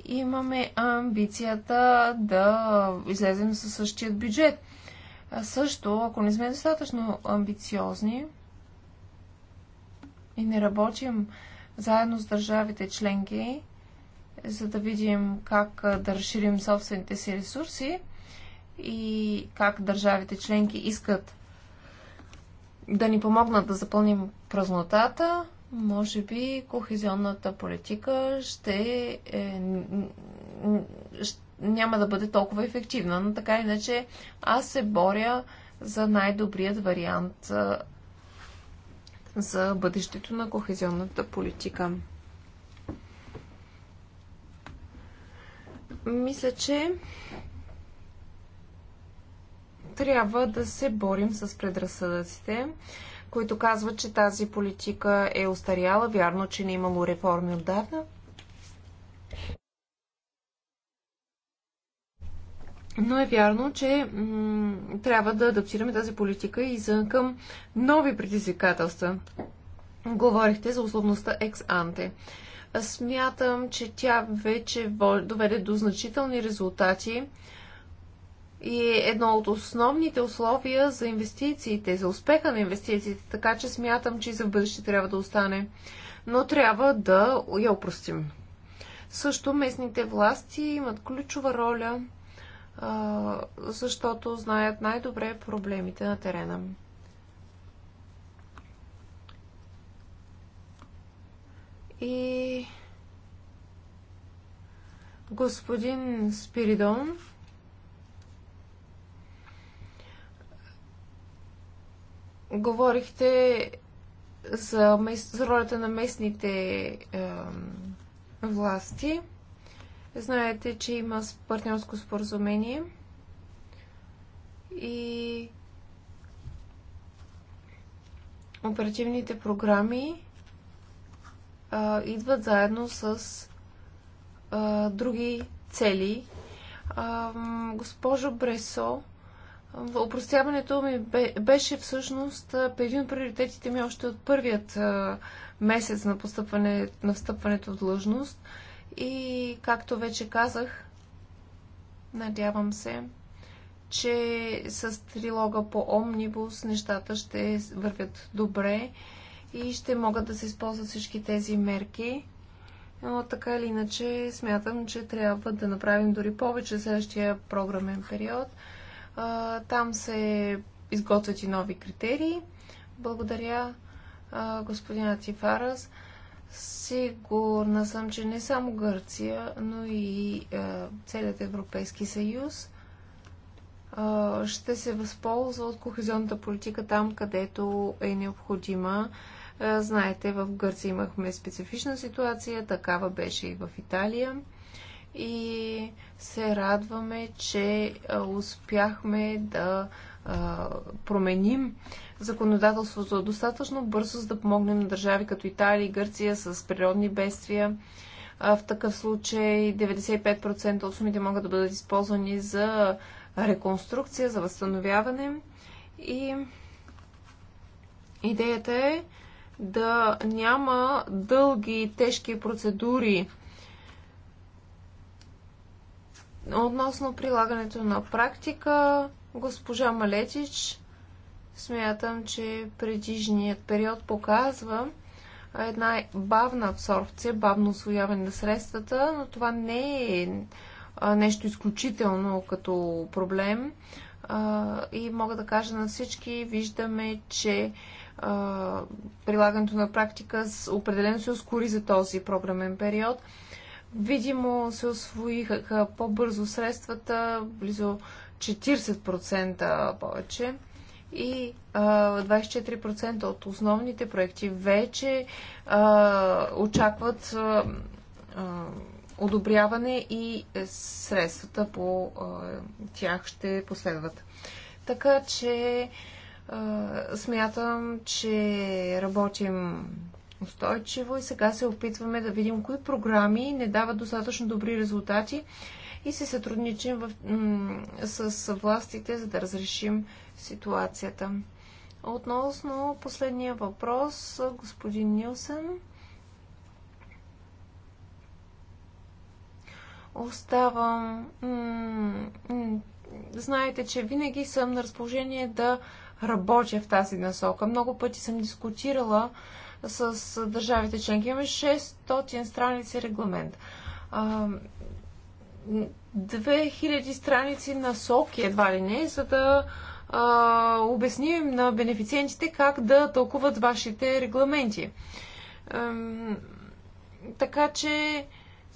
имаме амбицията да излезем със същият бюджет. А също, ако не сме достатъчно амбициозни и не работим заедно с държавите членки, за да видим как да разширим собствените си ресурси и как държавите членки искат да ни помогнат да запълним празнотата, може би кохезионната политика ще, е, ще няма да бъде толкова ефективна. Но така иначе аз се боря за най-добрият вариант за бъдещето на кохезионната политика. Мисля, че трябва да се борим с предразсъдъците, които казват, че тази политика е устаряла. Вярно, че не е имало реформи отдавна – Но е вярно, че трябва да адаптираме тази политика и за към нови предизвикателства. Говорихте за условността екс-анте. Смятам, че тя вече доведе до значителни резултати и е едно от основните условия за инвестициите, за успеха на инвестициите, така че смятам, че и за в бъдеще трябва да остане. Но трябва да я упростим. Също местните власти имат ключова роля защото знаят най-добре проблемите на терена. И господин Спиридон говорихте за, мес... за ролята на местните е, власти. Знаете, че има партньорско споразумение и оперативните програми а, идват заедно с а, други цели. А, госпожо Бресо, Опростяването ми беше всъщност един от приоритетите ми още от първият месец на, на встъпването в длъжност – и, както вече казах, надявам се, че с трилога по Омнибус нещата ще вървят добре и ще могат да се използват всички тези мерки. Но така или иначе смятам, че трябва да направим дори повече следващия програмен период. Там се изготвят и нови критерии. Благодаря господина Тифарас. Сигурна съм, че не само Гърция, но и е, целият Европейски съюз е, ще се възползва от кохезионната политика там, където е необходима. Е, знаете, в Гърция имахме специфична ситуация, такава беше и в Италия. И се радваме, че успяхме да променим законодателството достатъчно бързо, за да помогнем на държави като Италия и Гърция с природни бедствия. В такъв случай 95% от сумите могат да бъдат използвани за реконструкция, за възстановяване. И идеята е да няма дълги, и тежки процедури относно прилагането на практика, госпожа Малетич Смятам, че предишният период показва една бавна абсорбция, бавно освояване на средствата, но това не е нещо изключително като проблем. И мога да кажа на всички, виждаме, че прилагането на практика определено се ускори за този програмен период. Видимо се освоиха по-бързо средствата, близо 40% повече и а, 24% от основните проекти вече а, очакват а, одобряване и средствата по а, тях ще последват. Така че а, смятам, че работим устойчиво и сега се опитваме да видим кои програми не дават достатъчно добри резултати и се сътрудничим в, с властите, за да разрешим ситуацията. Относно последния въпрос, господин Нилсен. Оставам. Знаете, че винаги съм на разположение да работя в тази насока. Много пъти съм дискутирала с държавите членки. Имаме 600 страници регламент. 2000 страници насоки едва ли не, за да а, обясним на бенефициентите как да тълкуват вашите регламенти. А, така че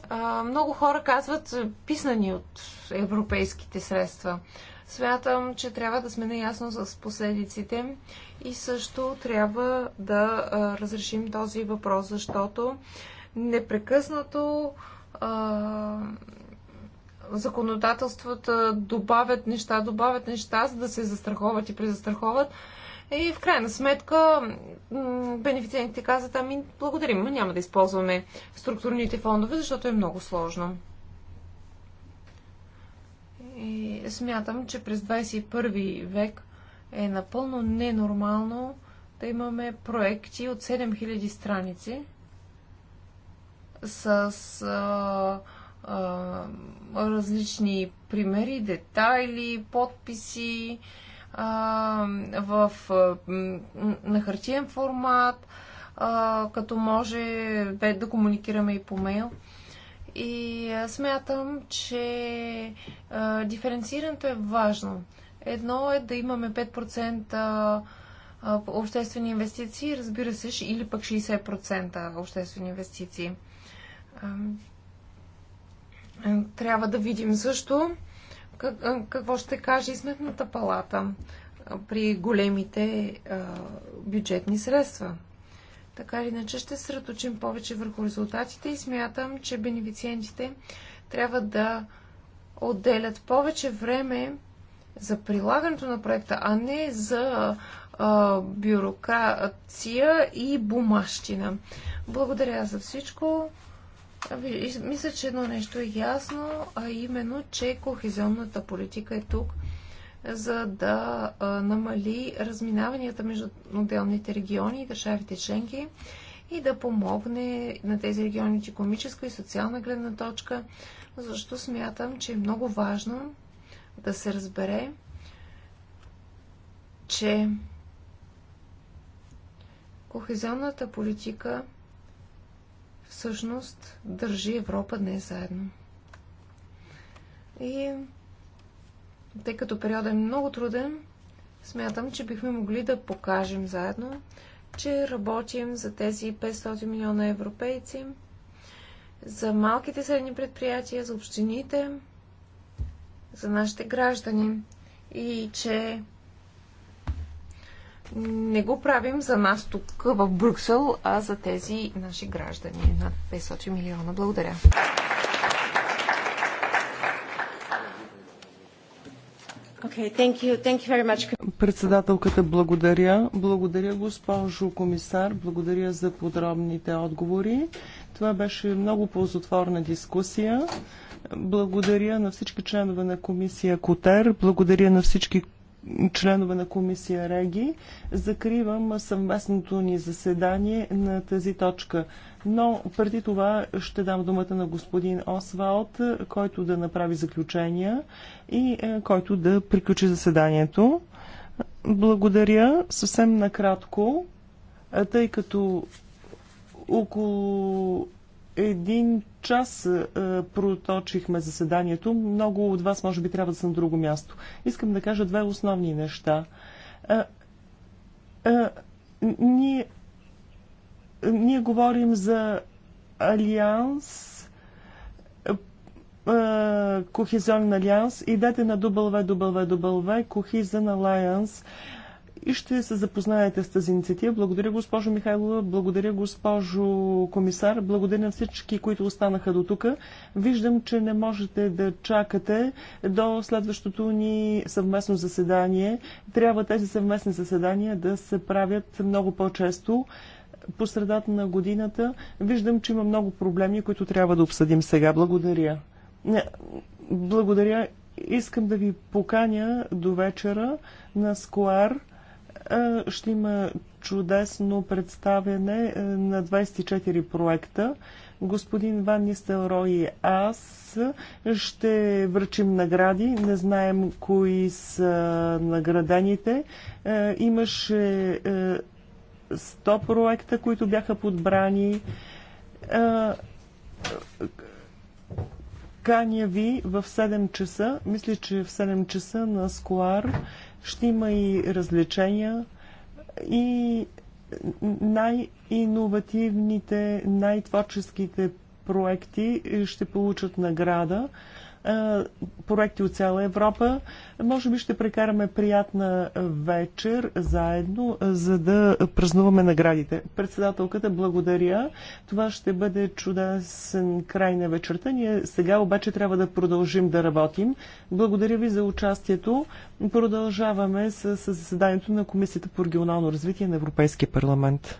а, много хора казват писани от европейските средства. Смятам, че трябва да сме наясно с последиците и също трябва да а, разрешим този въпрос, защото непрекъснато а, законодателствата добавят неща, добавят неща, за да се застраховат и презастраховат. И в крайна сметка бенефициентите казват, ами благодарим, няма да използваме структурните фондове, защото е много сложно. И смятам, че през 21 век е напълно ненормално да имаме проекти от 7000 страници с а, различни примери, детайли, подписи а, в, а, на хартиен формат, а, като може бе, да комуникираме и по мейл. И смятам, че а, диференцирането е важно. Едно е да имаме 5% обществени инвестиции, разбира се, или пък 60% обществени инвестиции. Трябва да видим също какво ще каже и сметната палата при големите бюджетни средства. Така или иначе ще се средоточим повече върху резултатите и смятам, че бенефициентите трябва да отделят повече време за прилагането на проекта, а не за а, бюрокрация и бумащина. Благодаря за всичко. Мисля, че едно нещо е ясно, а именно, че кохезионната политика е тук, за да намали разминаванията между отделните региони и държавите членки и да помогне на тези региони от економическа и социална гледна точка, защото смятам, че е много важно да се разбере, че кохезионната политика – всъщност държи Европа днес заедно. И тъй като периода е много труден, смятам, че бихме могли да покажем заедно, че работим за тези 500 милиона европейци, за малките средни предприятия, за общините, за нашите граждани и че не го правим за нас тук в Брюксел, а за тези наши граждани над 500 милиона. Благодаря. Okay, thank you. Thank you very much. Председателката благодаря. Благодаря, госпожо комисар. Благодаря за подробните отговори. Това беше много ползотворна дискусия. Благодаря на всички членове на комисия Котер. Благодаря на всички членове на комисия Реги. Закривам съвместното ни заседание на тази точка. Но преди това ще дам думата на господин Освалт, който да направи заключения и е, който да приключи заседанието. Благодаря. Съвсем накратко, е, тъй като около един час е, е, проточихме заседанието. Много от вас може би трябва да са на друго място. Искам да кажа две основни неща. Е, е, ние, ние говорим за Алианс, е, е, Кохизионен алианс. Идете на www.cohesionalliance.com и ще се запознаете с тази инициатива. Благодаря, госпожо Михайлова, благодаря, госпожо комисар, благодаря на всички, които останаха до тук. Виждам, че не можете да чакате до следващото ни съвместно заседание. Трябва тези съвместни заседания да се правят много по-често по средата на годината. Виждам, че има много проблеми, които трябва да обсъдим сега. Благодаря. Благодаря. Искам да ви поканя до вечера на Скоар ще има чудесно представяне на 24 проекта. Господин Ван Нистелрой и аз ще връчим награди. Не знаем кои са наградените. Имаше 100 проекта, които бяха подбрани. Каня ви в 7 часа, мисля, че в 7 часа на Скуар ще има и развлечения и най-инновативните, най-творческите проекти ще получат награда проекти от цяла Европа. Може би ще прекараме приятна вечер заедно, за да празнуваме наградите. Председателката, благодаря. Това ще бъде чудесен край на вечерта. Ние сега обаче трябва да продължим да работим. Благодаря ви за участието. Продължаваме с заседанието на Комисията по регионално развитие на Европейския парламент.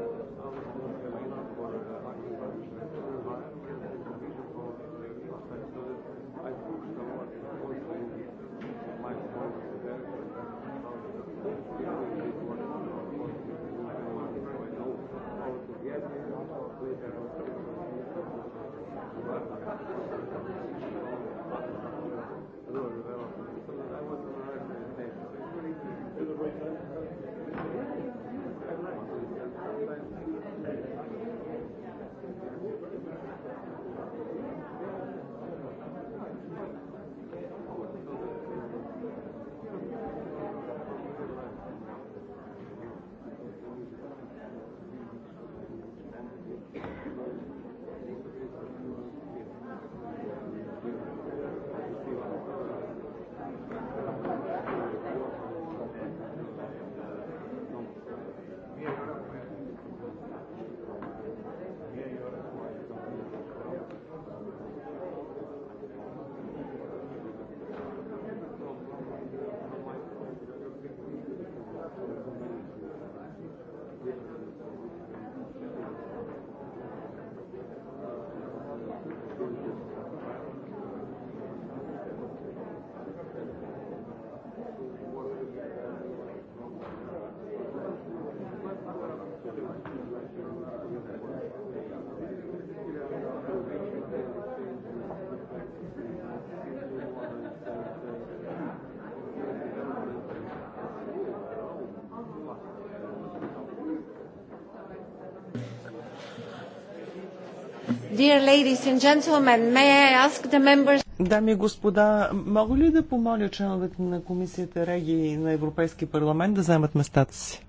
Members... Дами и господа, мога ли да помоля членовете на комисията Реги на Европейски парламент да вземат местата си?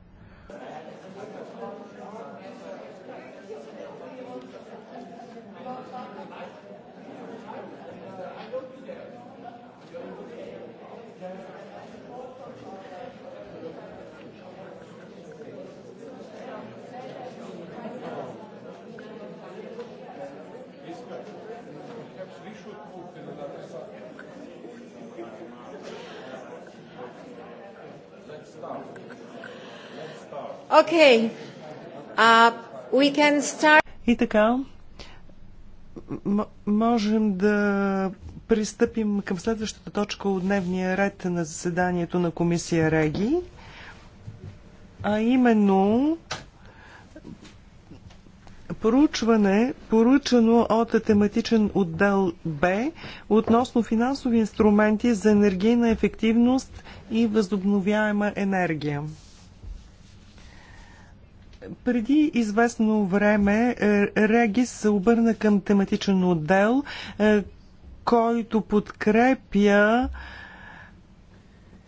Okay. Uh, we can start... И така, можем да пристъпим към следващата точка от дневния ред на заседанието на комисия Реги, а именно проучване, поручено от тематичен отдел Б относно финансови инструменти за енергийна ефективност и възобновяема енергия. Преди известно време е, Регис се обърна към тематичен отдел, е, който подкрепя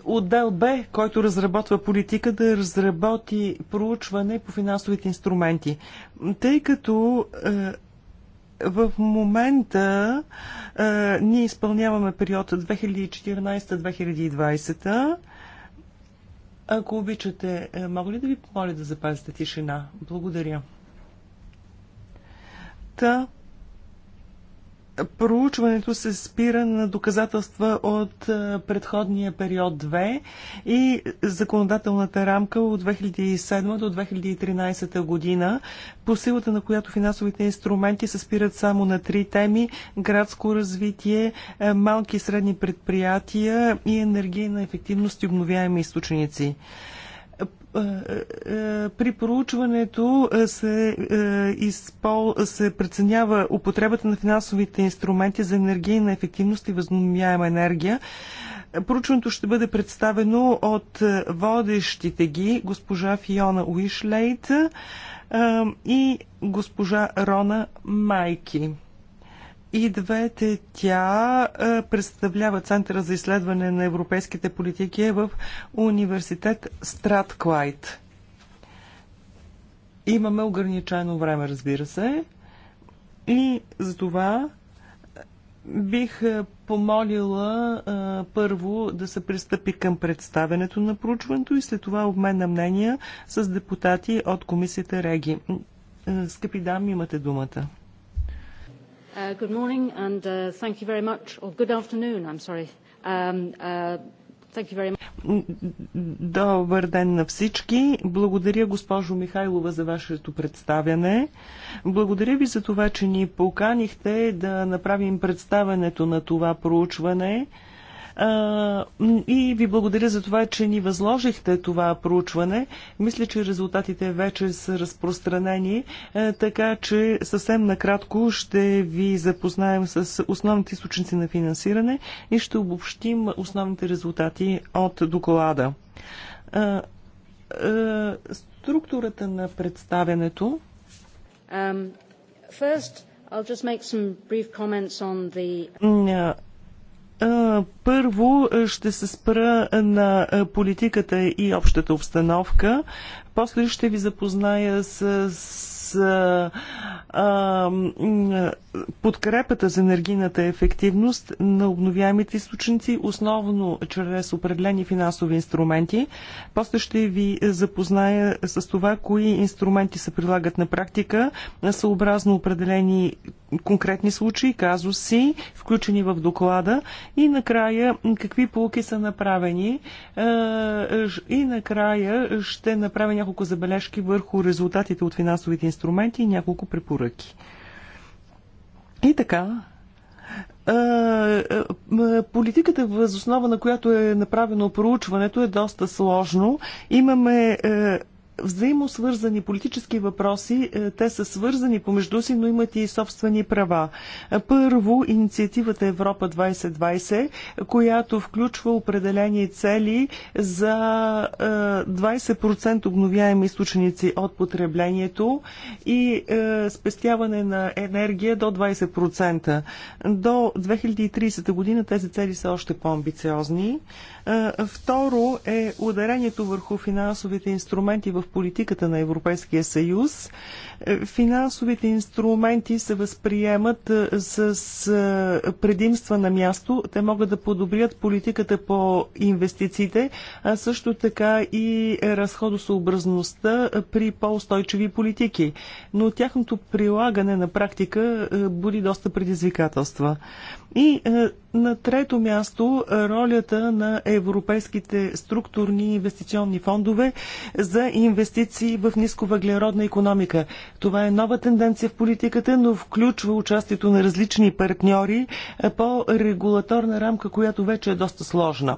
отдел Б, който разработва политика да разработи проучване по финансовите инструменти. Тъй като е, в момента ние изпълняваме период 2014-2020 ако обичате, е, мога ли да ви помоля да запазите тишина? Благодаря. Та, проучването се спира на доказателства от предходния период 2 и законодателната рамка от 2007 до 2013 година, по силата на която финансовите инструменти се спират само на три теми – градско развитие, малки и средни предприятия и енергийна ефективност и обновяеми източници при проучването е, се, е, изпол... се преценява употребата на финансовите инструменти за енергийна ефективност и възнамяема енергия. Проучването ще бъде представено от е, водещите ги госпожа Фиона Уишлейт и госпожа Рона Майки. И двете тя е, представлява Центъра за изследване на европейските политики е в университет Стратклайт. Имаме ограничено време, разбира се. И за това е, бих помолила а, първо да се пристъпи към представенето на проучването и след това обмен на мнения с депутати от комисията Реги. Скъпи дами, имате думата. Uh, good morning and uh, thank you very much, or good afternoon, I'm sorry. Um, uh, thank you very much. Добър ден на всички. Благодаря, госпожо Михайлова, за вашето представяне. Благодаря ви за това, че ни поканихте да направим представенето на това проучване. И ви благодаря за това, че ни възложихте това проучване. Мисля, че резултатите вече са разпространени, е, така че съвсем накратко ще ви запознаем с основните източници на финансиране и ще обобщим основните резултати от доклада. Структурата на представянето. Um, first, I'll just make some brief comments on the... Първо ще се спра на политиката и общата обстановка. После ще ви запозная с за а, подкрепата за енергийната ефективност на обновяемите източници, основно чрез определени финансови инструменти. После ще ви запозная с това, кои инструменти се прилагат на практика, съобразно определени конкретни случаи, казуси, включени в доклада и накрая какви полуки са направени е, и накрая ще направя няколко забележки върху резултатите от финансовите инструменти инструменти и няколко препоръки. И така, Политиката, въз основа на която е направено проучването, е доста сложно. Имаме е, взаимосвързани политически въпроси. Е, те са свързани помежду си, но имат и собствени права. Е, първо, инициативата Европа 2020, която включва определени цели за 20% е, обновяеми източници от потреблението и спестяване на енергия до 20%. До 2030 година тези цели са още по-амбициозни. Е, второ е ударението върху финансовите инструменти в политиката на Европейския съюз. Финансовите инструменти се възприемат е, с е, предимства на място. Те могат да подобрят политиката по инвестициите, а също така и разходосъобразността е, при по-устойчиви политики. Но тяхното прилагане на практика буди доста предизвикателства. И на трето място ролята на европейските структурни инвестиционни фондове за инвестиции в нисковъглеродна економика. Това е нова тенденция в политиката, но включва участието на различни партньори по регулаторна рамка, която вече е доста сложна.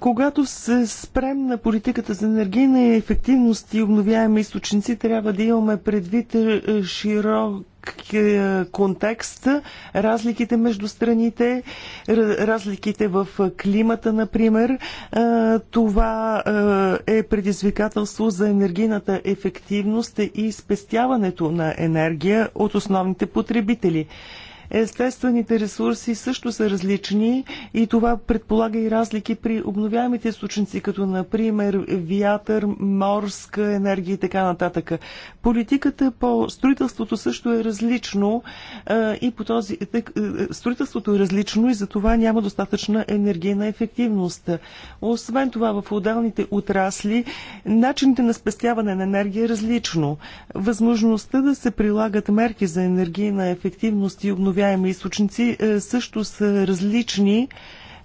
когато се спрем на политиката за енергийна ефективност и обновяеми източници, трябва да имаме предвид е, широк контекст, разликите между страните, разликите в климата, например. Това е, е предизвикателство за енергийната ефективност и спестяването на енергия от основните потребители. Естествените ресурси също са различни и това предполага и разлики при обновяемите източници, като например вятър, морска енергия и така нататък. Политиката по строителството също е различно и по този... Строителството е различно и за това няма достатъчна енергийна ефективност. Освен това, в отделните отрасли начините на спестяване на енергия е различно. Възможността да се прилагат мерки за енергийна ефективност и обновяване възобновяеми източници е, също са различни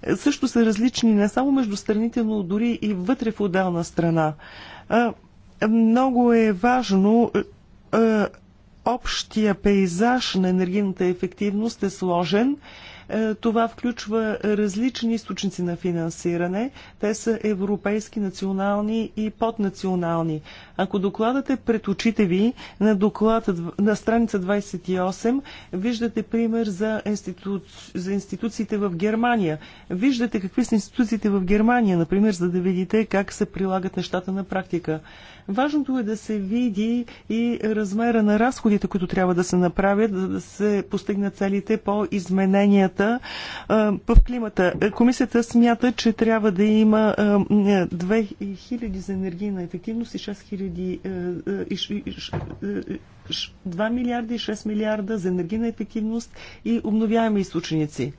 е, също са различни не само между страните, но дори и вътре в отделна страна. Е, много е важно общия пейзаж на енергийната ефективност е сложен. Това включва различни източници на финансиране. Те са европейски, национални и поднационални. Ако докладът е пред очите ви на, доклад, на страница 28, виждате пример за, институ... за институциите в Германия. Виждате какви са институциите в Германия, например, за да видите как се прилагат нещата на практика. Важното е да се види и размера на разходите, които трябва да се направят, за да се постигнат целите по измененията в климата. Комисията смята, че трябва да има 2000 за енергийна ефективност и 6000 2 е, е, е, милиарда и 6 милиарда за енергийна ефективност и обновяеми източници.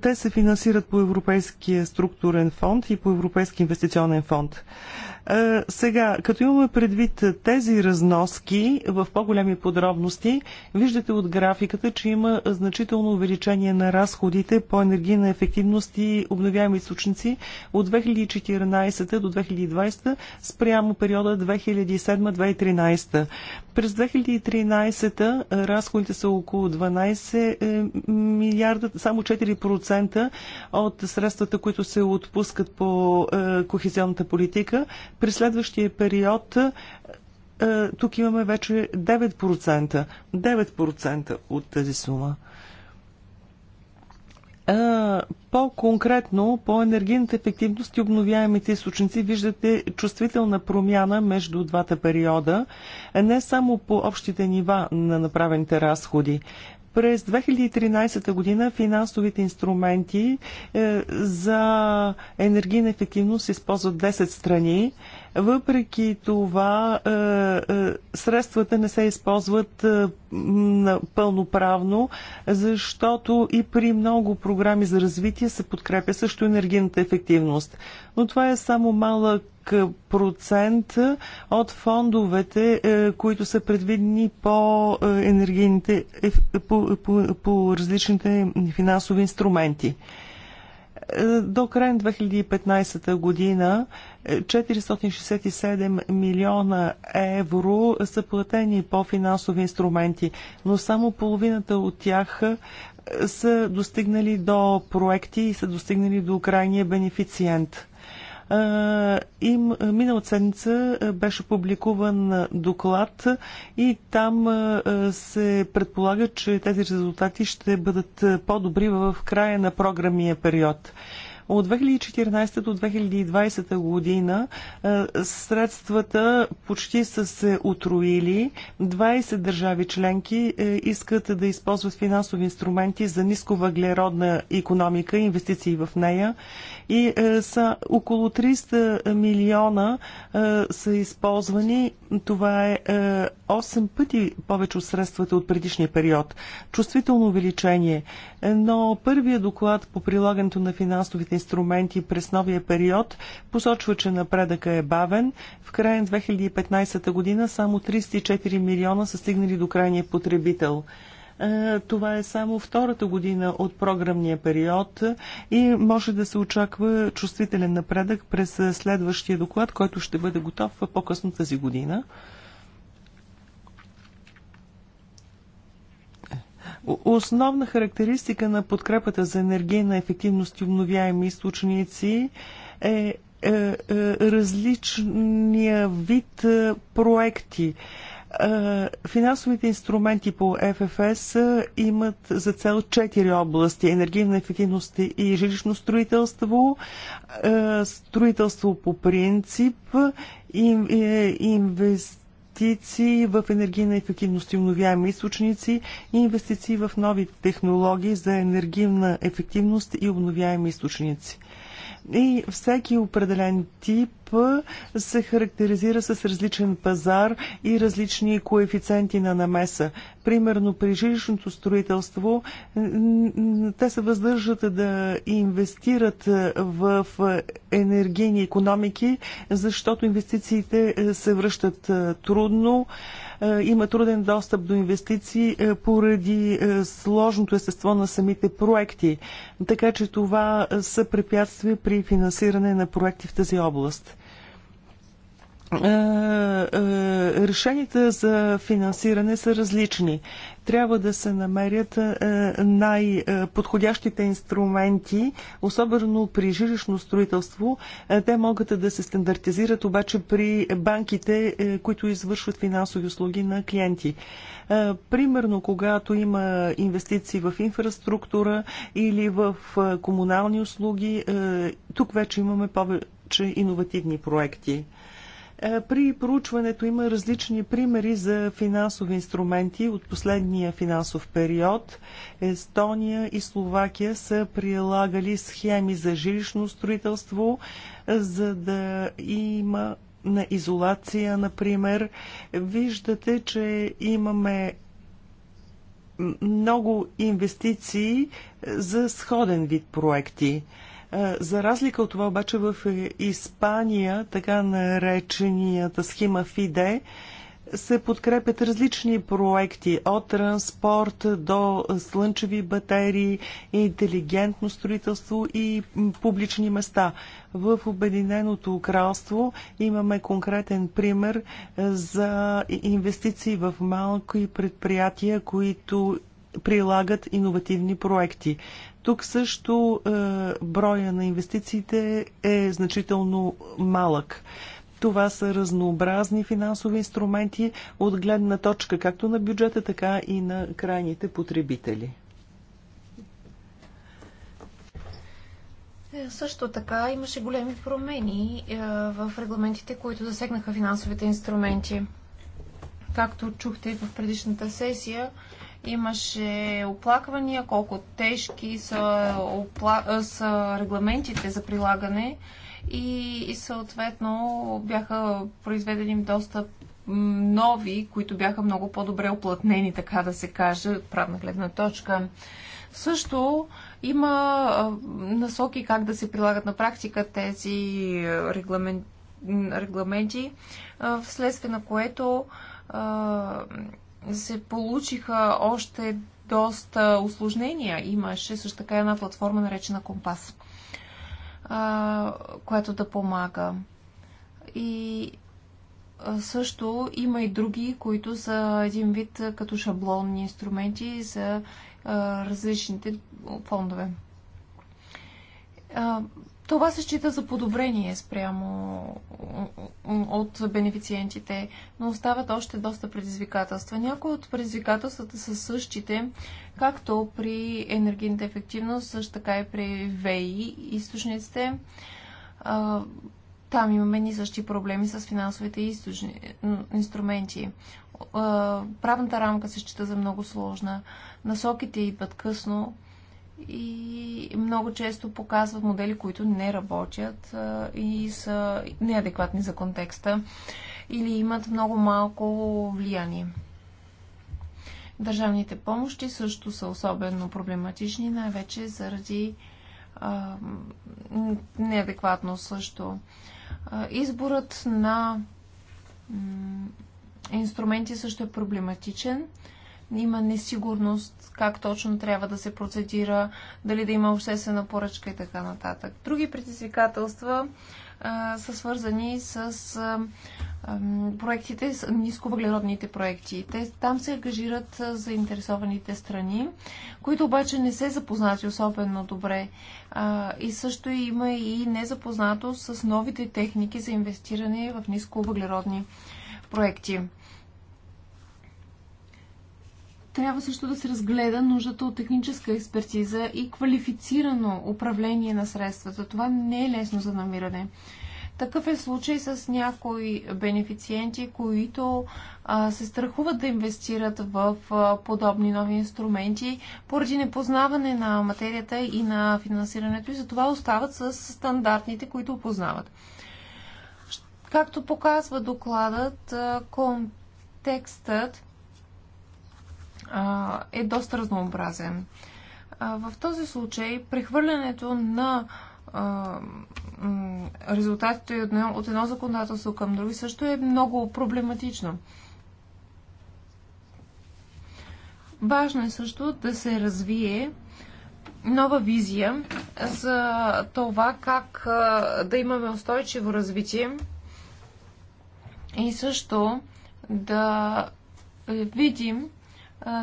Те се финансират по Европейския структурен фонд и по Европейски инвестиционен фонд. Е, сега, като имаме предвид тези разноски в по-големи подробности, виждате от графиката, че има значително увеличение на разходите по енергийна ефективност и обновяеми източници от 2014 до 2020 спрямо периода 2007-2013. През 2013 разходите са около 12 е, милиарда, само 4% от средствата, които се отпускат по е, кохезионната политика. През следващия период е, тук имаме вече 9%. 9% от тази сума. Е, по-конкретно, по енергийната ефективност и обновяемите източници виждате чувствителна промяна между двата периода, не само по общите нива на направените разходи. През 2013 година финансовите инструменти е, за енергийна ефективност използват 10 страни. Въпреки това, е, е, средствата не се използват е, пълноправно, защото и при много програми за развитие се подкрепя също енергийната ефективност. Но това е само малък процент от фондовете, които са предвидени по енергийните, по, по, по различните финансови инструменти. До края на 2015 година 467 е, милиона евро са платени по финансови инструменти, но само половината от тях е, са достигнали до проекти и са достигнали до крайния бенефициент. Им, минал седмица беше публикуван доклад и там се предполага, че тези резултати ще бъдат по-добри в края на програмния период. От 2014 до 2020 година средствата почти са се отроили. 20 държави членки е, искат да използват финансови инструменти за нисковъглеродна економика и инвестиции в нея и е, са около 300 милиона е, са използвани. Това е 8 е, пъти повече от средствата от предишния период. Чувствително увеличение. Но първият доклад по прилагането на финансовите инструменти през новия период посочва, че напредъка е бавен. В края на 2015 година само 34 милиона са стигнали до крайния потребител. Е, това е само втората година от програмния период и може да се очаква чувствителен напредък през следващия доклад, който ще бъде готов в по-късно тази година. Основна характеристика на подкрепата за енергийна ефективност и обновяеми източници е, е, е различния вид проекти. Е, финансовите инструменти по ФФС е, имат за цел четири области – енергийна ефективност и жилищно строителство, е, строителство по принцип, инвестиции, инвестиции в енергийна ефективност и обновяеми източници и инвестиции в нови технологии за енергийна ефективност и обновяеми източници. И всеки определен тип се характеризира с различен пазар и различни коефициенти на намеса. Примерно при жилищното строителство те се въздържат да инвестират в енергийни економики, защото инвестициите се връщат трудно. Е, има труден достъп до инвестиции е, поради е, сложното естество на самите проекти. Така че това са препятствия при финансиране на проекти в тази област решенията за финансиране са различни трябва да се намерят е, най-подходящите инструменти, особено при жилищно строителство. Е, те могат да се стандартизират обаче при банките, е, които извършват финансови услуги на клиенти. Примерно, когато има инвестиции в инфраструктура или в комунални услуги, тук вече имаме повече иновативни проекти. Е, при проучването има различни примери за финансови инструменти от последния финансов период. Естония и Словакия са прилагали схеми за жилищно строителство, за да има на изолация, например. Виждате, че имаме много инвестиции за сходен вид проекти. За разлика от това обаче в Испания, така нареченията схема ФИДЕ, се подкрепят различни проекти от транспорт до слънчеви батерии, интелигентно строителство и публични места. В Обединеното кралство имаме конкретен пример за инвестиции в малки предприятия, които прилагат иновативни проекти. Тук също е, броя на инвестициите е значително малък. Това са разнообразни финансови инструменти от гледна точка както на бюджета, така и на крайните потребители. Е, също така имаше големи промени е, в регламентите, които засегнаха финансовите инструменти. Както чухте и в предишната сесия, Имаше оплаквания колко тежки са, опла... са регламентите за прилагане и, и съответно бяха произведени доста нови, които бяха много по-добре оплътнени, така да се каже, от правна гледна точка. Също има насоки как да се прилагат на практика тези регламент, регламенти, вследствие на което се получиха още доста осложнения. Имаше също така една платформа, наречена Компас, която да помага. И също има и други, които са един вид като шаблонни инструменти за различните фондове. Това се счита за подобрение спрямо от бенефициентите, но остават още доста предизвикателства. Някои от предизвикателствата са същите, както при енергийната ефективност, също така и при ВЕИ източниците. Там имаме ни същи проблеми с финансовите източни... инструменти. Правната рамка се счита за много сложна. Насоките идват късно и много често показват модели, които не работят и са неадекватни за контекста или имат много малко влияние. Държавните помощи също са особено проблематични, най-вече заради а, неадекватно също. А, изборът на инструменти също е проблематичен. А, има несигурност как точно трябва да се процедира, дали да има обществена поръчка и така нататък. Други предизвикателства а, са свързани с а, а, проектите, с нисковъглеродните проекти. Те, там се ангажират заинтересованите страни, които обаче не се запознати особено добре. А, и също има и незапознато с новите техники за инвестиране в нисковъглеродни проекти. Трябва също да се разгледа нуждата от техническа експертиза и квалифицирано управление на средствата. Това не е лесно за намиране. Такъв е случай с някои бенефициенти, които а, се страхуват да инвестират в а, подобни нови инструменти поради непознаване на материята и на финансирането и затова остават с стандартните, които опознават. Както показва докладът, контекстът е доста разнообразен. В този случай прехвърлянето на резултатите от едно законодателство към други също е много проблематично. Важно е също да се развие нова визия за това как да имаме устойчиво развитие и също да видим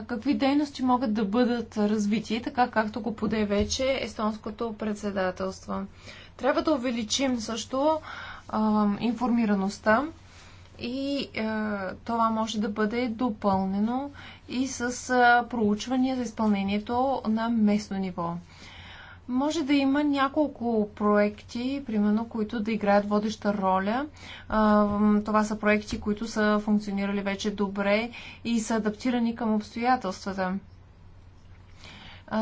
какви дейности могат да бъдат развити, така както го поде вече естонското председателство. Трябва да увеличим също а, информираността и а, това може да бъде допълнено и с а, проучвания за изпълнението на местно ниво може да има няколко проекти, примерно, които да играят водеща роля. Това са проекти, които са функционирали вече добре и са адаптирани към обстоятелствата.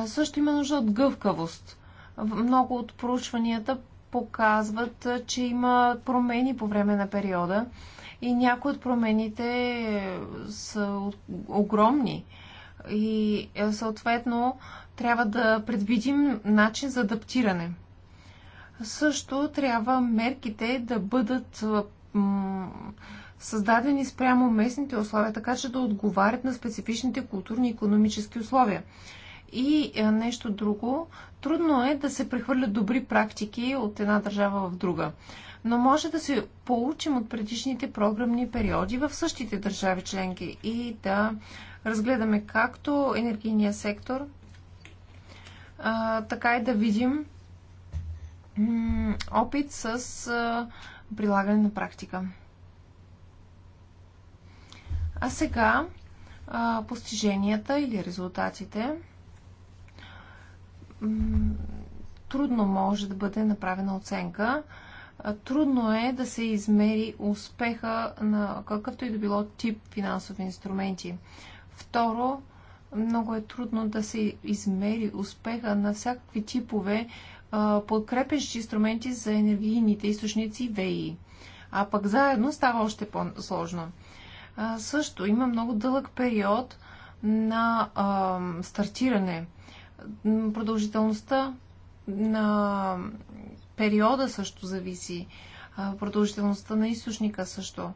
Също има нужда от гъвкавост. Много от проучванията показват, че има промени по време на периода и някои от промените е, са огромни. И е, съответно трябва да предвидим начин за адаптиране. Също трябва мерките да бъдат създадени спрямо местните условия, така че да отговарят на специфичните културни и економически условия. И нещо друго, трудно е да се прехвърлят добри практики от една държава в друга. Но може да се получим от предишните програмни периоди в същите държави членки и да разгледаме както енергийния сектор, а, така и да видим опит с а, прилагане на практика. А сега а, постиженията или резултатите трудно може да бъде направена оценка. Трудно е да се измери успеха на какъвто и да било тип финансови инструменти. Второ, много е трудно да се измери успеха на всякакви типове подкрепещи инструменти за енергийните източници ВИ. А пък заедно става още по-сложно. Също има много дълъг период на а, стартиране. Продължителността на периода също зависи. А, продължителността на източника също.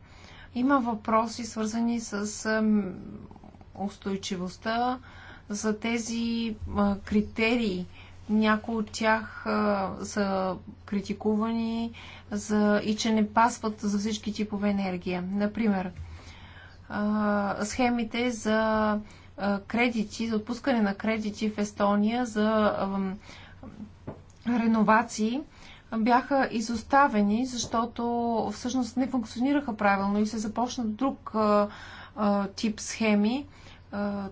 Има въпроси, свързани с а, устойчивостта, за тези а, критерии. Някои от тях а, са критикувани за, и че не пасват за всички типове енергия. Например, а, схемите за кредити, за отпускане на кредити в Естония за реновации бяха изоставени, защото всъщност не функционираха правилно и се започна друг тип схеми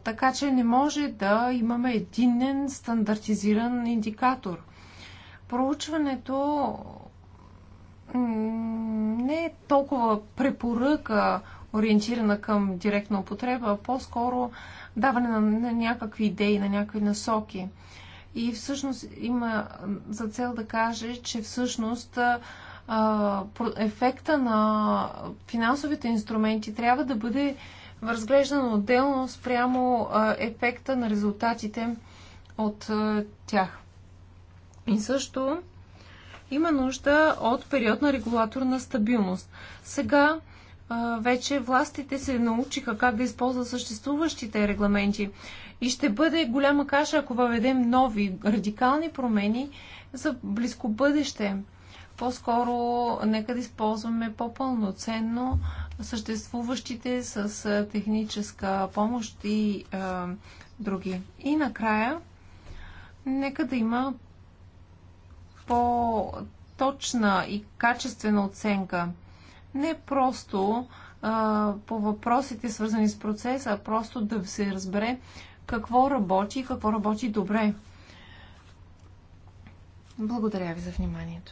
така че не може да имаме единен стандартизиран индикатор. Проучването не е толкова препоръка, ориентирана към директна употреба, а по-скоро даване на, на някакви идеи, на някакви насоки. И всъщност има за цел да каже, че всъщност ефекта на финансовите инструменти трябва да бъде разглеждано отделно спрямо ефекта на резултатите от тях. И също има нужда от период на регулаторна стабилност. Сега вече властите се научиха как да използват съществуващите регламенти. И ще бъде голяма каша, ако въведем нови радикални промени за близко бъдеще по-скоро нека да използваме по-пълноценно съществуващите с техническа помощ и е, други. И накрая, нека да има по-точна и качествена оценка. Не просто е, по въпросите, свързани с процеса, а просто да се разбере какво работи и какво работи добре. Благодаря ви за вниманието.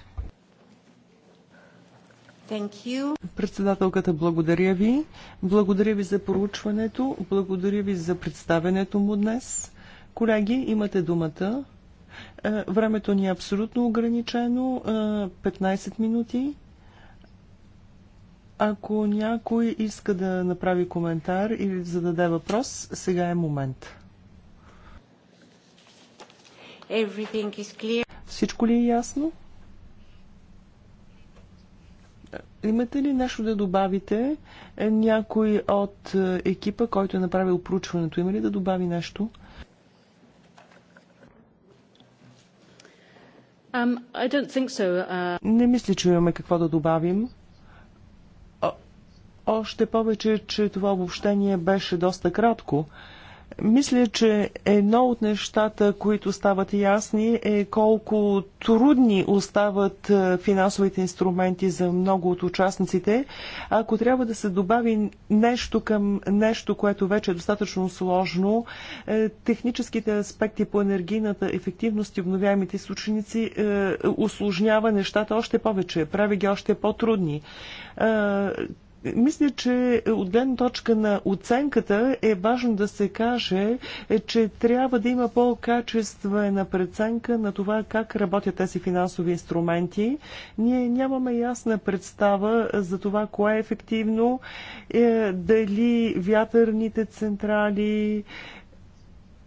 Председателката, благодаря ви. Благодаря ви за проучването. Благодаря ви за представенето му днес. Колеги, имате думата. Е, времето ни е абсолютно ограничено. 15 е, минути. Ако някой иска да направи коментар или да зададе въпрос, сега е момент. Всичко ли е ясно? Имате ли нещо да добавите? Е, някой от е, екипа, който е направил проучването, има ли да добави нещо? Um, I don't think so. Uh... Не мисля, че имаме какво да добавим. О, още повече, че това обобщение беше доста кратко. Uh, мисля, че едно от нещата, които стават ясни е колко трудни остават е, финансовите инструменти за много от участниците. Ако трябва да се добави нещо към нещо, което вече е достатъчно сложно, е, техническите аспекти по енергийната ефективност и обновяемите източници осложнява е, нещата още повече, прави ги още по-трудни мисля, че от гледна точка на оценката е важно да се каже, е, че трябва да има по-качествена преценка на това как работят тези финансови инструменти. Ние нямаме ясна представа за това кое е ефективно, е, дали вятърните централи,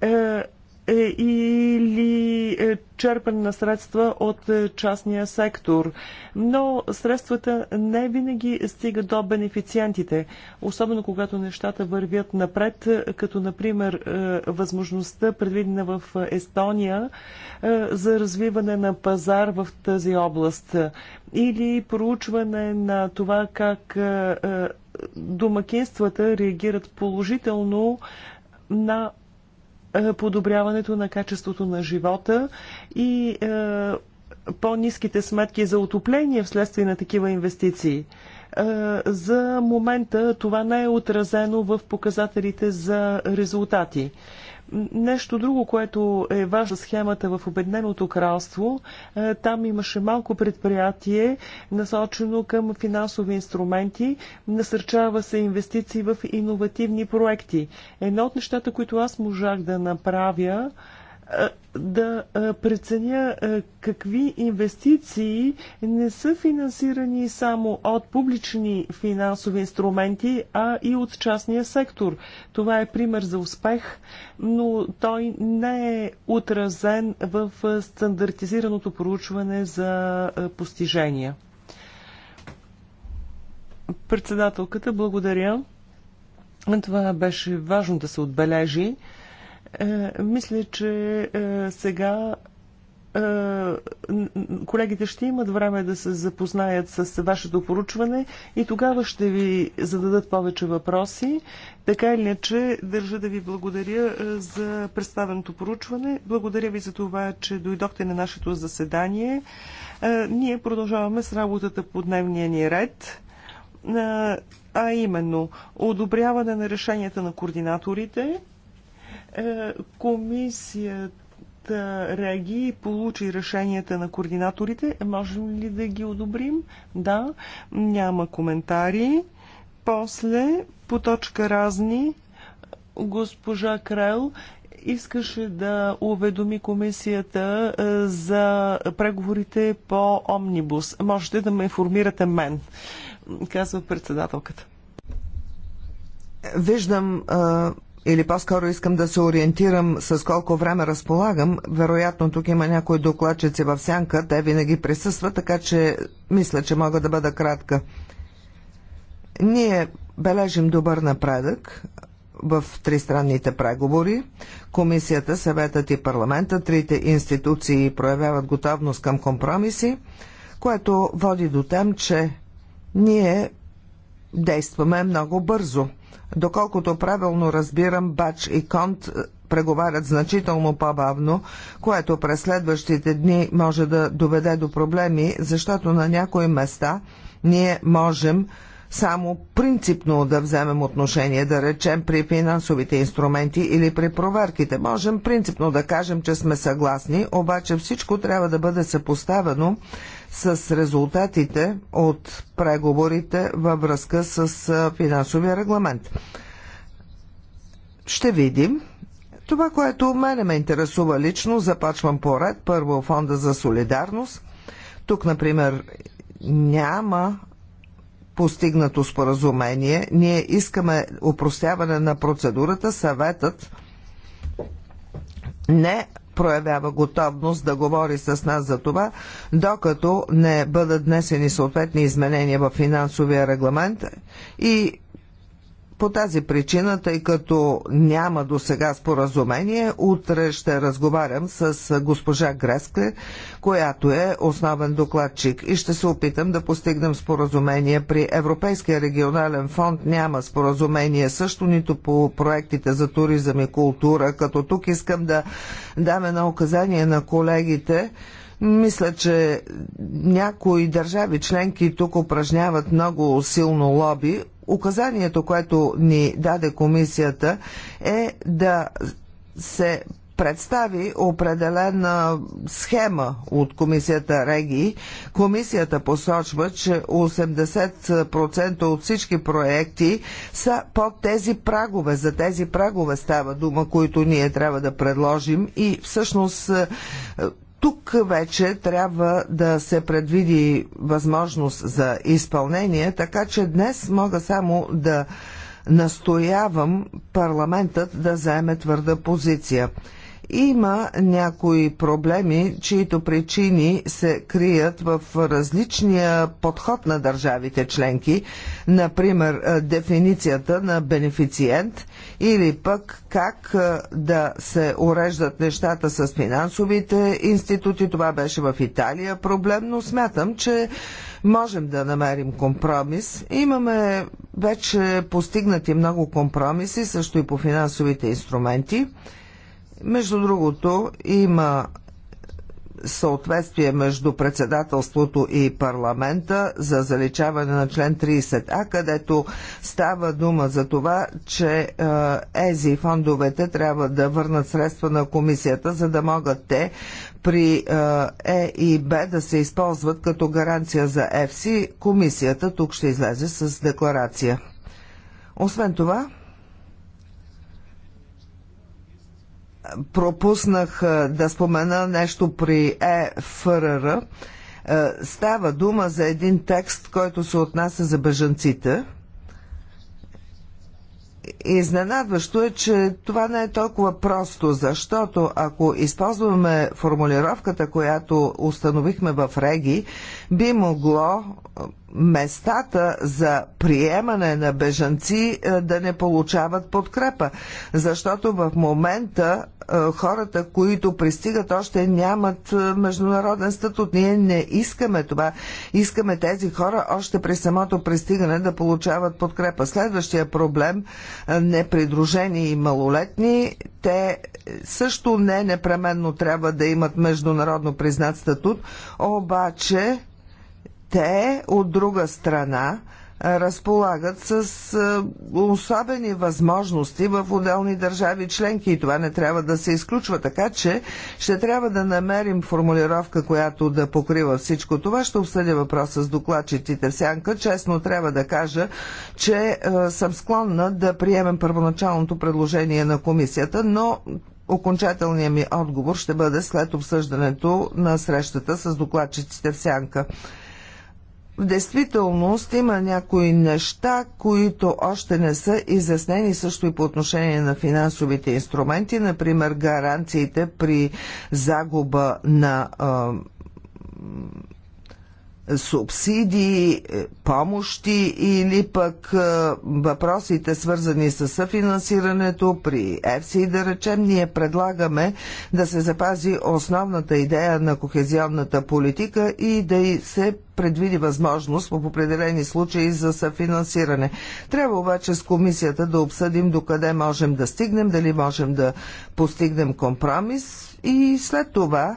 е, е, или е, черпане на средства от е, частния сектор. Но средствата не винаги стигат до бенефициентите, особено когато нещата вървят напред, като например възможността, предвидена в Естония, за развиване на пазар в тази област или проучване на това как домакинствата реагират положително на е, подобряването на качеството на живота и е, по-низките сметки за отопление вследствие на такива инвестиции. Е, за момента това не е отразено в показателите за резултати. Нещо друго, което е важна схемата в Обедненото кралство, е, там имаше малко предприятие, насочено към финансови инструменти, насърчава се инвестиции в иновативни проекти. Едно от нещата, които аз можах да направя, да преценя какви инвестиции не са финансирани само от публични финансови инструменти, а и от частния сектор. Това е пример за успех, но той не е отразен в стандартизираното проучване за постижения. Председателката, благодаря. Това беше важно да се отбележи. Е, мисля, че е, сега е, колегите ще имат време да се запознаят с вашето поручване и тогава ще ви зададат повече въпроси. Така или иначе, държа да ви благодаря за представеното поручване. Благодаря ви за това, че дойдохте на нашето заседание. Ние продължаваме с работата по дневния ни ред а именно одобряване на решенията на координаторите, е, комисията реаги и получи решенията на координаторите. Можем ли да ги одобрим? Да. Няма коментари. После, по точка разни, госпожа Крел искаше да уведоми комисията е, за преговорите по Омнибус. Можете да ме информирате мен, казва председателката. Виждам а, е, или по-скоро искам да се ориентирам с колко време разполагам. Вероятно тук има някои докладчици в сянка, те винаги присъстват, така че мисля, че мога да бъда кратка. Ние бележим добър напредък в тристранните преговори. Комисията, съветът и парламента, трите институции проявяват готовност към компромиси, което води до тем, че ние действаме много бързо – Доколкото правилно разбирам, Бач и Конт е, преговарят значително по-бавно, което през следващите дни може да доведе до проблеми, защото на някои места ние можем само принципно да вземем отношение, да речем при финансовите инструменти или при проверките. Можем принципно да кажем, че сме съгласни, обаче всичко трябва да бъде съпоставено с резултатите от преговорите във връзка с финансовия регламент. Ще видим. Това, което мене ме интересува лично, започвам поред. Първо фонда за солидарност. Тук, например, няма постигнато споразумение. Ние искаме упростяване на процедурата. Съветът не проявява готовност да говори с нас за това, докато не бъдат днесени съответни изменения в финансовия регламент и по тази причина, тъй като няма до сега споразумение, утре ще разговарям с госпожа Грескле, която е основен докладчик и ще се опитам да постигнем споразумение. При Европейския регионален фонд няма споразумение също нито по проектите за туризъм и култура, като тук искам да дам на указание на колегите, мисля, че някои държави членки тук упражняват много силно лоби, указанието, което ни даде комисията е да се представи определена схема от комисията Реги. Комисията посочва, че 80% от всички проекти са под тези прагове. За тези прагове става дума, които ние трябва да предложим и всъщност тук вече трябва да се предвиди възможност за изпълнение, така че днес мога само да настоявам парламентът да заеме твърда позиция. Има някои проблеми, чието причини се крият в различния подход на държавите членки, например е, дефиницията на бенефициент или пък как е, да се уреждат нещата с финансовите институти. Това беше в Италия проблем, но смятам, че можем да намерим компромис. Имаме вече постигнати много компромиси, също и по финансовите инструменти. Между другото, има съответствие между председателството и парламента за заличаване на член 30А, където става дума за това, че е, ези фондовете трябва да върнат средства на комисията, за да могат те при Е, е и Б да се използват като гаранция за ЕФСИ. Комисията тук ще излезе с декларация. Освен това, пропуснах да спомена нещо при ЕФРР. Става дума за един текст, който се отнася за бежанците. Изненадващо е, че това не е толкова просто, защото ако използваме формулировката, която установихме в Реги, би могло местата за приемане на бежанци да не получават подкрепа, защото в момента хората, които пристигат, още нямат международен статут. Ние не искаме това. Искаме тези хора още при самото пристигане да получават подкрепа. Следващия проблем непридружени и малолетни, те е, също не непременно трябва да имат международно признат статут, обаче те, от друга страна, разполагат с особени възможности в отделни държави членки и това не трябва да се изключва. Така че ще трябва да намерим формулировка, която да покрива всичко това. Ще обсъдя въпроса с докладчиците Сянка. Честно трябва да кажа, че съм склонна да приемем първоначалното предложение на комисията, но окончателният ми отговор ще бъде след обсъждането на срещата с докладчиците в Сянка. В действителност има някои неща, които още не са изяснени също и по отношение на финансовите инструменти, например гаранциите при загуба на а, субсидии, е, помощи или пък е, въпросите свързани с съфинансирането при ЕФСИ, да речем, ние предлагаме да се запази основната идея на кохезионната политика и да се предвиди възможност в определени случаи за съфинансиране. Трябва обаче с комисията да обсъдим докъде можем да стигнем, дали можем да постигнем компромис и след това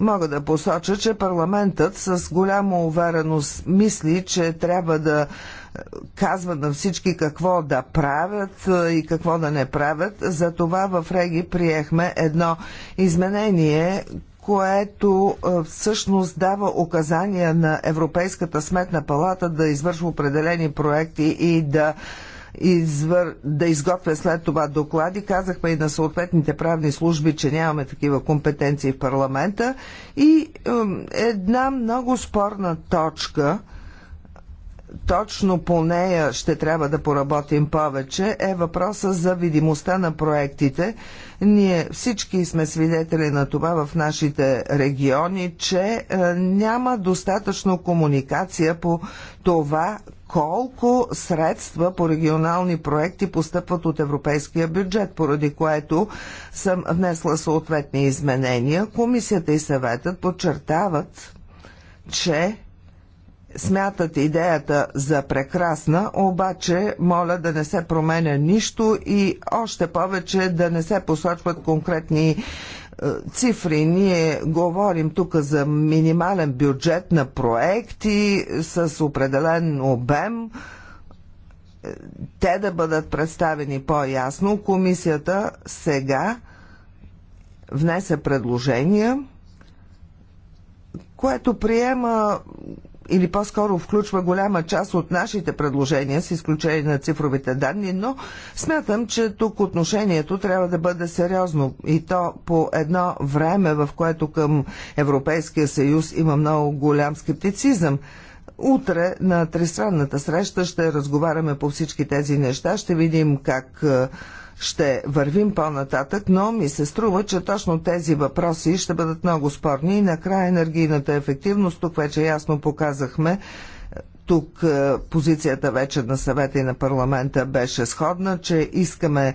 Мога да посоча, че парламентът с голяма увереност мисли, че трябва да е, казва на всички какво да правят е, и какво да не правят. Затова в Реги приехме едно изменение, което е, всъщност дава указания на Европейската сметна палата да извършва определени проекти и да извър... да изготвя след това доклади. Казахме и на съответните правни служби, че нямаме такива компетенции в парламента. И една много спорна точка, точно по нея ще трябва да поработим повече, е въпроса за видимостта на проектите. Ние всички сме свидетели на това в нашите региони, че е, няма достатъчно комуникация по това колко средства по регионални проекти постъпват от европейския бюджет, поради което съм внесла съответни изменения. Комисията и съветът подчертават, че смятат идеята за прекрасна, обаче моля да не се променя нищо и още повече да не се посочват конкретни е, цифри. Ние говорим тук за минимален бюджет на проекти с определен обем. Е, те да бъдат представени по-ясно. Комисията сега внесе предложения, което приема или по-скоро включва голяма част от нашите предложения, с изключение на цифровите данни, но смятам, че тук отношението трябва да бъде сериозно и то по едно време, в което към Европейския съюз има много голям скептицизъм. Утре на тристранната среща ще разговаряме по всички тези неща, ще видим как ще вървим по-нататък, но ми се струва, че точно тези въпроси ще бъдат много спорни и накрая енергийната ефективност, тук вече ясно показахме, е, тук е, позицията вече на съвета и на парламента беше сходна, че искаме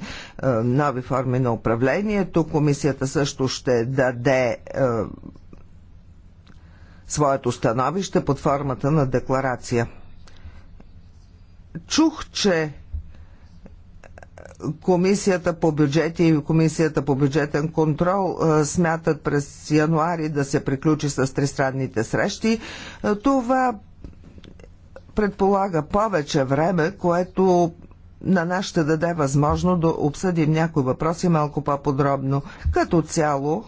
е, нови форми на управление. Тук комисията също ще даде своето становище под формата на декларация. Чух, че Комисията по бюджети и Комисията по бюджетен контрол смятат през януари да се приключи с тристранните срещи. Това предполага повече време, което на нас ще даде възможно да обсъдим някои въпроси малко по-подробно. Като цяло,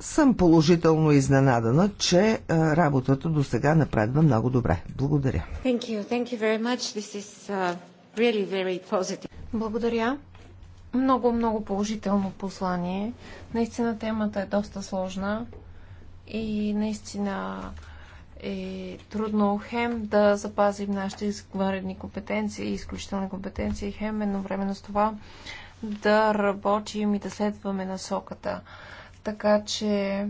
съм положително изненадана, че работата до сега напредва много добре. Благодаря. Thank you. Thank you very much. This is, really very Благодаря. Много, много положително послание. Наистина темата е доста сложна и наистина е трудно хем да запазим нашите извънредни компетенции, изключителни компетенции, хем едновременно с това да работим и да следваме насоката. Така че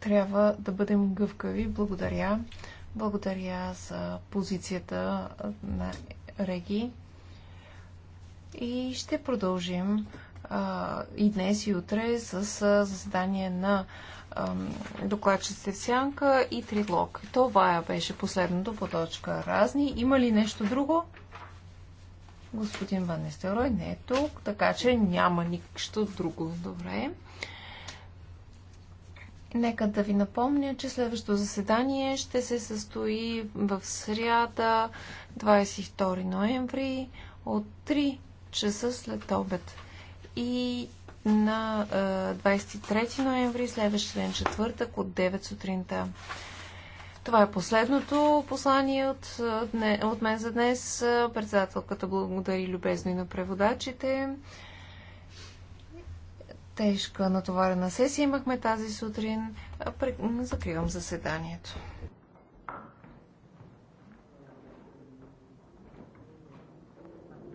трябва да бъдем гъвкави. Благодаря. Благодаря за позицията на Реги. И ще продължим а, и днес и утре с а, заседание на а, в сянка и трилог. Това беше последното по точка разни. Има ли нещо друго? Господин Ван Нестерой не е тук, така че няма нищо друго. Добре. Нека да ви напомня, че следващото заседание ще се състои в сряда, 22 ноември, от 3 часа след обед. И на 23 е, ноември, следващия ден четвъртък, от 9 сутринта. Това е последното послание от, от мен за днес. Председателката благодари любезно и на преводачите. Тежка натоварена сесия имахме тази сутрин. Закривам заседанието.